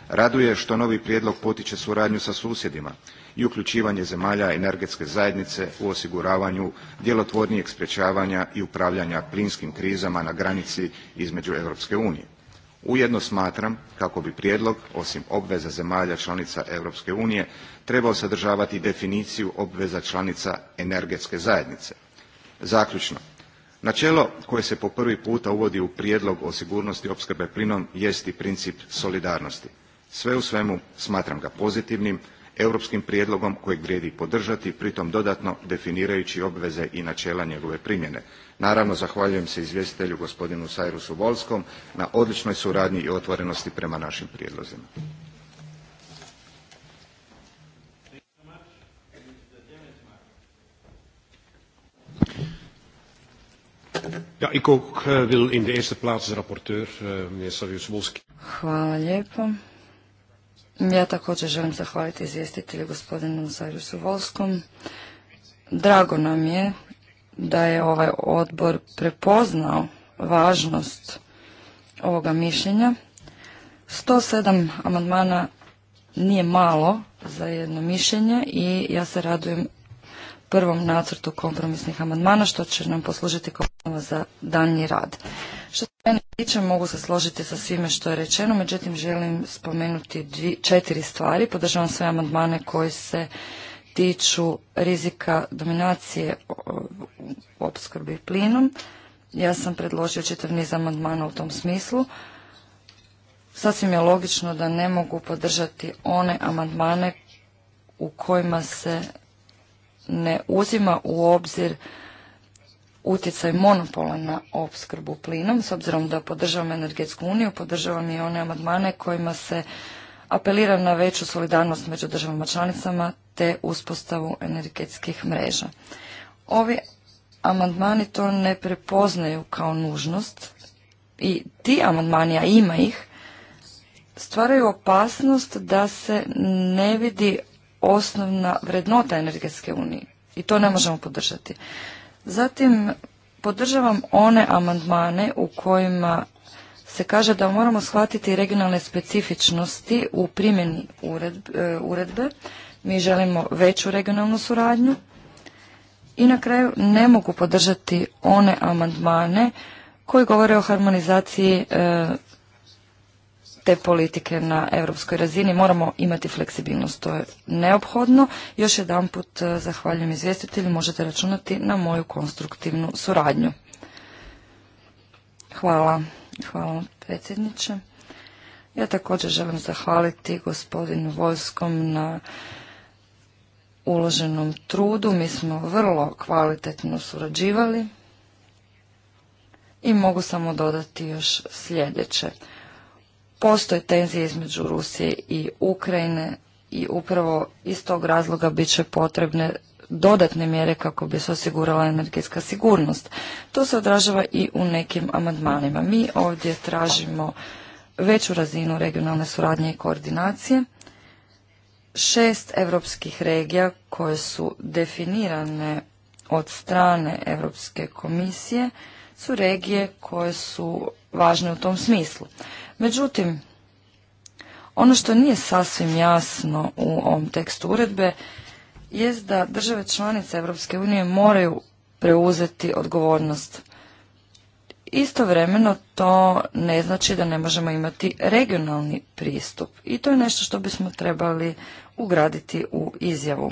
Raduje što novi prijedlog potiče suradnju sa susjedima i uključivanje zemalja energetske zajednice u osiguravanju djelotvornijeg sprječavanja i upravljanja plinskim krizama na granici između Europske unije. Ujedno smatram kako bi prijedlog, osim obveza zemalja članica Europske unije, trebao sadržavati definiciju obveza članica energetske zajednice. Zaključno, načelo koje se po prvi puta uvodi u prijedlog o sigurnosti opskrbe plinom jest i princip solidarnosti sve u svemu smatram ga pozitivnim europskim prijedlogom kojeg vrijedi podržati pritom dodatno definirajući obveze i načela njegove primjene. naravno zahvaljujem se izvjestitelju gospodinu cyrusu Volskom na odličnoj suradnji i otvorenosti prema našim prijedlozima. Ja, ik ook eh, wil in de eerste plaats de eh, Hvala lijepo. Ja također želim zahvaliti izvjestitelju gospodinu Saviusu Volskom. Drago nam je da je ovaj odbor prepoznao važnost ovoga mišljenja. 107 amandmana nije malo za jedno mišljenje i ja se radujem prvom nacrtu kompromisnih amandmana, što će nam poslužiti kao za danji rad. Što se mene tiče, mogu se složiti sa svime što je rečeno, međutim želim spomenuti četiri stvari. Podržavam sve amandmane koji se tiču rizika dominacije u opskrbi plinom. Ja sam predložio čitav niz amandmana u tom smislu. Sasvim je logično da ne mogu podržati one amandmane u kojima se ne uzima u obzir utjecaj monopola na opskrbu plinom, s obzirom da podržavam energetsku uniju, podržavam i one amandmane kojima se apelira na veću solidarnost među državama članicama te uspostavu energetskih mreža. Ovi amandmani to ne prepoznaju kao nužnost i ti amandmani, a ima ih, stvaraju opasnost da se ne vidi osnovna vrednota energetske unije i to ne možemo podržati. Zatim podržavam one amandmane u kojima se kaže da moramo shvatiti regionalne specifičnosti u primjeni e, uredbe. Mi želimo veću regionalnu suradnju. I na kraju ne mogu podržati one amandmane koji govore o harmonizaciji e, te politike na europskoj razini. Moramo imati fleksibilnost, to je neophodno. Još jedan put e, zahvaljujem izvjestitelju, možete računati na moju konstruktivnu suradnju. Hvala, hvala predsjedniče. Ja također želim zahvaliti gospodinu Vojskom na uloženom trudu. Mi smo vrlo kvalitetno surađivali i mogu samo dodati još sljedeće. Postoje tenzije između Rusije i Ukrajine i upravo iz tog razloga bit će potrebne dodatne mjere kako bi se osigurala energetska sigurnost. To se odražava i u nekim amandmanima. Mi ovdje tražimo veću razinu regionalne suradnje i koordinacije. Šest europskih regija koje su definirane od strane Europske komisije su regije koje su važne u tom smislu. Međutim, ono što nije sasvim jasno u ovom tekstu uredbe je da države članice Europske unije moraju preuzeti odgovornost. Istovremeno to ne znači da ne možemo imati regionalni pristup i to je nešto što bismo trebali ugraditi u izjavu.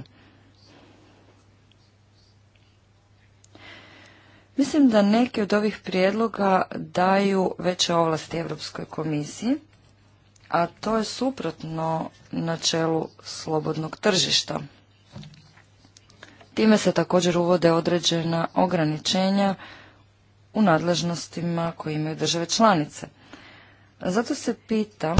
Mislim da neki od ovih prijedloga daju veće ovlasti Europskoj komisiji, a to je suprotno načelu slobodnog tržišta. Time se također uvode određena ograničenja u nadležnostima koje imaju države članice. Zato se pitam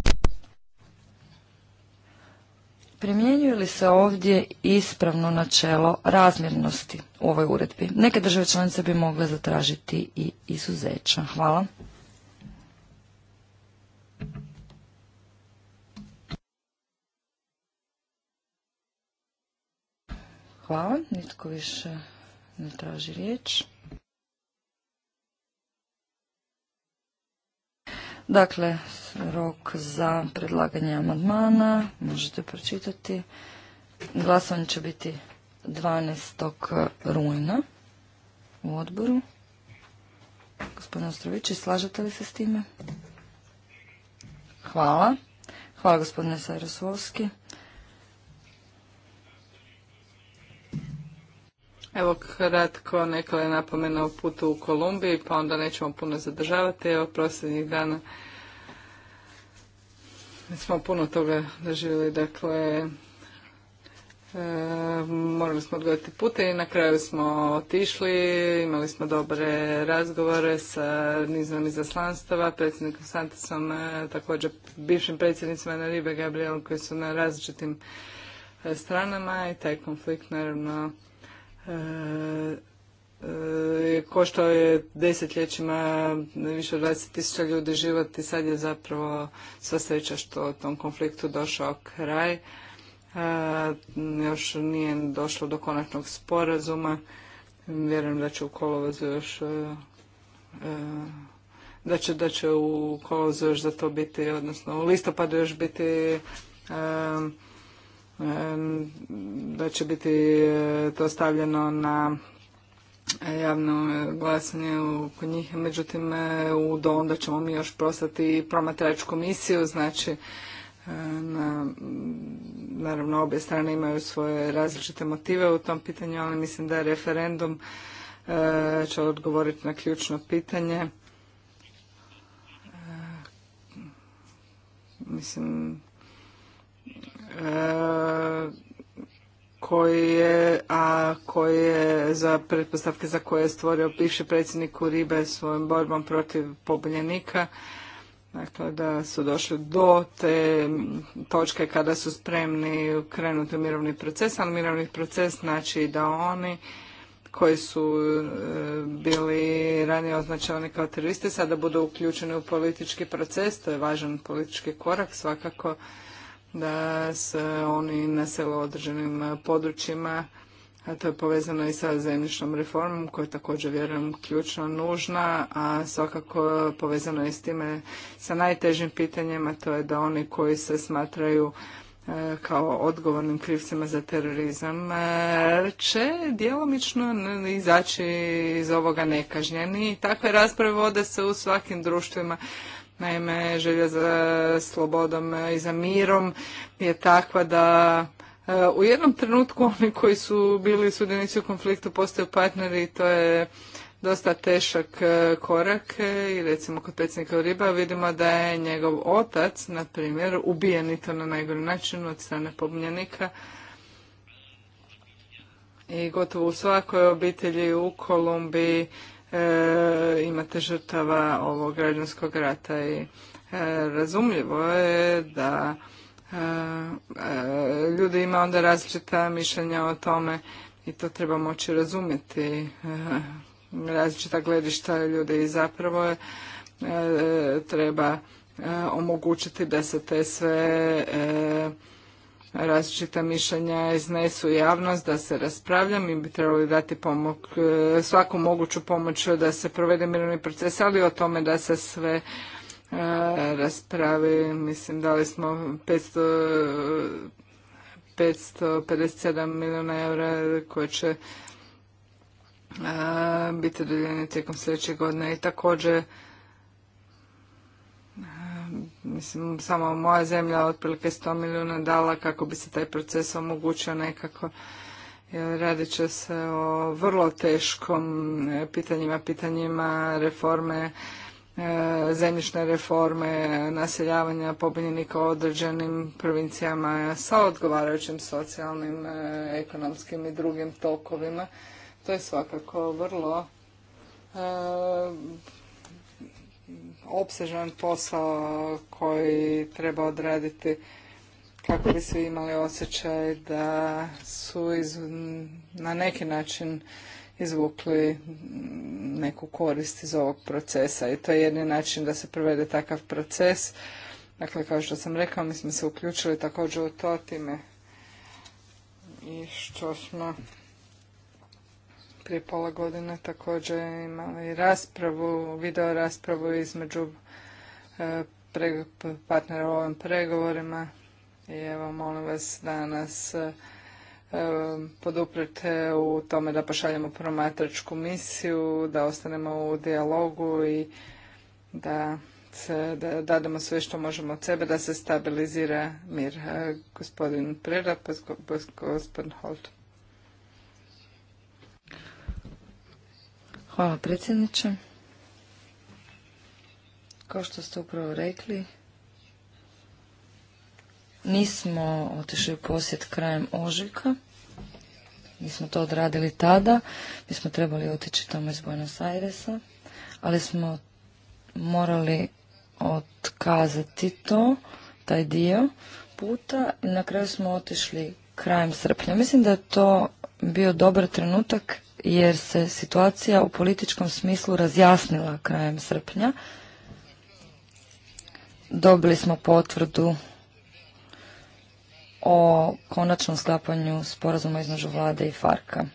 Primjenjuje li se ovdje ispravno načelo razmjernosti u ovoj uredbi? Neke države članice bi mogle zatražiti i izuzeća. Hvala. Hvala. Nitko više ne traži riječ. Dakle, rok za predlaganje amandmana možete pročitati. Glasovanje će biti 12. rujna u odboru. Gospodin Ostrovići, slažete li se s time? Hvala. Hvala gospodine Sajrosovski. Evo kratko je napomena o putu u Kolumbiji, pa onda nećemo puno zadržavati. Evo prosljednjih dana smo puno toga doživjeli, dakle E, morali smo odgoditi pute i na kraju smo otišli, imali smo dobre razgovore sa nizom izaslanstava, predsjednikom Santosom, e, također bivšim predsjednicima na Ribe Gabrielom koji su na različitim e, stranama i taj konflikt naravno E, e, koštao je desetljećima više od 20 tisuća ljudi život i sad je zapravo sva sreća što tom konfliktu došao kraj. Još nije došlo do konačnog sporazuma. Vjerujem da će u kolovozu još e, da će, da će u kolovozu još za to biti, odnosno u listopadu još biti da će biti eh, to stavljeno na eh, javno eh, glasanje kod njih. Međutim, u do onda ćemo mi još prostati promatračku komisiju. znači na, naravno obje strane imaju svoje različite motive u tom pitanju, ali mislim da je referendum će odgovoriti na ključno pitanje. mislim koji je, a koji je za pretpostavke za koje je stvorio piše predsjedniku Ribe svojom borbom protiv pobunjenika. Dakle, da su došli do te točke kada su spremni krenuti u mirovni proces, ali mirovni proces znači da oni koji su e, bili ranije označeni kao teroristi sada budu uključeni u politički proces, to je važan politički korak svakako da se oni na u određenim e, područjima, a to je povezano i sa zemljišnom reformom koja je također vjerujem ključno nužna, a svakako povezano je s time sa najtežim pitanjima, to je da oni koji se smatraju e, kao odgovornim krivcima za terorizam e, će djelomično izaći iz ovoga nekažnjeni. Takve rasprave vode se u svakim društvima Naime, želja za slobodom i za mirom je takva da e, u jednom trenutku oni koji su bili sudionici u konfliktu postaju partneri i to je dosta težak e, korak e, i recimo kod predsjednika Riba vidimo da je njegov otac, na primjer, ubijen i to na najgori način od strane pobunjenika i gotovo u svakoj obitelji u Kolumbiji E, imate žrtava ovog građanskog rata i e, razumljivo je da e, ljudi ima onda različita mišljenja o tome i to treba moći razumjeti različita gledišta ljudi i zapravo je, treba omogućiti da se te sve različita mišljenja iznesu javnost, da se raspravlja. Mi bi trebali dati pomog, e, svaku moguću pomoć da se provede mirovni proces, ali o tome da se sve e, raspravi. Mislim, dali smo 500, 557 milijuna eura koje će e, biti dodijeljene tijekom sljedećeg godine i također mislim, samo moja zemlja otprilike 100 milijuna dala kako bi se taj proces omogućio nekako. Radit će se o vrlo teškom e, pitanjima, pitanjima reforme, e, zemljišne reforme, naseljavanja pobunjenika u određenim provincijama sa odgovarajućim socijalnim, e, ekonomskim i drugim tokovima. To je svakako vrlo opsežan posao koji treba odraditi kako bi svi imali osjećaj da su iz, na neki način izvukli neku korist iz ovog procesa i to je jedni način da se provede takav proces. Dakle, kao što sam rekao, mi smo se uključili također u to time i što smo prije pola godine također imali raspravu, video raspravu između e, partnera u ovim pregovorima i evo molim vas da nas e, poduprete u tome da pošaljemo promatračku misiju, da ostanemo u dijalogu i da, dademo sve što možemo od sebe da se stabilizira mir. E, gospodin Prera, gospodin Holt. Hvala predsjedniče. Kao što ste upravo rekli, nismo otišli u posjet krajem ožujka. Nismo to odradili tada. Mi smo trebali otići tamo iz Buenos Airesa, ali smo morali otkazati to, taj dio puta. i Na kraju smo otišli krajem srpnja. Mislim da je to bio dobar trenutak jer se situacija u političkom smislu razjasnila krajem srpnja. Dobili smo potvrdu o konačnom sklapanju sporazuma između vlade i Farka.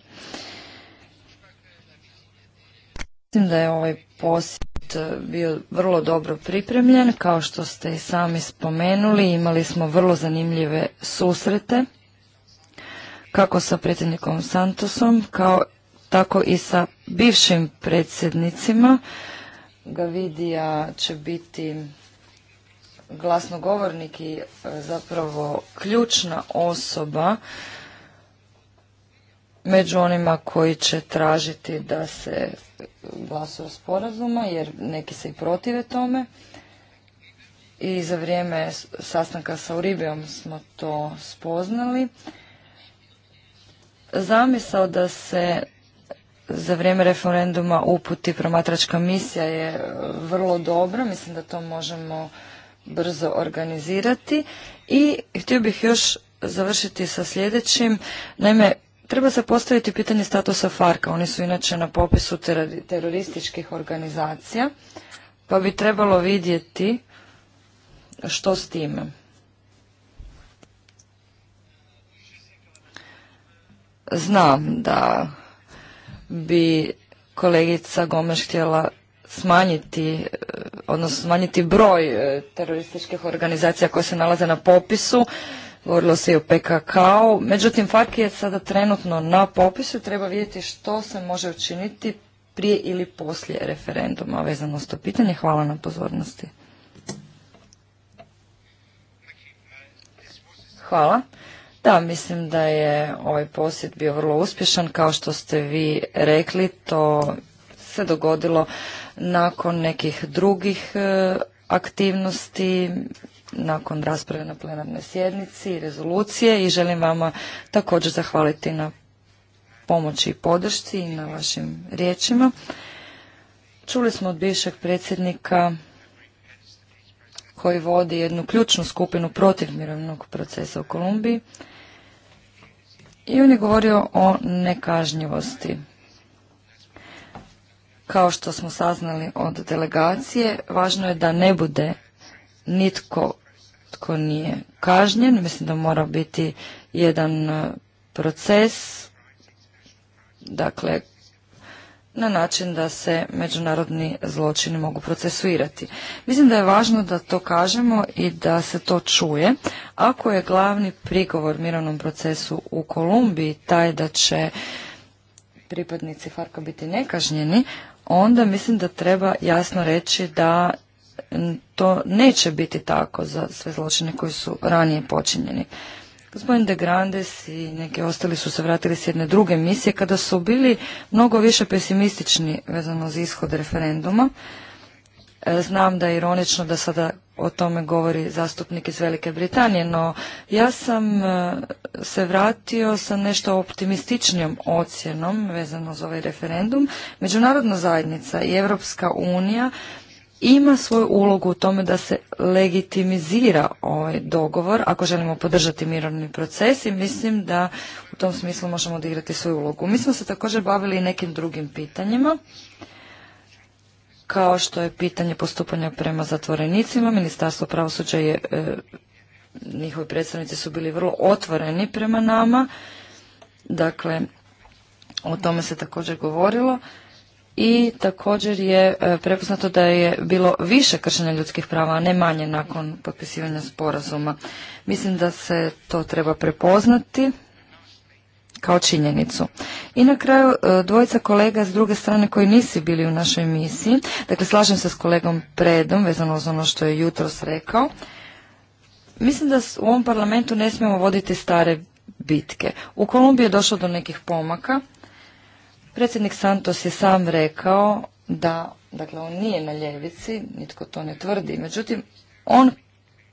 Mislim da je ovaj posjet eh, bio vrlo dobro pripremljen. Kao što ste i sami spomenuli, imali smo vrlo zanimljive susrete kako sa predsjednikom Santosom, kao tako i sa bivšim predsjednicima. Gavidija će biti glasnogovornik i e, zapravo ključna osoba među onima koji će tražiti da se glasuje sporazuma, jer neki se i protive tome. I za vrijeme sastanka sa Uribijom smo to spoznali. Zamisao da se za vrijeme referenduma uputi promatračka misija je vrlo dobro, mislim da to možemo brzo organizirati i htio bih još završiti sa sljedećim. Naime, treba se postaviti pitanje statusa Farka. Oni su inače na popisu terorističkih organizacija, pa bi trebalo vidjeti što s time. Znam da bi kolegica Gomeš htjela smanjiti, e, odnosno smanjiti broj e, terorističkih organizacija koje se nalaze na popisu. Govorilo se i o PKK-u. Međutim, FARC je sada trenutno na popisu. Treba vidjeti što se može učiniti prije ili poslije referenduma vezano s to pitanje. Hvala na pozornosti. Hvala. Da, mislim da je ovaj posjet bio vrlo uspješan. Kao što ste vi rekli, to se dogodilo nakon nekih drugih e, aktivnosti, nakon rasprave na plenarnoj sjednici i rezolucije i želim vama također zahvaliti na pomoći i podršci i na vašim riječima. Čuli smo od bivšeg predsjednika koji vodi jednu ključnu skupinu protiv mirovnog procesa u Kolumbiji i on je govorio o nekažnjivosti. Kao što smo saznali od delegacije, važno je da ne bude nitko tko nije kažnjen. Mislim da mora biti jedan eh, proces, dakle na način da se međunarodni zločini mogu procesuirati. Mislim da je važno da to kažemo i da se to čuje. Ako je glavni prigovor mirovnom procesu u Kolumbiji taj da će pripadnici Farka biti nekažnjeni, onda mislim da treba jasno reći da to neće biti tako za sve zločine koji su ranije počinjeni. Gospodin De Grandes i neki ostali su se vratili s jedne druge misije kada su bili mnogo više pesimistični vezano za ishod referenduma. E, znam da je ironično da sada o tome govori zastupnik iz Velike Britanije, no ja sam e, se vratio sa nešto optimističnijom ocjenom vezano za ovaj referendum. Međunarodna zajednica i Europska unija ima svoju ulogu u tome da se legitimizira ovaj dogovor ako želimo podržati mirovni proces i mislim da u tom smislu možemo odigrati svoju ulogu. Mi smo se također bavili i nekim drugim pitanjima kao što je pitanje postupanja prema zatvorenicima. Ministarstvo pravosuđa je, e, njihovi predstavnici su bili vrlo otvoreni prema nama. Dakle, o tome se također govorilo i također je e, prepoznato da je bilo više kršenja ljudskih prava, a ne manje nakon potpisivanja sporazuma. Mislim da se to treba prepoznati kao činjenicu. I na kraju e, dvojica kolega s druge strane koji nisi bili u našoj misiji, dakle slažem se s kolegom Predom vezano za ono što je jutros rekao, mislim da u ovom parlamentu ne smijemo voditi stare bitke. U Kolumbiji je došlo do nekih pomaka, Predsjednik Santos je sam rekao da, dakle on nije na ljevici, nitko to ne tvrdi, međutim on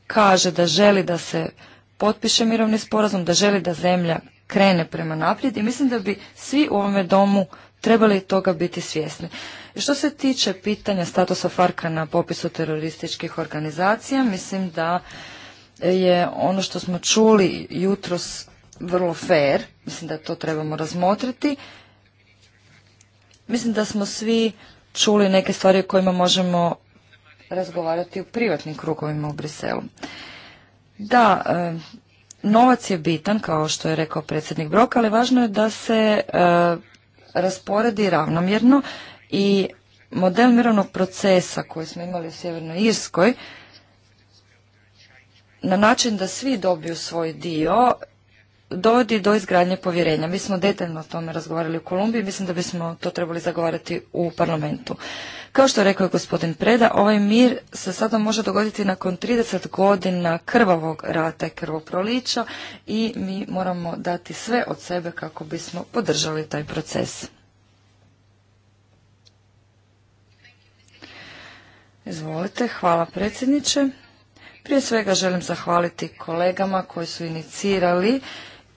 kaže da želi da se potpiše mirovni sporazum, da želi da zemlja krene prema naprijed i mislim da bi svi u ovome domu trebali toga biti svjesni. Što se tiče pitanja statusa Farka na popisu terorističkih organizacija, mislim da je ono što smo čuli jutros vrlo fair, mislim da to trebamo razmotriti. Mislim da smo svi čuli neke stvari o kojima možemo razgovarati u privatnim krugovima u Briselu. Da, e, novac je bitan, kao što je rekao predsjednik Brok, ali važno je da se e, rasporedi ravnomjerno i model mirovnog procesa koji smo imali u Sjevernoj Irskoj na način da svi dobiju svoj dio dovodi do izgradnje povjerenja. Mi smo detaljno o tome razgovarali u Kolumbiji, mislim da bismo to trebali zagovarati u parlamentu. Kao što rekao je gospodin Preda, ovaj mir se sada može dogoditi nakon 30 godina krvavog rata i krvoprolića i mi moramo dati sve od sebe kako bismo podržali taj proces. Izvolite, hvala predsjedniče. Prije svega želim zahvaliti kolegama koji su inicirali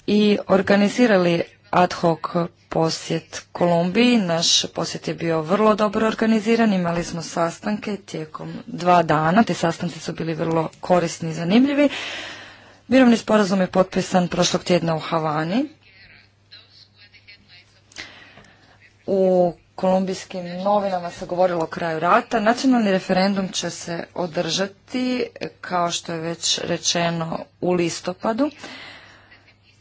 i organizirali ad hoc posjet Kolumbiji. Naš posjet je bio vrlo dobro organiziran, imali smo sastanke tijekom dva dana, Te sastanci su bili vrlo korisni i zanimljivi. Mirovni sporazum je potpisan prošlog tjedna u Havani. U kolumbijskim novinama se govorilo o kraju rata. Nacionalni referendum će se održati, kao što je već rečeno, u listopadu.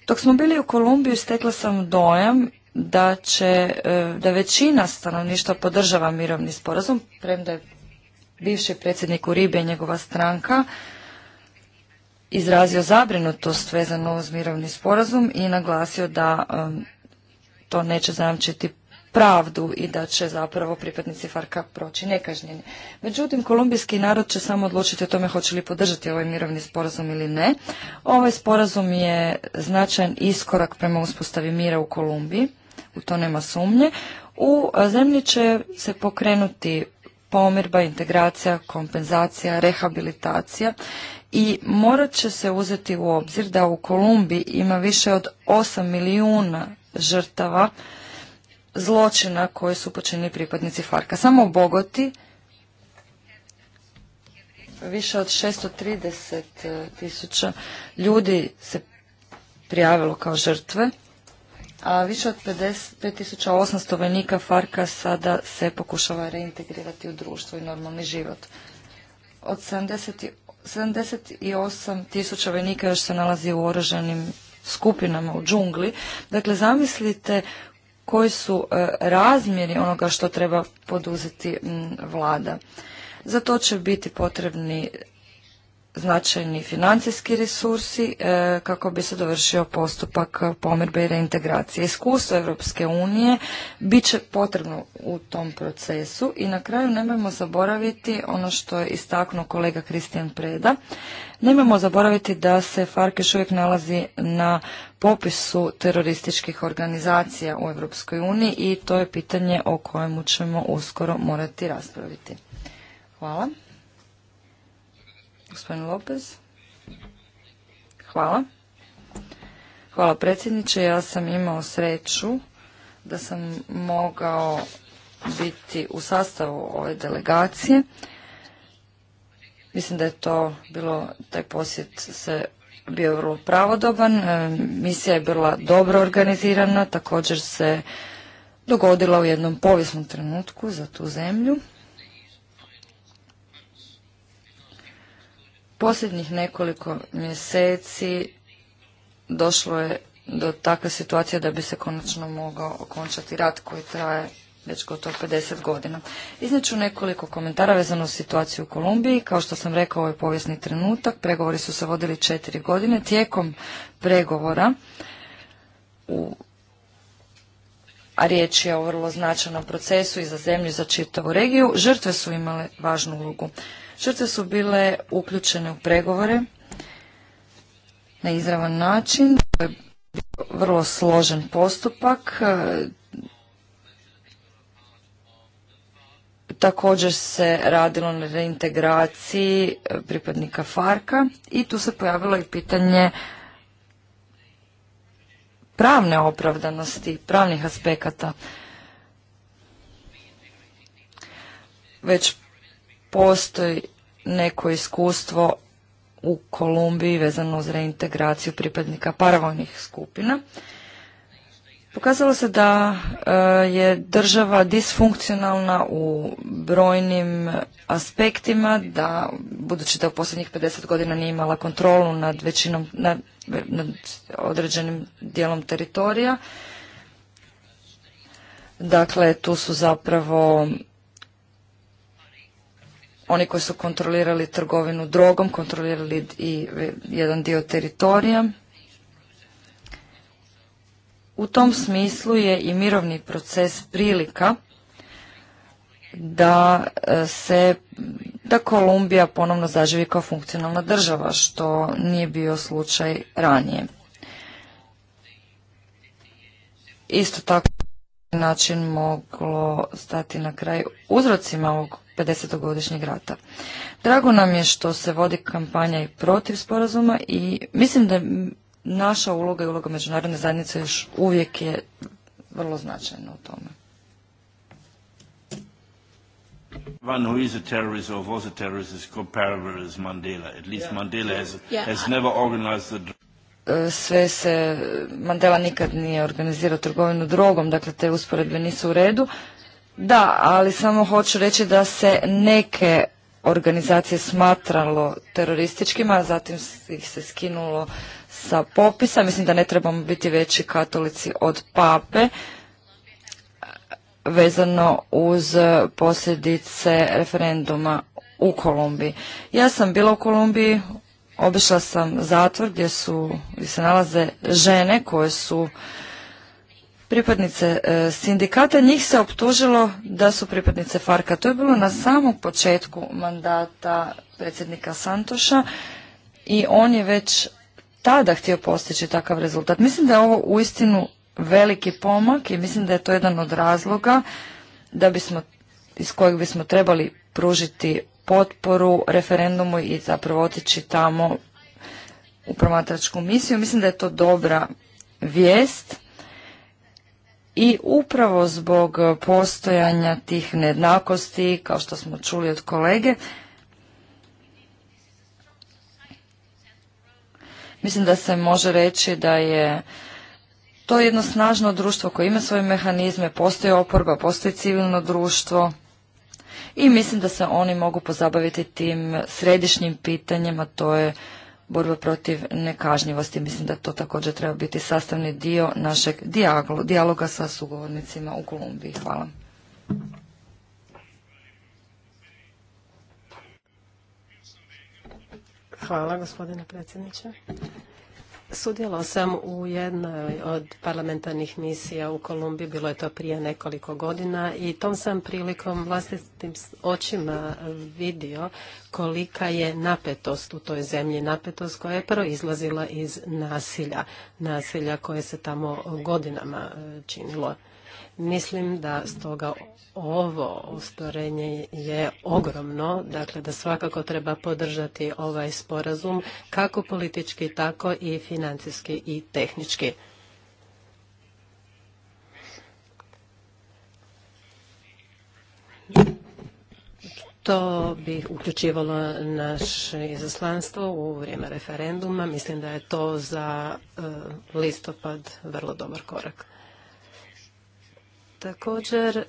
Dok smo bili u Kolumbiji stekla sam dojam da će, e, da većina stanovništva podržava mirovni sporazum, premda je bivši predsjednik Uribe i njegova stranka izrazio zabrinutost vezano uz mirovni sporazum i naglasio da to neće zamčiti pravdu i da će zapravo pripadnici Farka proći nekažnjeni. Međutim, kolumbijski narod će samo odlučiti o tome hoće li podržati ovaj mirovni sporazum ili ne. Ovaj sporazum je značajan iskorak prema uspostavi mira u Kolumbiji, u to nema sumnje. U zemlji će se pokrenuti pomirba, integracija, kompenzacija, rehabilitacija i morat će se uzeti u obzir da u Kolumbiji ima više od 8 milijuna žrtava zločina koje su počinili pripadnici Farka. Samo u Bogoti više od 630 e, tisuća ljudi se prijavilo kao žrtve, a više od 5800 vojnika Farka sada se pokušava reintegrirati u društvo i normalni život. Od 78 tisuća vojnika još se nalazi u oružanim skupinama u džungli. Dakle, zamislite koji su e, razmjeri onoga što treba poduzeti vlada. Za to će biti potrebni značajni financijski resursi e, kako bi se dovršio postupak pomirbe i reintegracije. Iskustvo Europske unije bit će potrebno u tom procesu i na kraju nemojmo zaboraviti ono što je istaknuo kolega Kristijan Preda. Nemojmo zaboraviti da se Farkeš uvijek nalazi na popisu terorističkih organizacija u Europskoj uniji i to je pitanje o kojemu ćemo uskoro morati raspraviti. Hvala. Gospodin Lopez. Hvala. Hvala predsjedniče. Ja sam imao sreću da sam mogao biti u sastavu ove delegacije. Mislim da je to bilo, taj posjet se bio vrlo pravodoban. E, misija je bila dobro organizirana, također se dogodila u jednom povijesnom trenutku za tu zemlju. posljednjih nekoliko mjeseci došlo je do takve situacije da bi se konačno mogao okončati rat koji traje već gotovo 50 godina. Izneću nekoliko komentara vezano uz situaciju u Kolumbiji. Kao što sam rekao, ovo je povijesni trenutak. Pregovori su se vodili četiri godine. Tijekom pregovora u a riječ je o vrlo značajnom procesu i za zemlju i za čitavu regiju, žrtve su imale važnu ulogu. Žrtve su bile uključene u pregovore na izravan način. To je vrlo složen postupak. Također se radilo na reintegraciji pripadnika Farka i tu se pojavilo i pitanje pravne opravdanosti, pravnih aspekata. Već postoji neko iskustvo u Kolumbiji vezano uz reintegraciju pripadnika paravojnih skupina. Pokazalo se da e, je država disfunkcionalna u brojnim aspektima, da budući da u posljednjih 50 godina nije imala kontrolu nad većinom, nad, nad određenim dijelom teritorija. Dakle, tu su zapravo oni koji su kontrolirali trgovinu drogom, kontrolirali i e, jedan dio teritorija. U tom smislu je i mirovni proces prilika da e, se da Kolumbija ponovno zaživi kao funkcionalna država, što nije bio slučaj ranije. Isto tako način moglo stati na kraj uzrocima ovog 50-godišnjeg rata. Drago nam je što se vodi kampanja i protiv sporazuma i mislim da naša uloga i uloga međunarodne zajednice još uvijek je vrlo značajna u tome. One who is a terrorist or was a terrorist is comparable as Mandela. At least yeah. Mandela has, yeah. has never organized the sve se, Mandela nikad nije organizirao trgovinu drogom, dakle te usporedbe nisu u redu. Da, ali samo hoću reći da se neke organizacije smatralo terorističkima, a zatim ih se skinulo sa popisa. Mislim da ne trebamo biti veći katolici od pape vezano uz posljedice referenduma u Kolumbiji. Ja sam bila u Kolumbiji obišla sam zatvor gdje su gdje se nalaze žene koje su pripadnice e, sindikata, njih se optužilo da su pripadnice Farka. To je bilo na samom početku mandata predsjednika Santoša i on je već tada htio postići takav rezultat. Mislim da je ovo uistinu veliki pomak i mislim da je to jedan od razloga da bismo, iz kojeg bismo trebali pružiti potporu referendumu i zapravo otići tamo u promatračku misiju. Mislim da je to dobra vijest i upravo zbog postojanja tih nejednakosti, kao što smo čuli od kolege, mislim da se može reći da je to jedno snažno društvo koje ima svoje mehanizme, postoji oporba, postoji civilno društvo, i mislim da se oni mogu pozabaviti tim središnjim pitanjima, to je borba protiv nekažnjivosti. Mislim da to također treba biti sastavni dio našeg dijaloga sa sugovornicima u Kolumbiji. Hvala. Hvala gospodine predsjedniče. Sudjelo sam u jednoj od parlamentarnih misija u Kolumbiji, bilo je to prije nekoliko godina i tom sam prilikom vlastitim očima vidio kolika je napetost u toj zemlji, napetost koja je proizlazila iz nasilja, nasilja koje se tamo godinama e, činilo. Mislim da stoga ovo ostvarenje je ogromno, dakle da svakako treba podržati ovaj sporazum kako politički, tako i financijski i tehnički. To bi uključivalo naše izaslanstvo u vrijeme referenduma. Mislim da je to za e, listopad vrlo dobar korak. Također, e,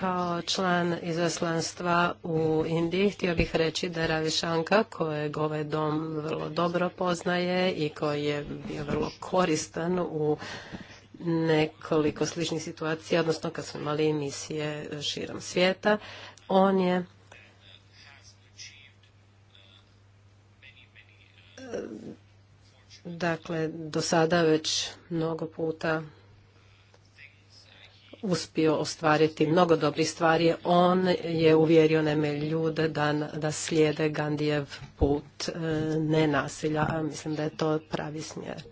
kao član izaslanstva u Indiji, htio bih reći da Ravi Šanka, kojeg ovaj dom vrlo dobro poznaje i koji je bio vrlo koristan u nekoliko sličnih situacija, odnosno kad smo imali emisije širom svijeta, on je e, dakle do sada već mnogo puta uspio ostvariti mnogo dobrih stvari. On je uvjerio neme ljude da, da slijede Gandijev put e, ne nasilja, a mislim da je to pravi smjer.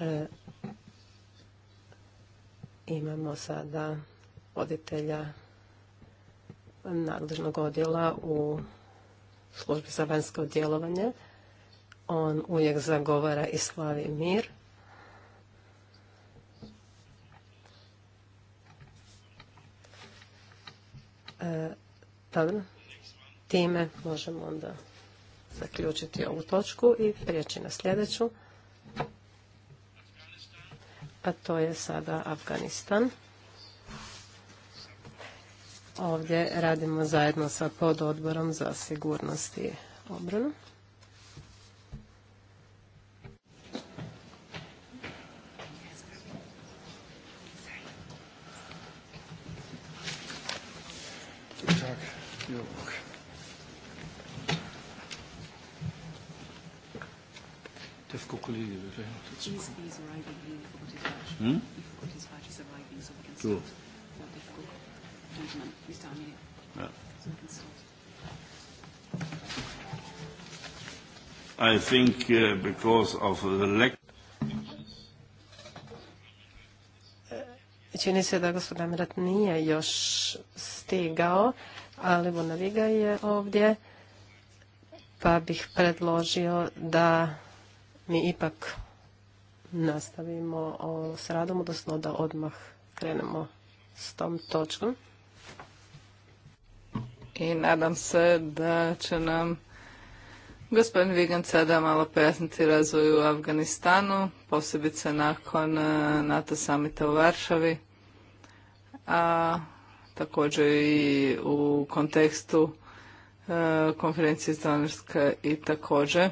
E, imamo sada voditelja nadležnog odjela u službi za vanjsko djelovanje. On uvijek zagovara i slavi mir E, Time možemo onda zaključiti ovu točku i prijeći na sljedeću. A to je sada Afganistan. Ovdje radimo zajedno sa pododborom za sigurnost i obranu. Hmm? Cool. I think uh, because of Čini se da gospodin Amrat nije još stigao ali Naviga je ovdje, pa bih predložio da mi ipak nastavimo s radom, odnosno da odmah krenemo s tom točkom. I nadam se da će nam Gospodin Vigan sada malo pojasniti razvoj u Afganistanu, posebice nakon e, NATO samita u Varšavi. A također i u kontekstu e, konferencije Zanarska i također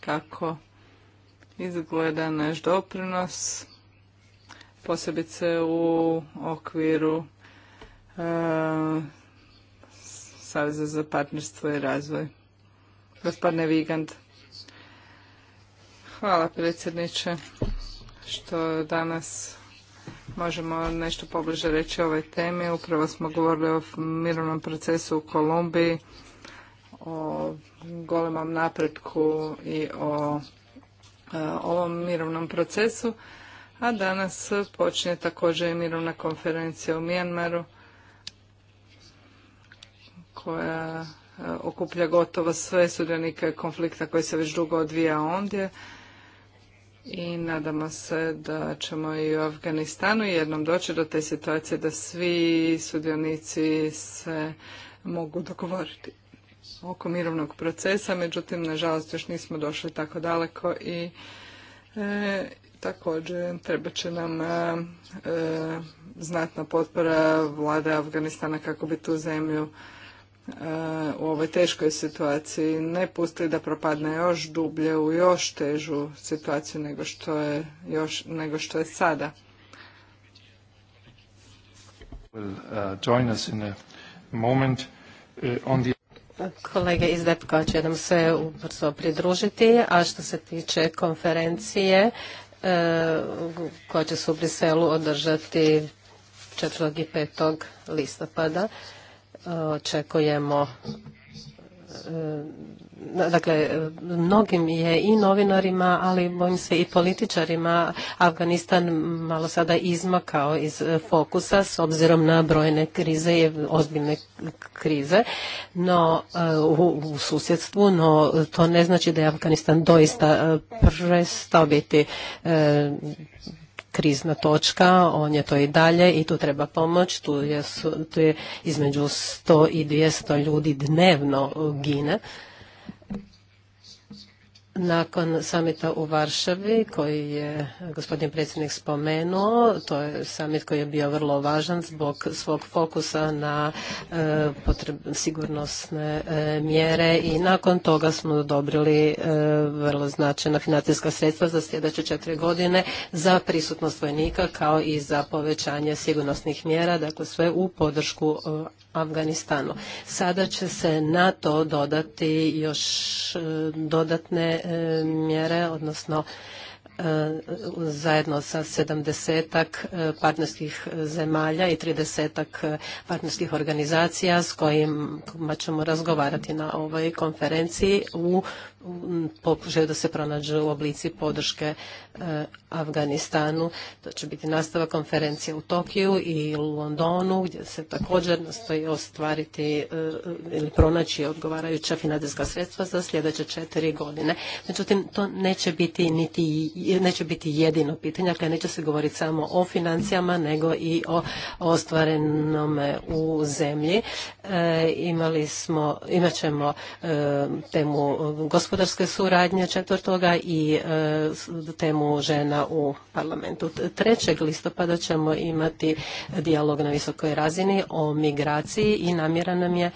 kako izgleda naš doprinos posebice u okviru e, Saveza za partnerstvo i razvoj. Gospodine Vigand. Hvala predsjedniče što danas možemo nešto pobliže reći o ovoj temi. Upravo smo govorili o mirovnom procesu u Kolumbiji, o golemom napretku i o e, ovom mirovnom procesu. A danas počinje također i mirovna konferencija u Mijanmaru koja e, okuplja gotovo sve sudionike konflikta koji se već dugo odvija ondje i nadamo se da ćemo i u Afganistanu jednom doći do te situacije da svi sudionici se mogu dogovoriti oko mirovnog procesa, međutim, nažalost, još nismo došli tako daleko i e, također treba će nam e, e, znatna potpora vlade Afganistana kako bi tu zemlju u ovoj teškoj situaciji ne pusti da propadne još dublje u još težu situaciju nego što je, još, nego što je sada. Kolege iz DEPKA će nam se ubrzo pridružiti, a što se tiče konferencije uh, koja će se u Briselu održati 4. i 5. listopada, očekujemo e, dakle mnogim je i novinarima ali bojim se i političarima Afganistan malo sada izmakao iz fokusa s obzirom na brojne krize i ozbiljne krize no e, u, susjedstvu no to ne znači da je Afganistan doista e, prestao biti krizna točka, on je to i dalje i tu treba pomoć, tu je, tu je između 100 i 200 ljudi dnevno gine nakon samita u Varšavi koji je gospodin predsjednik spomenuo, to je samit koji je bio vrlo važan zbog svog fokusa na e, sigurnosne e, mjere i nakon toga smo odobrili e, vrlo značajna financijska sredstva za sljedeće četiri godine za prisutnost vojnika kao i za povećanje sigurnosnih mjera, dakle sve u podršku Afganistanu. Sada će se na to dodati još dodatne mjere, odnosno e, zajedno sa sedamdesetak e, partnerskih zemalja i tridesetak e, partnerskih organizacija s kojima ćemo razgovarati na ovoj konferenciji u pokušaju da se pronađu u oblici podrške e, Afganistanu. To će biti nastava konferencije u Tokiju i u Londonu gdje se također nastoji ostvariti e, ili pronaći odgovarajuća financijska sredstva za sljedeće četiri godine. Međutim, to neće biti niti neće biti jedino pitanje, dakle neće se govoriti samo o financijama nego i o ostvarenome u zemlji. E, imali smo, imat ćemo temu gospodarstva gospodarske suradnje četvrtoga i e, temu žena u parlamentu. 3. listopada ćemo imati dijalog na visokoj razini o migraciji i namjera nam je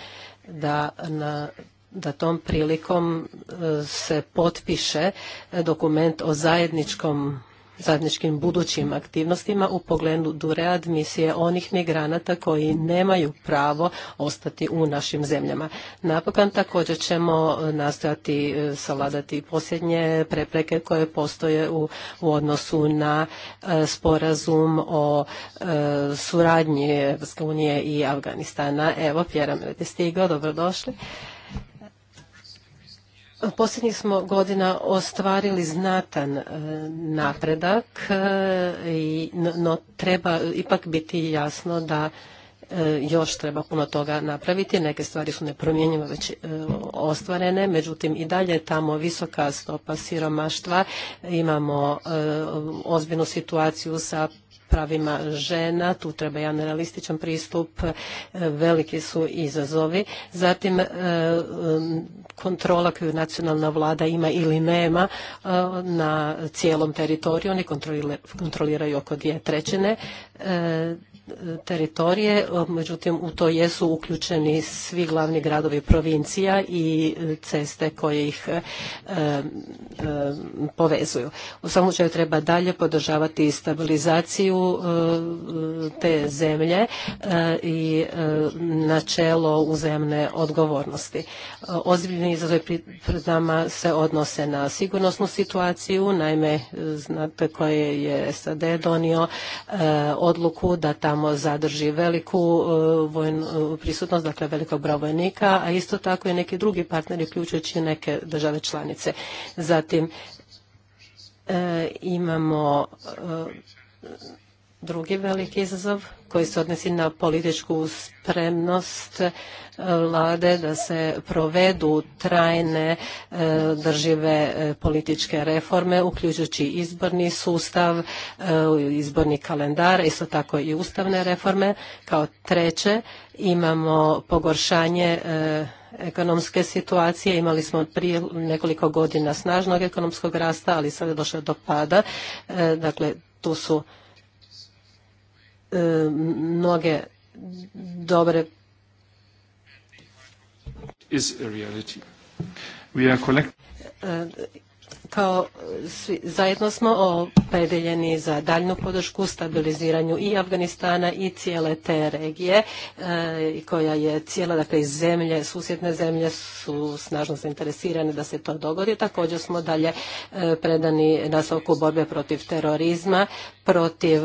da na da tom prilikom e, se potpiše dokument o zajedničkom zajedničkim budućim aktivnostima u pogledu readmisije onih migranata koji nemaju pravo ostati u našim zemljama. Napokon također ćemo e, nastojati e, savladati posljednje prepreke koje postoje u, odnosu na e, sporazum o suradnji Europske unije i Afganistana. Evo, Pjera je stigao, dobrodošli. Posljednjih smo godina ostvarili znatan e, napredak, e, no treba ipak biti jasno da e, još treba puno toga napraviti. Neke stvari su nepromjenjivo već ostvarene, međutim i dalje tamo visoka stopa siromaštva. Imamo ozbiljnu situaciju sa pravima žena, tu treba jedan realističan pristup, e, veliki su izazovi. Zatim e, kontrola koju nacionalna vlada ima ili nema e, na cijelom teritoriju, oni kontroliraju oko dvije trećine teritorije, međutim u to jesu uključeni svi glavni gradovi provincija i e, ceste koje ih e, e, povezuju. U samom slučaju treba dalje podržavati stabilizaciju te zemlje i načelo uzemne odgovornosti. Ozbiljni izazovi pred nama se odnose na sigurnosnu situaciju, naime znate koje je SAD donio odluku da tamo tamo zadrži veliku e, e, prisutnost, dakle velikog broja vojnika, a isto tako i neki drugi partneri, uključujući neke države članice. Zatim, e, imamo Drugi veliki izazov koji se odnosi na političku spremnost e, vlade da se provedu trajne e, držive e, političke reforme, uključujući izborni sustav, izborni kalendar, isto tako i ustavne reforme. Kao treće imamo pogoršanje ekonomske situacije. Imali smo prije nekoliko godina snažnog ekonomskog rasta, ali sada je došlo do pada. Dakle, tu su E, mnoge dobre e, Kao svi, zajedno smo opredeljeni za daljnu podršku stabiliziranju i Afganistana i cijele te regije e, koja je cijela, dakle i zemlje, susjedne zemlje su snažno zainteresirane da se to dogodi. Također smo dalje predani predani nastavku borbe protiv terorizma, protiv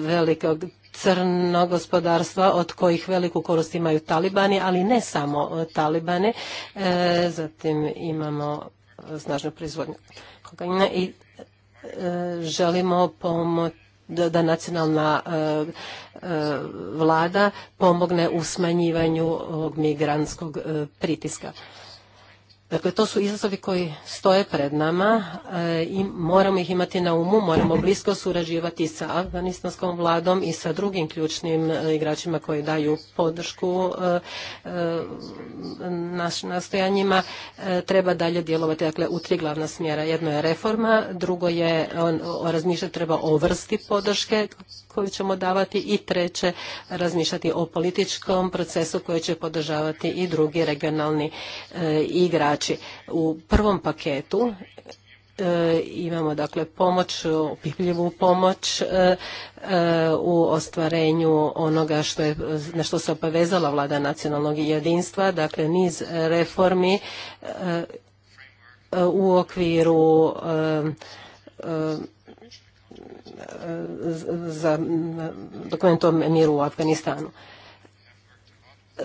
velikog crno gospodarstva od kojih veliku korist imaju talibani, ali ne samo e, talibani. E, zatim imamo e, snažnu proizvodnju kokaina i želimo pomoć da, nacionalna vlada pomogne u smanjivanju ovog migrantskog pritiska. Dakle, to su izazovi koji stoje pred nama eh, i moramo ih imati na umu, moramo blisko surađivati sa afganistanskom vladom i sa drugim ključnim eh, igračima koji daju podršku eh, našim nastojanjima. Treba dalje djelovati dakle, u tri glavna smjera. Jedno je reforma, drugo je razmišljati treba o vrsti podrške koju ćemo davati i treće razmišljati o političkom procesu koji će podržavati i drugi regionalni e, igrači. U prvom paketu e, imamo dakle pomoć, opipljivu pomoć e, u ostvarenju onoga što je, na što se obavezala vlada nacionalnog jedinstva, dakle niz reformi u okviru za dokument o miru u Afganistanu. E,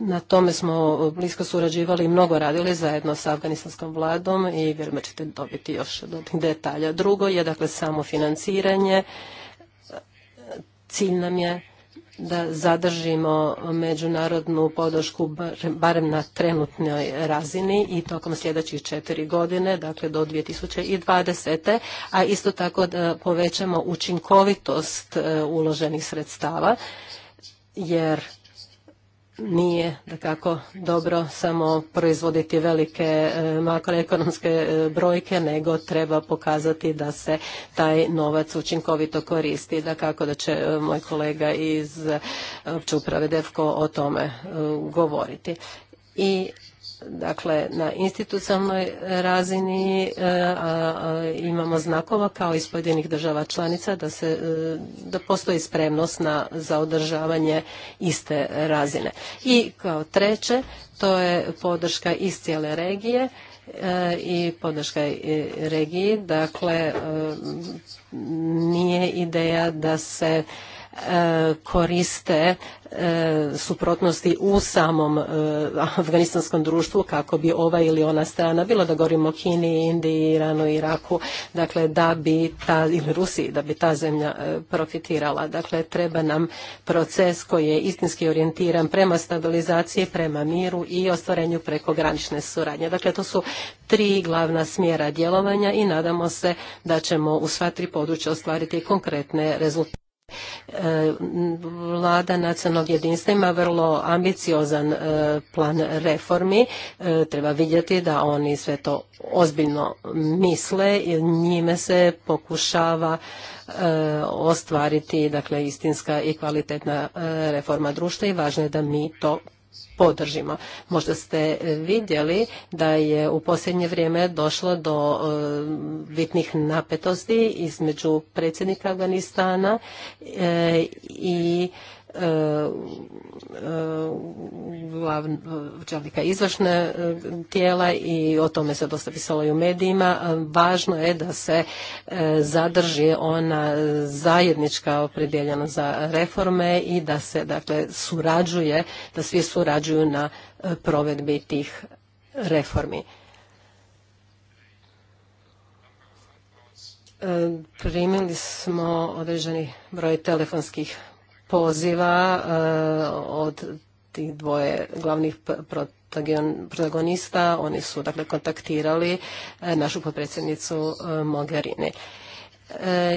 na tome smo blisko surađivali i mnogo radili zajedno sa afganistanskom vladom i vjerujem da ćete dobiti još dodatnih detalja. Drugo je dakle samo financiranje. Cilj nam je da zadržimo međunarodnu podršku barem na trenutnoj razini i tokom sljedećih četiri godine, dakle do 2020. a isto tako da povećamo učinkovitost e, uloženih sredstava jer nije da dobro samo proizvoditi velike e, makroekonomske e, brojke, nego treba pokazati da se taj novac učinkovito koristi. Da kako da će e, moj kolega iz opće uprave DEFKO o tome govoriti. I dakle na institucionalnoj razini e, a, imamo znakova kao iz pojedinih država članica da se e, da postoji spremnost na za održavanje iste razine i kao treće to je podrška iz cijele regije e, i podrška regiji dakle nije ideja da se koriste e, suprotnosti u samom e, afganistanskom društvu kako bi ova ili ona strana, bilo da govorimo o Kini, Indiji, Iranu, Iraku, dakle da bi ta, ili Rusiji, da bi ta zemlja e, profitirala. Dakle, treba nam proces koji je istinski orijentiran prema stabilizaciji, prema miru i ostvarenju prekogranične suradnje. Dakle, to su tri glavna smjera djelovanja i nadamo se da ćemo u sva tri područja ostvariti konkretne rezultate. Vlada nacionalnog jedinstva ima vrlo ambiciozan e, plan reformi. E, treba vidjeti da oni sve to ozbiljno misle i njime se pokušava e, ostvariti dakle istinska i kvalitetna reforma društva i važno je da mi to podržimo. Možda ste e, vidjeli da je u posljednje vrijeme došlo do e, bitnih napetosti između predsjednika Afganistana e, i čelnika izvršne e, tijela i o tome se dosta pisalo i u medijima. Važno je da se e, zadrži ona zajednička opredjeljena za reforme i da se dakle surađuje, da svi surađuju na e, provedbi tih reformi. Primili smo određeni broj telefonskih poziva eh, od tih dvoje glavnih protagonista. Oni su dakle kontaktirali eh, našu potpredsjednicu eh, Mogherini.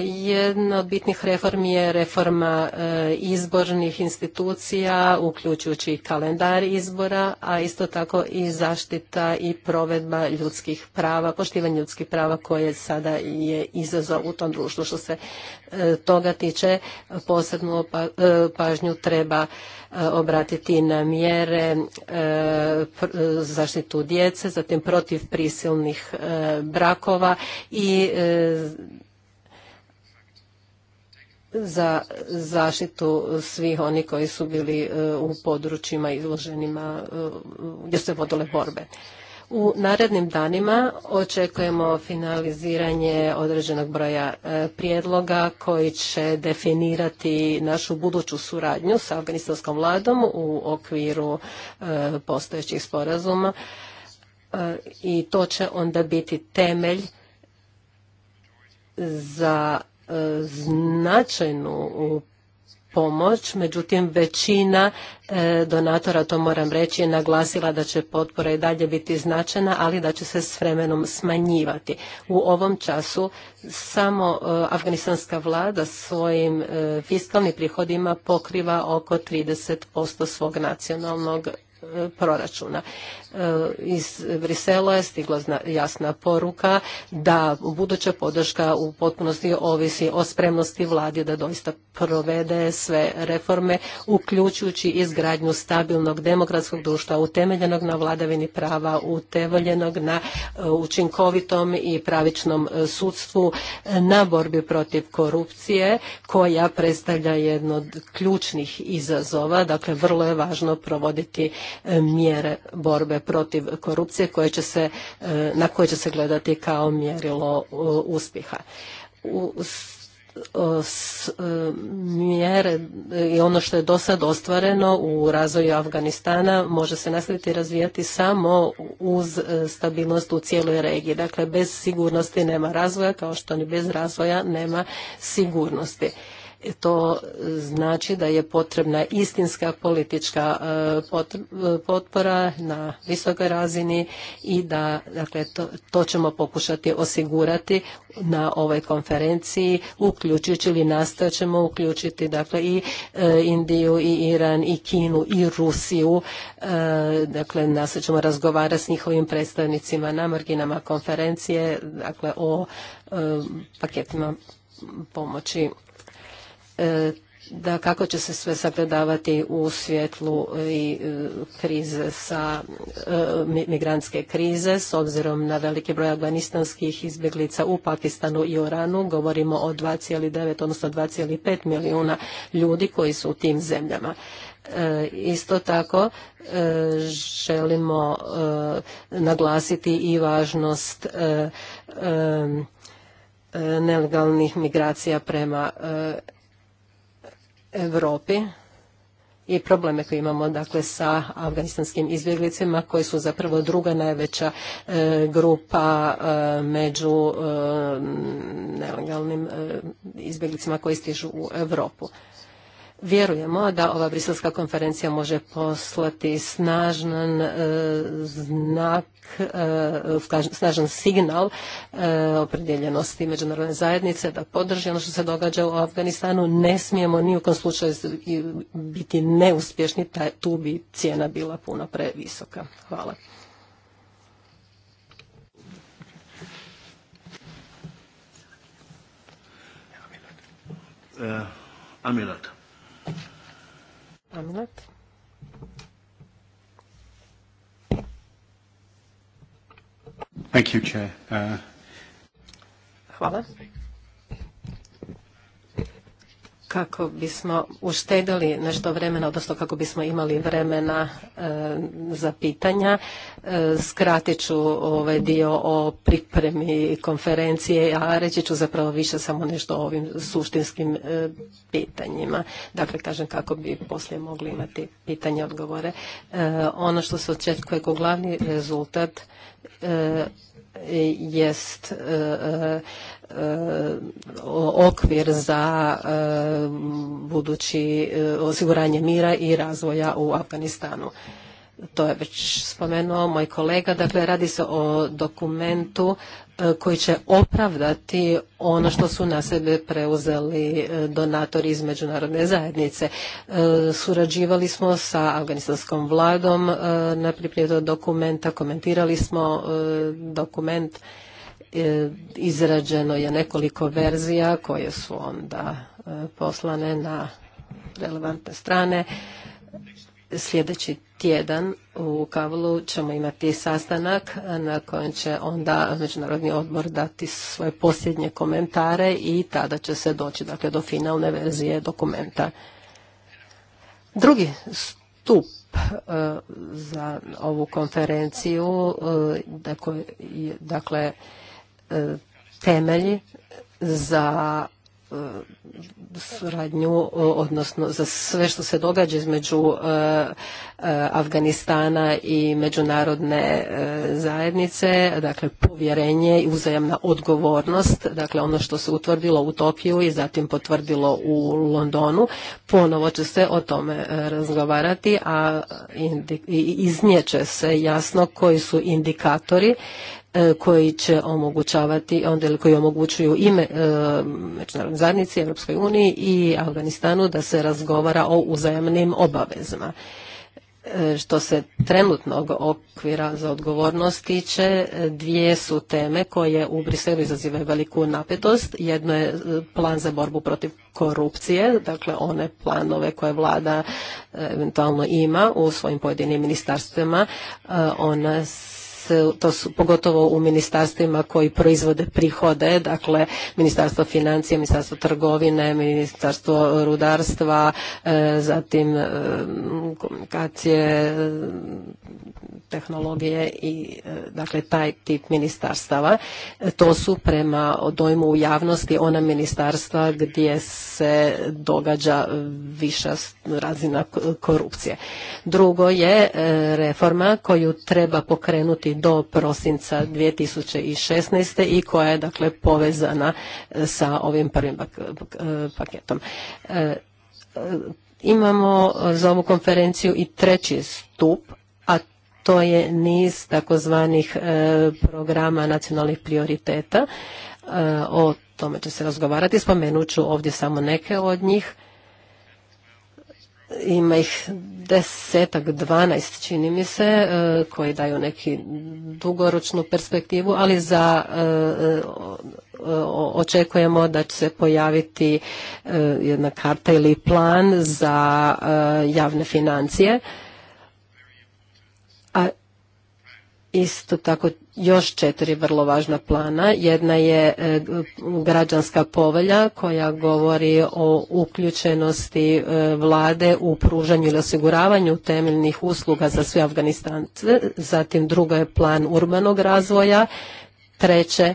Jedna od bitnih reformi je reforma e, izbornih institucija, uključujući kalendar izbora, a isto tako i zaštita i provedba ljudskih prava, poštivanje ljudskih prava koje sada je izazov u tom društvu. Što se e, toga tiče, posebnu pa, e, pažnju treba obratiti na mjere zaštitu djece, zatim protiv prisilnih brakova i za zaštitu svih onih koji su bili e, u područjima izloženima e, gdje se vodile borbe. U narednim danima očekujemo finaliziranje određenog broja e, prijedloga koji će definirati našu buduću suradnju sa afganistanskom vladom u okviru postojećih sporazuma i to će onda biti temelj za značajnu pomoć, međutim većina e, donatora, to moram reći, je naglasila da će potpora i dalje biti značajna, ali da će se s vremenom smanjivati. U ovom času samo e, afganistanska vlada svojim e, fiskalnim prihodima pokriva oko 30% svog nacionalnog proračuna. E, iz Brisela je stigla jasna poruka da buduća podrška u potpunosti ovisi o spremnosti vladi da doista provede sve reforme, uključujući izgradnju stabilnog demokratskog društva utemeljenog na vladavini prava, utemeljenog na e, učinkovitom i pravičnom e, sudstvu, na borbi protiv korupcije koja predstavlja jedno od ključnih izazova. Dakle, vrlo je važno provoditi mjere borbe protiv korupcije koje će se, e, na koje će se gledati kao mjerilo e, uspjeha. U, e, mjere i ono što je do sad ostvareno u razvoju Afganistana može se nastaviti razvijati samo uz stabilnost u cijeloj regiji. Dakle, bez sigurnosti nema razvoja kao što ni bez razvoja nema sigurnosti. E, to e, znači da je potrebna istinska politička e, potpora na visokoj razini i da dakle, to, ćemo pokušati osigurati na ovoj konferenciji uključujući ili nastojat ćemo uključiti dakle i Indiju i Iran i Kinu i Rusiju dakle nastojat ćemo razgovarati s njihovim predstavnicima na marginama konferencije dakle o paketima pomoći E, da kako će se sve sagledavati u svjetlu e, i e, krize sa migrantske krize s obzirom na veliki broj afganistanskih izbjeglica u Pakistanu i Iranu govorimo o 2,9 odnosno 2,5 milijuna ljudi koji su u tim zemljama Isto tako želimo naglasiti i važnost nelegalnih migracija prema Europi i probleme koje imamo dakle sa afganistanskim izbjeglicima koji su zapravo druga najveća e, grupa e, među e, nelegalnim e, izbjeglicima koji stižu u Europu. Vjerujemo da ova briselska konferencija može poslati snažan e, znak, e, snažan signal e, opredjeljenosti međunarodne zajednice da podrži ono što se događa u Afganistanu. Ne smijemo ni u kom slučaju biti neuspješni, tu bi cijena bila puno previsoka. Hvala. Aminat. Thank you, Chair. Uh... Hvala kako bismo uštedili nešto vremena, odnosno kako bismo imali vremena e, za pitanja. E, skratit ću ovaj dio o pripremi konferencije, a reći ću zapravo više samo nešto o ovim suštinskim e, pitanjima. Dakle, kažem kako bi poslije mogli imati pitanje, odgovore. Ono što se očekuje kao glavni rezultat jest e, e, e, okvir za budući osiguranje mira i razvoja u Afganistanu to je već spomenuo moj kolega, dakle radi se o dokumentu e, koji će opravdati ono što su na sebe preuzeli e, donatori iz međunarodne zajednice. E, surađivali smo sa afganistanskom vladom na pripremu dokumenta, komentirali smo dokument, izrađeno je nekoliko verzija koje su onda poslane na relevantne strane. Sljedeći tjedan u kavlu ćemo imati sastanak na kojem će onda Međunarodni odbor dati svoje posljednje komentare i tada će se doći dakle, do finalne verzije dokumenta. Drugi stup e, za ovu konferenciju e, dakle e, temelji za E, suradnju, odnosno za sve što se događa između e, e, Afganistana i međunarodne zajednice, dakle povjerenje i uzajamna odgovornost, dakle ono što se utvrdilo u Tokiju i zatim potvrdilo u Londonu, ponovo će se o tome razgovarati, a iznijeće se jasno koji su indikatori E, koji će omogućavati onda ili koji omogućuju i e, međunarodnoj zajednici Europskoj uniji i Afganistanu da se razgovara o uzajamnim obavezama e, što se trenutnog okvira za odgovornost tiče, dvije su teme koje u Briselu izazivaju veliku napetost. Jedno je plan za borbu protiv korupcije, dakle one planove koje vlada eventualno ima u svojim pojedinim ministarstvima. Ona to su pogotovo u ministarstvima koji proizvode prihode, dakle ministarstvo financija, ministarstvo trgovine, ministarstvo rudarstva, e, zatim e, komunikacije, tehnologije i e, dakle taj tip ministarstava. To su prema dojmu u javnosti ona ministarstva gdje se događa viša razina korupcije. Drugo je reforma koju treba pokrenuti do prosinca 2016. i koja je dakle povezana e, sa ovim prvim e, paketom. E, imamo za ovu konferenciju i treći stup, a to je niz takozvanih programa nacionalnih prioriteta. O tome će se razgovarati. Spomenut ću ovdje samo neke od njih. Ima ih desetak, dvanaest čini mi se, e, koji daju neki dugoročnu perspektivu, ali za e, e, očekujemo da će se pojaviti jedna karta ili plan za javne financije. A isto tako još četiri vrlo važna plana. Jedna je e, građanska povelja koja govori o uključenosti e, vlade u pružanju ili osiguravanju temeljnih usluga za sve Afganistance. Zatim drugo je plan urbanog razvoja. Treće e,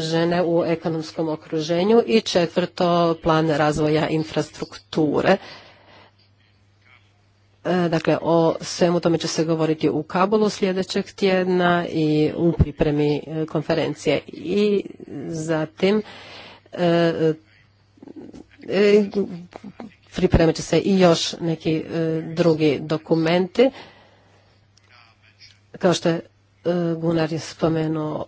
žene u ekonomskom okruženju i četvrto plan razvoja infrastrukture. E, dakle, o svemu tome će se govoriti u Kabulu sljedećeg tjedna i u pripremi e, konferencije. I zatim e, pripremit će se i još neki drugi dokumenti. Kao što je Gunar spomenuo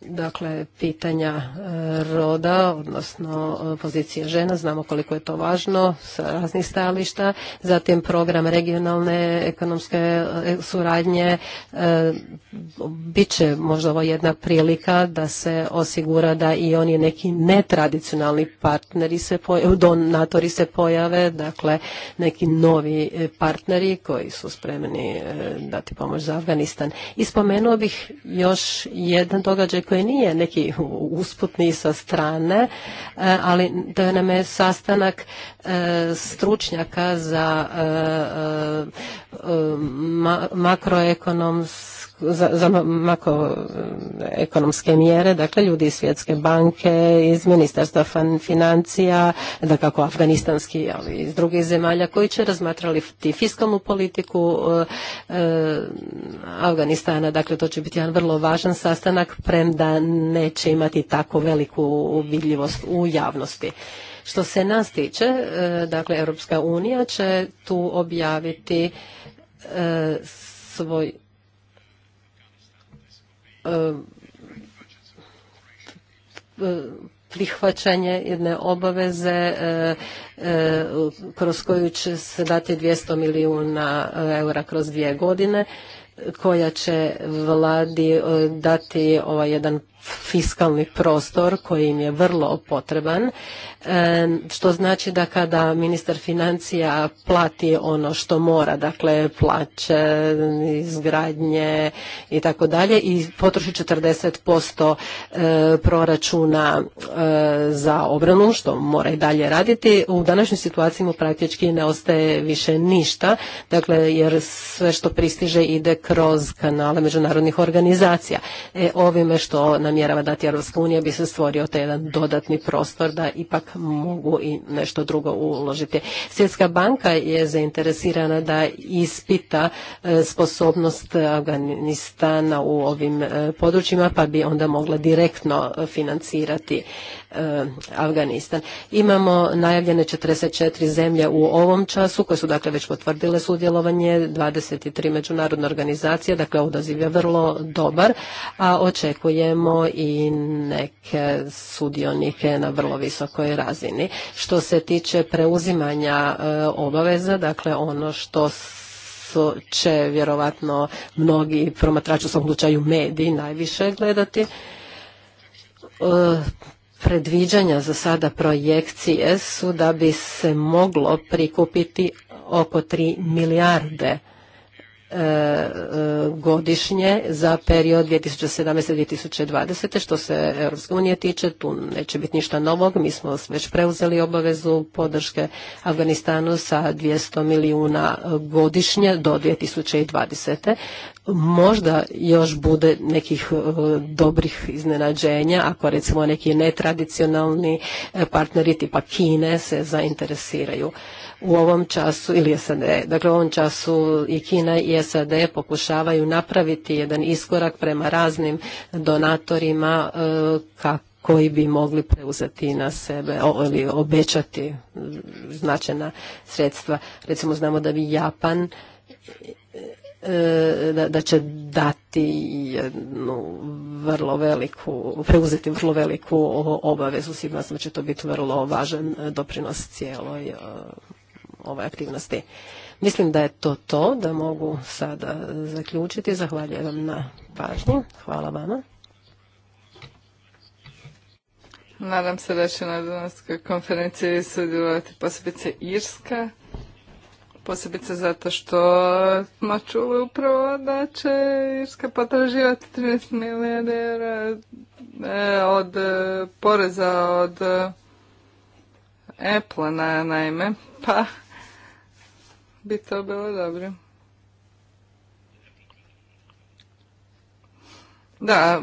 dakle pitanja e, roda, odnosno e, pozicije žena, znamo koliko je to važno sa raznih stajališta, zatim program regionalne ekonomske e, suradnje, bit će možda ovo jedna prilika da se osigura da i oni neki netradicionalni partneri se pojave, donatori se pojave, dakle neki novi partneri koji su spremni dati pomoć za Afganistan. I spomenuo bih još jedan jedan događaj koji nije neki usputni sa strane, e, ali da nam je sastanak e, stručnjaka za e, makroekonomske za, ekonomske mjere, dakle ljudi iz Svjetske banke, iz Ministarstva financija, da kako afganistanski, ali iz drugih zemalja koji će razmatrali ti fiskalnu politiku e, e, Afganistana. Dakle, to će biti jedan vrlo važan sastanak, premda neće imati tako veliku vidljivost u javnosti. Što se nas tiče, e, dakle, Europska unija će tu objaviti svoj E, prihvaćanje jedne obaveze e, e, kroz koju će se dati 200 milijuna eura kroz dvije godine koja će vladi dati ovaj jedan fiskalni prostor koji im je vrlo potreban, e, što znači da kada ministar financija plati ono što mora, dakle plaće, izgradnje i tako dalje i potroši 40% e, proračuna e, za obranu, što mora i dalje raditi, u današnjoj situaciji mu praktički ne ostaje više ništa, dakle jer sve što pristiže ide kroz kanale međunarodnih organizacija. ovime što nam namjerava dati Europska unija bi se stvorio taj jedan dodatni prostor da ipak mogu i nešto drugo uložiti. Svjetska banka je zainteresirana da ispita e, sposobnost Afganistana u ovim e, područjima pa bi onda mogla direktno financirati e, Afganistan. Imamo najavljene 44 zemlje u ovom času koje su dakle već potvrdile sudjelovanje, 23 međunarodne organizacije, dakle odaziv je vrlo dobar, a očekujemo i neke sudionike na vrlo visokoj razini. Što se tiče preuzimanja e, obaveza, dakle ono što će vjerovatno mnogi promatrači u svom slučaju mediji najviše gledati. E, predviđanja za sada projekcije su da bi se moglo prikupiti oko 3 milijarde E, e, godišnje za period 2017-2020. Što se Europske unije tiče, tu neće biti ništa novog. Mi smo već preuzeli obavezu podrške Afganistanu sa 200 milijuna godišnje do 2020. Možda još bude nekih e, dobrih iznenađenja, ako recimo neki netradicionalni partneri tipa Kine se zainteresiraju u ovom času ili SAD, e, dakle u ovom času i Kina i SAD e pokušavaju napraviti jedan iskorak prema raznim donatorima e, koji bi mogli preuzeti na sebe ili obećati značajna sredstva. Recimo znamo da bi Japan da, će dati jednu vrlo veliku, preuzeti vrlo veliku obavezu, sigurno sam će to biti vrlo važan doprinos cijeloj ove aktivnosti. Mislim da je to to, da mogu sada zaključiti. Zahvaljujem vam na pažnju. Hvala vama. Nadam se da će na donoskoj konferenciji sudjelovati posebice Irska, posebice zato što smo čuli upravo da će Irska potraživati 13 milijardi eura e, od e, poreza od e, Apple-a, naime. Pa bi to bilo dobro. Da,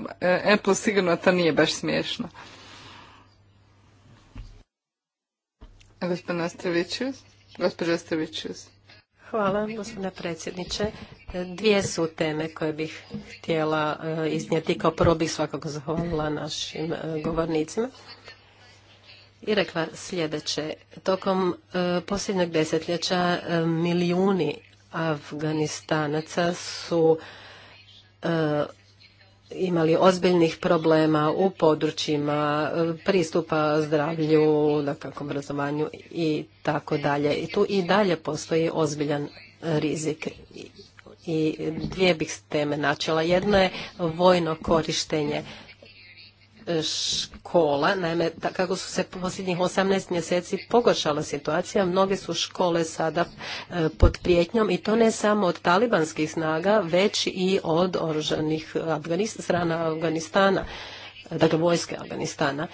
Apple sigurno to nije baš smiješno. Gospodina Hvala, gospodine predsjedniče. Dvije su teme koje bih htjela eh, iznijeti. Kao prvo bih svakako zahvalila našim eh, govornicima i rekla sljedeće. Tokom e, posljednjeg desetljeća e, milijuni Afganistanaca su e, imali ozbiljnih problema u područjima pristupa zdravlju, dakako obrazovanju i tako dalje. I tu i dalje postoji ozbiljan rizik. I dvije bih teme načela. Jedno je vojno korištenje škola. Naime, kako su se posljednjih 18 mjeseci pogoršala situacija, mnoge su škole sada e, pod prijetnjom i to ne samo od talibanskih snaga, već i od oružanih strana Afganistana dakle vojske Afganistana,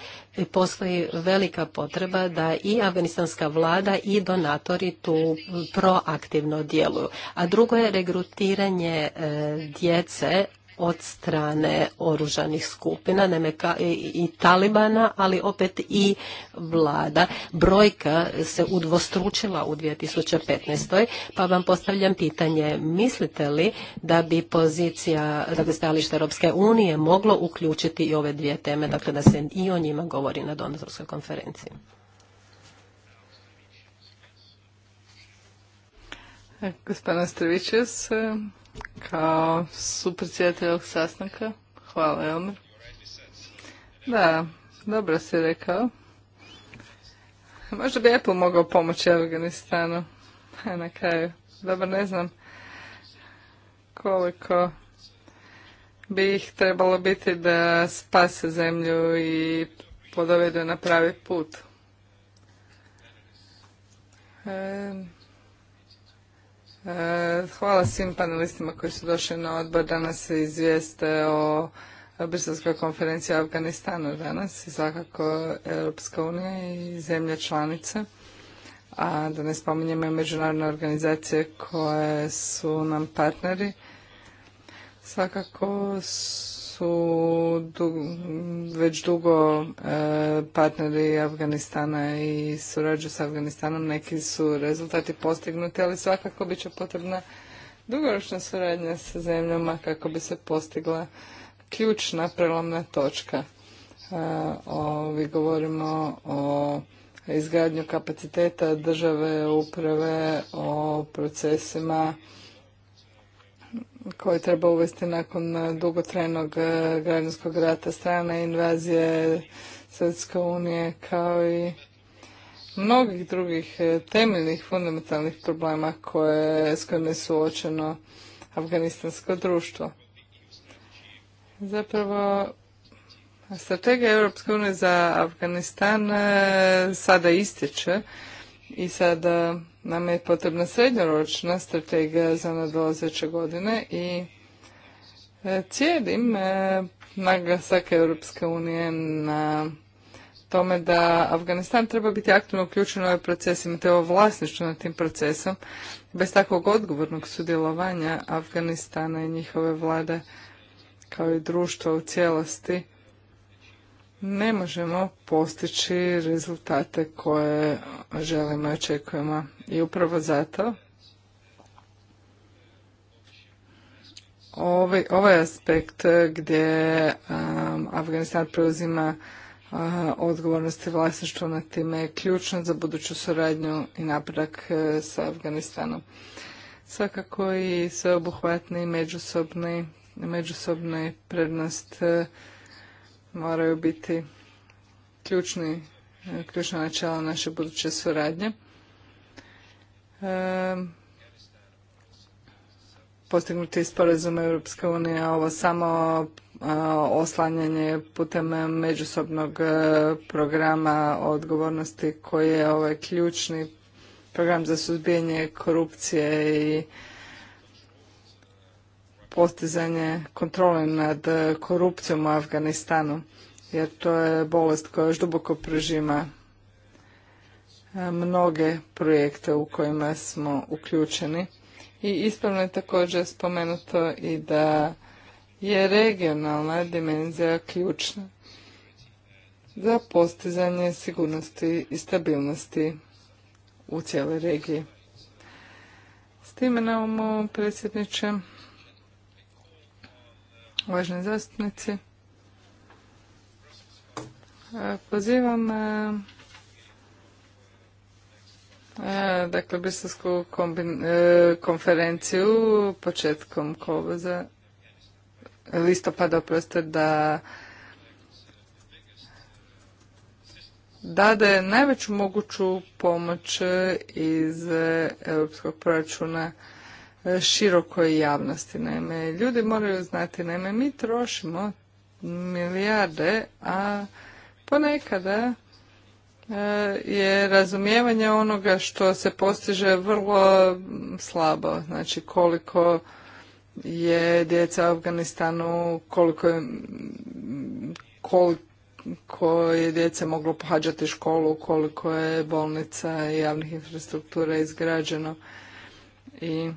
postoji velika potreba da i afganistanska vlada i donatori tu proaktivno djeluju. A drugo je regrutiranje e, djece od strane oružanih skupina neme i Talibana, ali opet i vlada. Brojka se udvostručila u 2015. pa vam postavljam pitanje, mislite li da bi pozicija, dakle stajalište Europske unije moglo uključiti i ove dvije teme, dakle da se i o njima govori na donatorskoj konferenciji? Gospodin Ostrovićus, kao su ovog sastanka. Hvala, Elmer. Da, dobro si rekao. Možda bi Apple mogao pomoći Afganistanu. E, na kraju, dobro ne znam koliko bi ih trebalo biti da spase zemlju i podovede na pravi put. E, E, hvala svim panelistima koji su došli na odbor danas se izvijeste o Briselskoj konferenciji o Afganistanu danas i svakako Europska unija i zemlje članice. A da ne spominjemo i međunarodne organizacije koje su nam partneri. Svakako su su već dugo e, partneri Afganistana i surađuju s Afganistanom. Neki su rezultati postignuti, ali svakako bit će potrebna dugoročna suradnja sa zemljama kako bi se postigla ključna prelomna točka. E, vi govorimo o izgradnju kapaciteta države, uprave, o procesima koje treba uvesti nakon e, dugotrajnog e, građanskog rata, strana invazije Sovjetske unije kao i mnogih drugih e, temeljnih fundamentalnih problema koje, s kojima je suočeno afganistansko društvo. Zapravo, strategija Europske unije za Afganistan sada ističe i sada nam je potrebna srednjoročna strategija za nadolazeće godine i e, cijelim e, naglasak Europske unije na tome da Afganistan treba biti aktivno uključen u ovaj proces, imate ovo vlasništvo nad tim procesom. Bez takvog odgovornog sudjelovanja Afganistana i njihove vlade kao i društva u cijelosti ne možemo postići rezultate koje želimo i očekujemo. I upravo zato ovaj, ovaj aspekt gdje um, Afganistan preuzima uh, odgovornost i vlasništvo na time je ključno za buduću suradnju i napredak uh, sa Afganistanom. Svakako i sveobuhvatni međusobni, prednost uh, moraju biti ključni, ključna načela naše buduće suradnje. E, postignuti sporazum Europske unije, ovo samo oslanjanje putem međusobnog e, programa odgovornosti koji je ovaj ključni program za suzbijanje korupcije i postizanje kontrole nad korupcijom u Afganistanu, jer to je bolest koja još duboko prežima e, mnoge projekte u kojima smo uključeni. I ispravno je također spomenuto i da je regionalna dimenzija ključna za postizanje sigurnosti i stabilnosti u cijeloj regiji. S time na predsjedniče, uvaženi zastupnici. E, pozivam e, e, dakle konferenciju početkom kolovoza listopada oprostite da dade najveću moguću pomoć iz europskog proračuna E, širokoj javnosti. Naime, ljudi moraju znati, naime, mi trošimo milijarde, a ponekada e, je razumijevanje onoga što se postiže vrlo slabo. Znači koliko je djeca u Afganistanu, koliko je, koliko je djece moglo pohađati školu, koliko je bolnica i javnih infrastruktura izgrađeno. I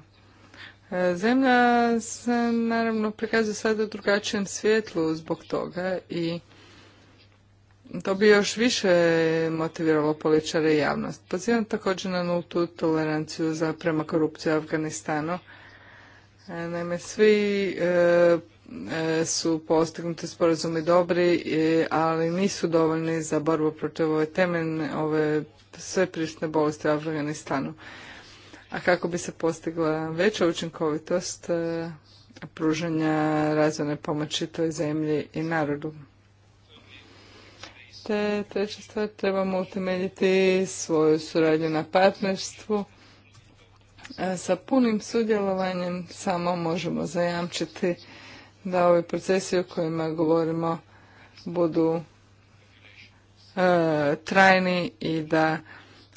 Zemlja se naravno prikazuje sada u drugačijem svjetlu zbog toga i to bi još više motiviralo političare i javnost. Pozivam također na nultu toleranciju za prema korupciju u Afganistanu. E, naime, svi e, e, su postignuti sporazumi dobri, ali nisu dovoljni za borbu protiv ove temeljne, ove sve prisne bolesti u Afganistanu a kako bi se postigla veća učinkovitost e, pružanja razvojne pomoći toj zemlji i narodu. Te treća stvar, trebamo utemeljiti svoju suradnju na partnerstvu. E, sa punim sudjelovanjem samo možemo zajamčiti da ovi procesi o kojima govorimo budu e, trajni i da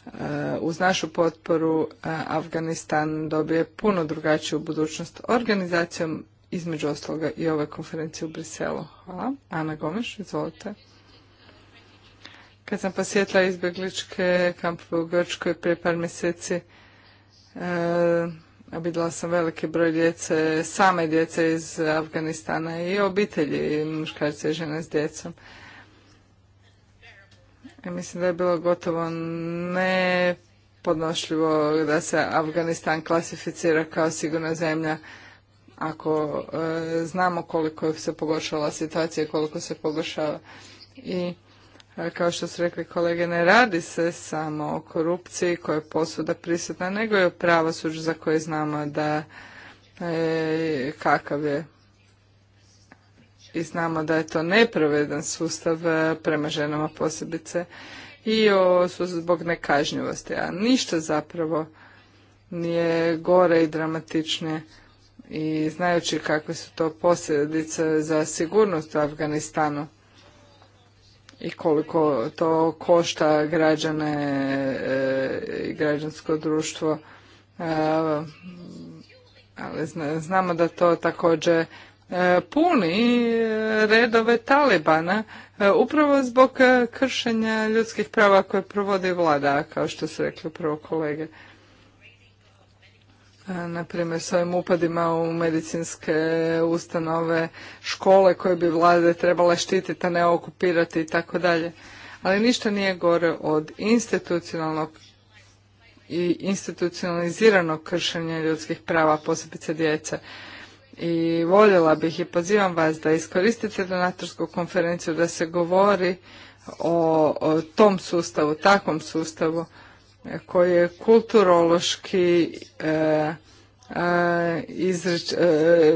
Eh, uz našu potporu eh, Afganistan dobije puno drugačiju budućnost organizacijom između ostaloga i ove konferencije u Briselu. Hvala. Ana Gomeš, izvolite. Kad sam posjetila izbjegličke kampove u Grčkoj prije par mjeseci, vidjela eh, sam veliki broj djece, same djece iz Afganistana i obitelji, muškarce i žene s djecom. Mislim da je bilo gotovo ne podnošljivo da se Afganistan klasificira kao sigurna zemlja ako e, znamo koliko se pogoršala situacija koliko se pogoršava. I e, kao što su rekli kolege, ne radi se samo o korupciji koja je posuda prisutna, nego i o pravosuđu za koje znamo da e, kakav je i znamo da je to nepravedan sustav e, prema ženama posebice i o, zbog nekažnjivosti, a ništa zapravo nije gore i dramatičnije i znajući kakve su to posljedice za sigurnost u Afganistanu i koliko to košta građane e, i građansko društvo. E, ali znamo da to također E, puni e, redove Talibana e, upravo zbog kršenja ljudskih prava koje provodi vlada, kao što su rekli upravo kolege. Naprimjer, s ovim upadima u medicinske ustanove, škole koje bi vlade trebala štititi, a ne okupirati i tako dalje. Ali ništa nije gore od institucionalnog i institucionaliziranog kršenja ljudskih prava, posebice djece i voljela bih i pozivam vas da iskoristite donatorsku konferenciju da se govori o, tom sustavu, takvom sustavu koji je kulturološki e, e, e,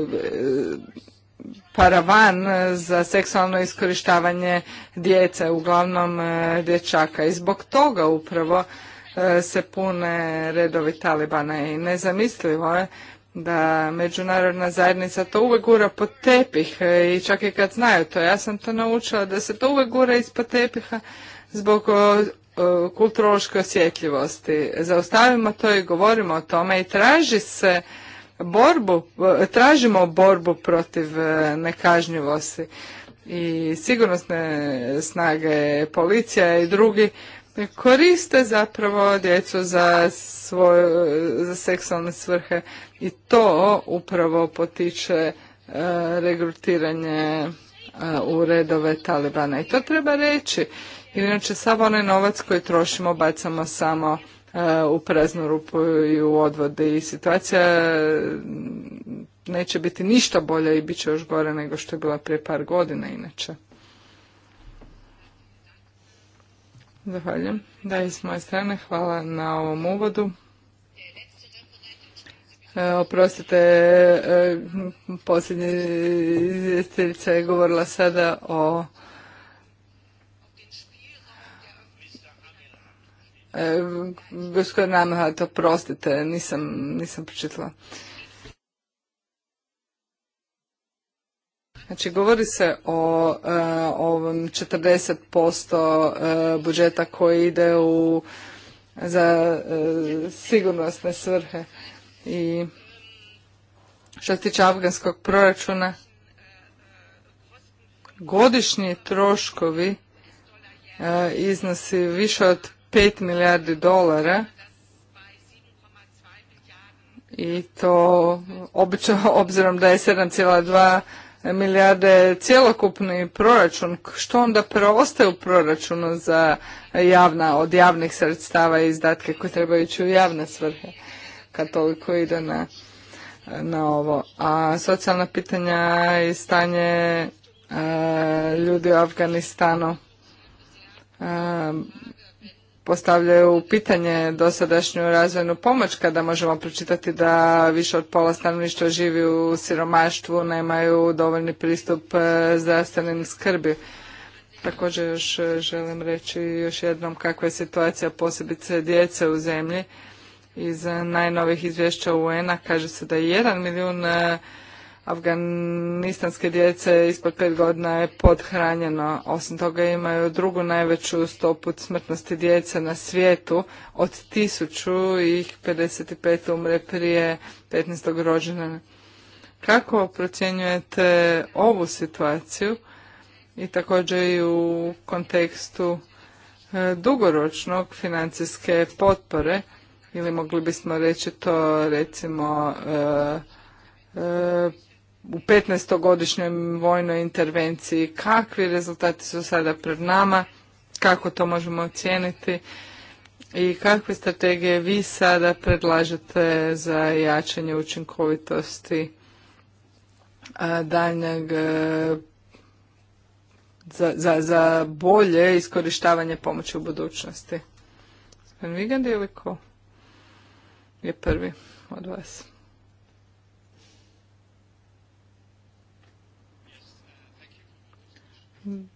paravan za seksualno iskorištavanje djece, uglavnom dječaka. I zbog toga upravo se pune redovi Talibana i nezamislivo je da međunarodna zajednica to uvek gura pod tepih e, i čak i kad znaju to. Ja sam to naučila da se to uvek gura ispod tepiha zbog kulturološke osjetljivosti. Zaustavimo to i govorimo o tome i traži se borbu, e, tražimo borbu protiv e, nekažnjivosti i sigurnosne snage, policija i drugi koriste zapravo djecu za, svoj, za seksualne svrhe i to upravo potiče e, regrutiranje e, u redove Talibana. I to treba reći. inače samo onaj novac koji trošimo bacamo samo e, u praznu rupu i u odvode i situacija mm, neće biti ništa bolja i bit će još gore nego što je bila prije par godina inače. Zahvaljujem. Da, i s moje strane hvala na ovom uvodu. E, oprostite, e, posljednje posljednja izvjestiteljica je govorila sada o e, gospodin Amahat, oprostite, nisam, nisam pročitala. Znači, govori se o ovom 40% e, budžeta koji ide u za e, sigurnosne svrhe. I što se tiče afganskog proračuna, godišnji troškovi e, iznosi više od 5 milijardi dolara i to obično obzirom da je 7,2 milijarde cjelokupni proračun, što onda preostaje u proračunu za javna, od javnih sredstava i izdatke koje trebaju ići u javne svrhe, kad toliko ide na, na ovo. A socijalna pitanja i stanje e, ljudi u Afganistanu e, postavljaju u pitanje dosadašnju razvojnu pomoć kada možemo pročitati da više od pola stanovništva živi u siromaštvu, nemaju dovoljni pristup e, zdravstvenim skrbi. Također još e, želim reći još jednom kakva je situacija posebice djece u zemlji. Iz e, najnovih izvješća UN-a kaže se da jedan milijun afganistanske djece ispod pet godina je podhranjeno. Osim toga imaju drugu najveću stopu smrtnosti djece na svijetu. Od tisuću ih 55 umre prije 15. rođena. Kako procjenjujete ovu situaciju i također i u kontekstu e, dugoročnog financijske potpore ili mogli bismo reći to recimo e, e, u 15-godišnjoj vojnoj intervenciji. Kakvi rezultati su sada pred nama? Kako to možemo ocijeniti? I kakve strategije vi sada predlažete za jačanje učinkovitosti daljnjeg e, za, za, za bolje iskorištavanje pomoći u budućnosti? Gospodin Vigand ili je prvi od vas?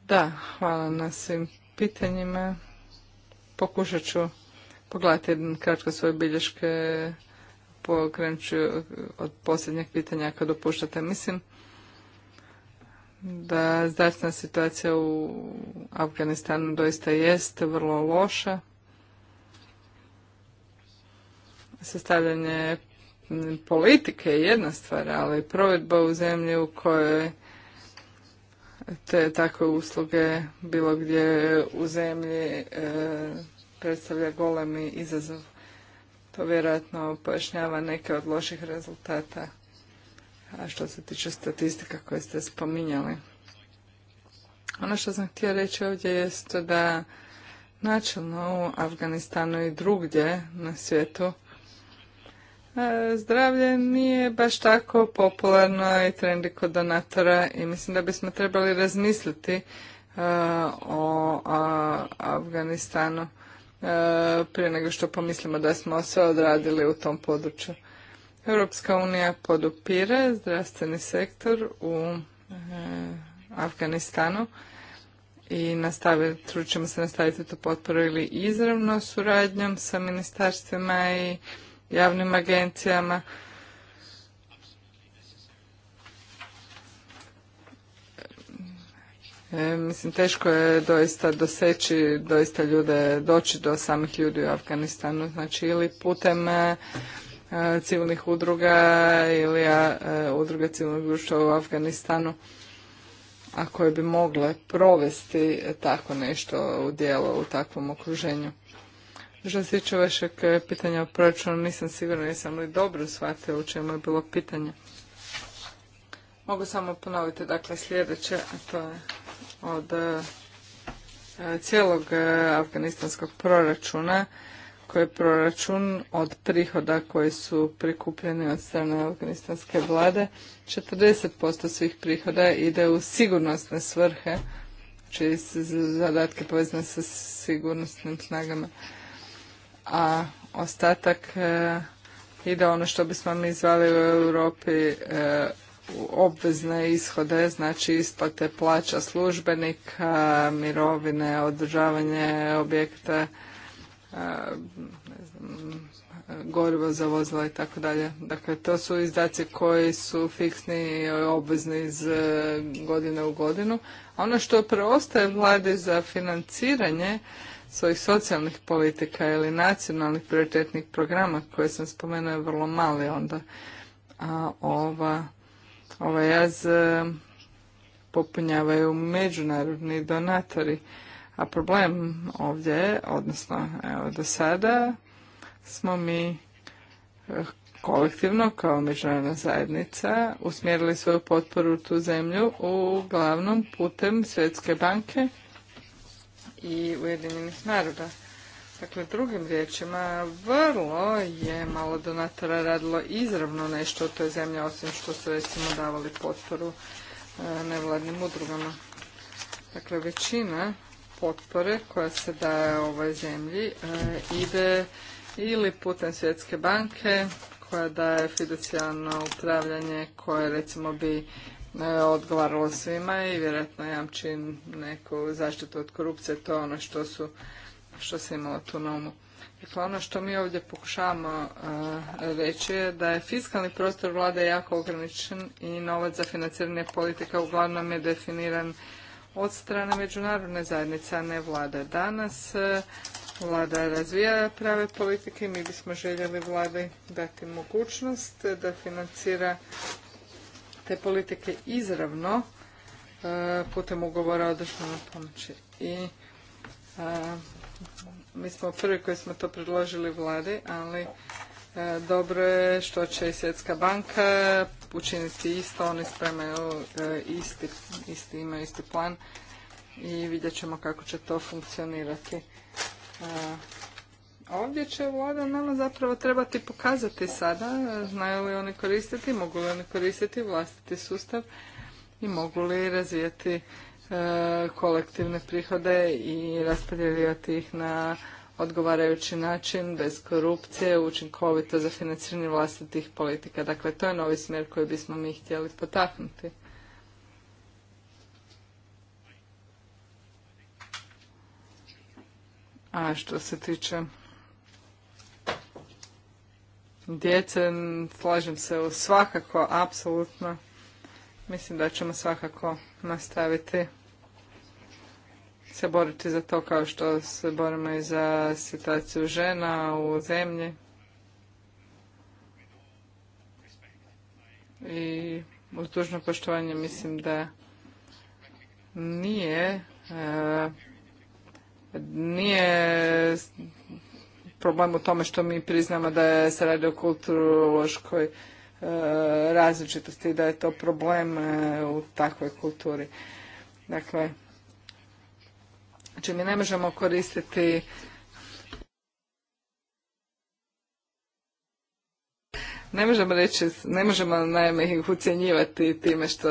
Da, hvala na svim pitanjima. Pokušat ću pogledati kratko svoje bilješke, pokrenut ću od posljednjeg pitanja ako dopuštate. Mislim da zdravstvena situacija u Afganistanu doista jest vrlo loša. Sastavljanje politike je jedna stvar, ali provedba u zemlji u kojoj te takve usluge bilo gdje u zemlji e, predstavlja golemi izazov. To vjerojatno pojašnjava neke od loših rezultata. A što se tiče statistika koje ste spominjali. Ono što sam htio reći ovdje jest da načelno u Afganistanu i drugdje na svijetu E, zdravlje nije baš tako popularno i trendi kod donatora i mislim da bismo trebali razmisliti e, o Afganistanu e, prije nego što pomislimo da smo sve odradili u tom području. Europska unija podupire zdravstveni sektor u Afganistanu i nastavit, ćemo se nastaviti tu potporu ili izravno suradnjom sa ministarstvima i javnim agencijama. E, mislim, teško je doista doseći, doista ljude, doći do samih ljudi u Afganistanu, znači ili putem e, civilnih udruga ili e, udruga civilnog društva u Afganistanu, a koje bi mogle provesti tako nešto u djelo u takvom okruženju. Što se tiče vašeg e, pitanja o proračunu, nisam sigurna jesam li dobro shvatio u čemu je bilo pitanje. Mogu samo ponoviti dakle sljedeće, a to je od e, e, cijelog afganistanskog proračuna koji je proračun od prihoda koji su prikupljeni od strane afganistanske vlade. 40% svih prihoda ide u sigurnosne svrhe, znači su zadatke povezane sa sigurnosnim snagama a ostatak e, ide ono što bismo mi zvali u Europi e, obvezne ishode, znači isplate plaća službenika, mirovine, održavanje objekta, e, ne znam, gorivo za vozila i tako dalje. Dakle, to su izdaci koji su fiksni i obvezni iz godine u godinu. Ono što preostaje vladi za financiranje svojih socijalnih politika ili nacionalnih prioritetnih programa koje sam spomenuo je vrlo mali onda. A ova, ova jaz e, popunjavaju međunarodni donatori. A problem ovdje, odnosno evo, do sada, smo mi e, kolektivno kao međunarodna zajednica usmjerili svoju potporu u tu zemlju uglavnom putem Svjetske banke i Ujedinjenih naroda. Dakle, drugim riječima, vrlo je malo donatora radilo izravno nešto u toj zemlji, osim što su recimo davali potporu e, nevladnim udrugama. Dakle, većina potpore koja se daje ovoj zemlji e, ide ili putem Svjetske banke koja daje fiducijalno upravljanje koje recimo bi E, odgovaralo svima i vjerojatno jamči neku zaštitu od korupcije, to je ono što su što se imalo tu na umu. Dakle, ono što mi ovdje pokušavamo e, reći je da je fiskalni prostor vlade jako ograničen i novac za financiranje politika uglavnom je definiran od strane međunarodne zajednice, a ne vlade. Danas e, vlada razvija prave politike i mi bismo željeli vladi dati mogućnost da financira te politike izravno e, putem ugovora o državnoj pomoći. I e, mi smo prvi koji smo to predložili vladi, ali e, dobro je što će i Svjetska banka učiniti isto, oni spremaju isti, isti, imaju isti plan i vidjet ćemo kako će to funkcionirati. Ovdje će vlada nama zapravo trebati pokazati sada, znaju li oni koristiti, mogu li oni koristiti vlastiti sustav i mogu li razvijati e, kolektivne prihode i raspodjeljivati ih na odgovarajući način, bez korupcije, učinkovito za financiranje vlastitih politika. Dakle, to je novi smjer koji bismo mi htjeli potaknuti. A što se tiče djece, slažem se svakako, apsolutno. Mislim da ćemo svakako nastaviti se boriti za to kao što se borimo i za situaciju žena u zemlji. I uz dužno poštovanje mislim da nije e, nije problem u tome što mi priznamo da je se radi o kulturološkoj e, različitosti i da je to problem e, u takvoj kulturi. Dakle, znači mi ne možemo koristiti Ne možemo reći, ne možemo naime ih ucjenjivati time što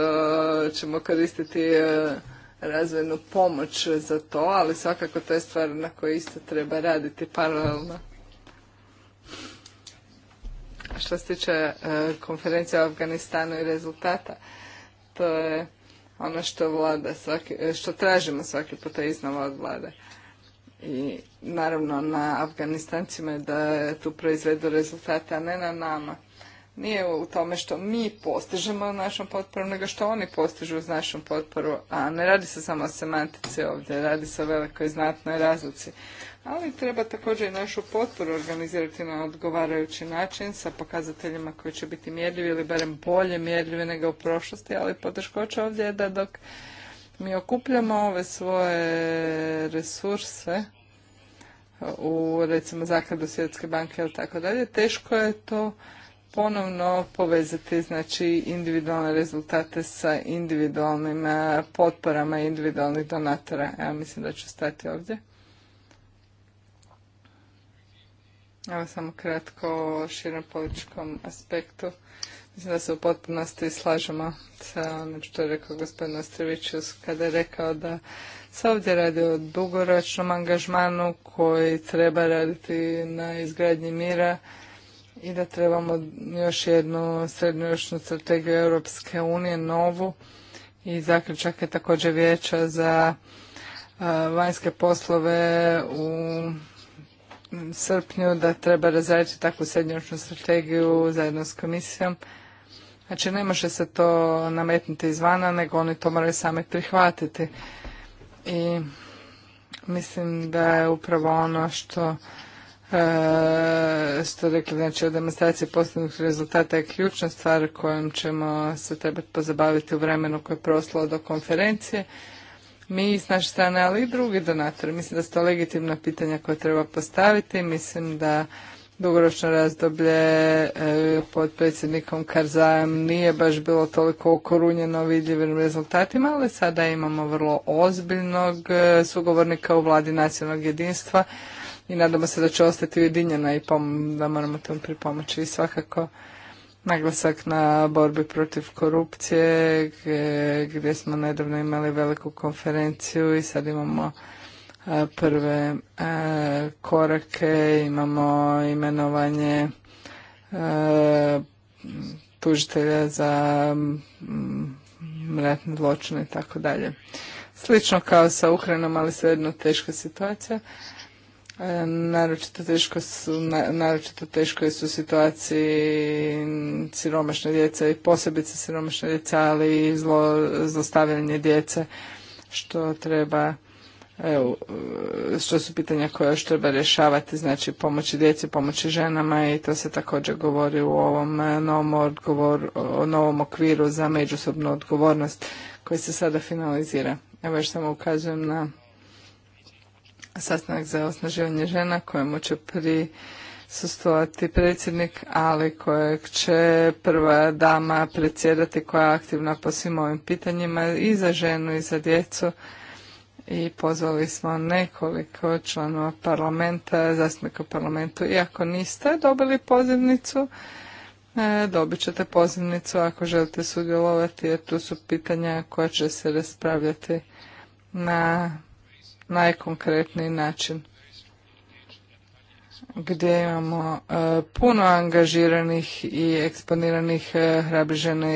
ćemo koristiti e, razvojnu pomoć za to, ali svakako to je stvar na kojoj isto treba raditi paralelno. Što se tiče e, konferencije o Afganistanu i rezultata, to je ono što vlada svaki, e, što tražimo svaki puta iznova od vlade. I naravno na Afganistancima je da tu proizvedu rezultate, a ne na nama nije u tome što mi postižemo našom potporom, nego što oni postižu s našom potporu, a ne radi se samo o semantici ovdje, radi se o velikoj znatnoj razlici. Ali treba također i našu potporu organizirati na odgovarajući način sa pokazateljima koji će biti mjerljivi ili barem bolje mjerljivi nego u prošlosti, ali poteškoća ovdje je da dok mi okupljamo ove svoje resurse, u recimo zakladu Svjetske banke ili tako dalje, teško je to ponovno povezati znači individualne rezultate sa individualnim eh, potporama individualnih donatora. Ja mislim da ću stati ovdje. Evo samo kratko o širem političkom aspektu. Mislim da se u potpunosti slažemo sa onim što je rekao gospodin Ostrevićus kada je rekao da se ovdje radi o dugoročnom angažmanu koji treba raditi na izgradnji mira i da trebamo još jednu srednjoročnu strategiju Europske unije, novu i zaključak je također vijeća za vanjske poslove u srpnju da treba razraditi takvu srednjoročnu strategiju zajedno s komisijom. Znači ne može se to nametnuti izvana, nego oni to moraju sami prihvatiti. I mislim da je upravo ono što E, ste rekli, znači o demonstraciji postignutih rezultata je ključna stvar kojom ćemo se trebati pozabaviti u vremenu koje je proslo do konferencije. Mi s naše strane, ali i drugi donatori. Mislim da su to legitimna pitanja koja treba postaviti. Mislim da dugoročno razdoblje e, pod predsjednikom Karzajem nije baš bilo toliko okorunjeno vidljivim rezultatima, ali sada imamo vrlo ozbiljnog e, sugovornika u vladi nacionalnog jedinstva i nadamo se da će ostati ujedinjena i da moramo tom pripomoći i svakako naglasak na borbi protiv korupcije gdje smo nedavno imali veliku konferenciju i sad imamo e, prve e, korake, imamo imenovanje e, tužitelja za mretne zločine i tako dalje. Slično kao sa Ukrajinom, ali svejedno teška situacija. Naročito teško su, naročito teško su situaciji siromašne djece i posebice siromašne djece, ali i zlostavljanje djece što treba evo, što su pitanja koja još treba rješavati, znači pomoći djeci, pomoći ženama i to se također govori u ovom e, novom, o novom okviru za međusobnu odgovornost koji se sada finalizira. Evo još samo ukazujem na sastanak za osnaživanje žena kojemu će pri sustovati predsjednik, ali kojeg će prva dama predsjedati koja je aktivna po svim ovim pitanjima i za ženu i za djecu. I pozvali smo nekoliko članova parlamenta, zastupnika parlamentu. I ako niste dobili pozivnicu, e, dobit ćete pozivnicu ako želite sudjelovati jer tu su pitanja koja će se raspravljati na najkonkretniji način gdje imamo e, puno angažiranih i eksponiranih uh,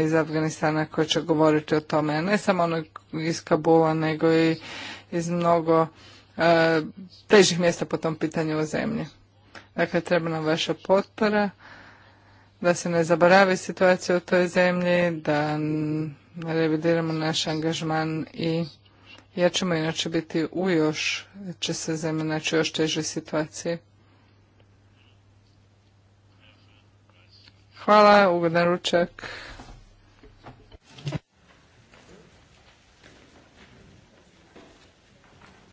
iz Afganistana koje će govoriti o tome. ne samo ono iz Kabula, nego i iz mnogo e, težih mjesta po tom pitanju u zemlji. Dakle, treba nam vaša potpora da se ne zaboravi situacija u toj zemlji, da revidiramo naš angažman i ja ćemo inače biti u još, će se zemlje naći još težoj situaciji. Hvala, ugodan ručak.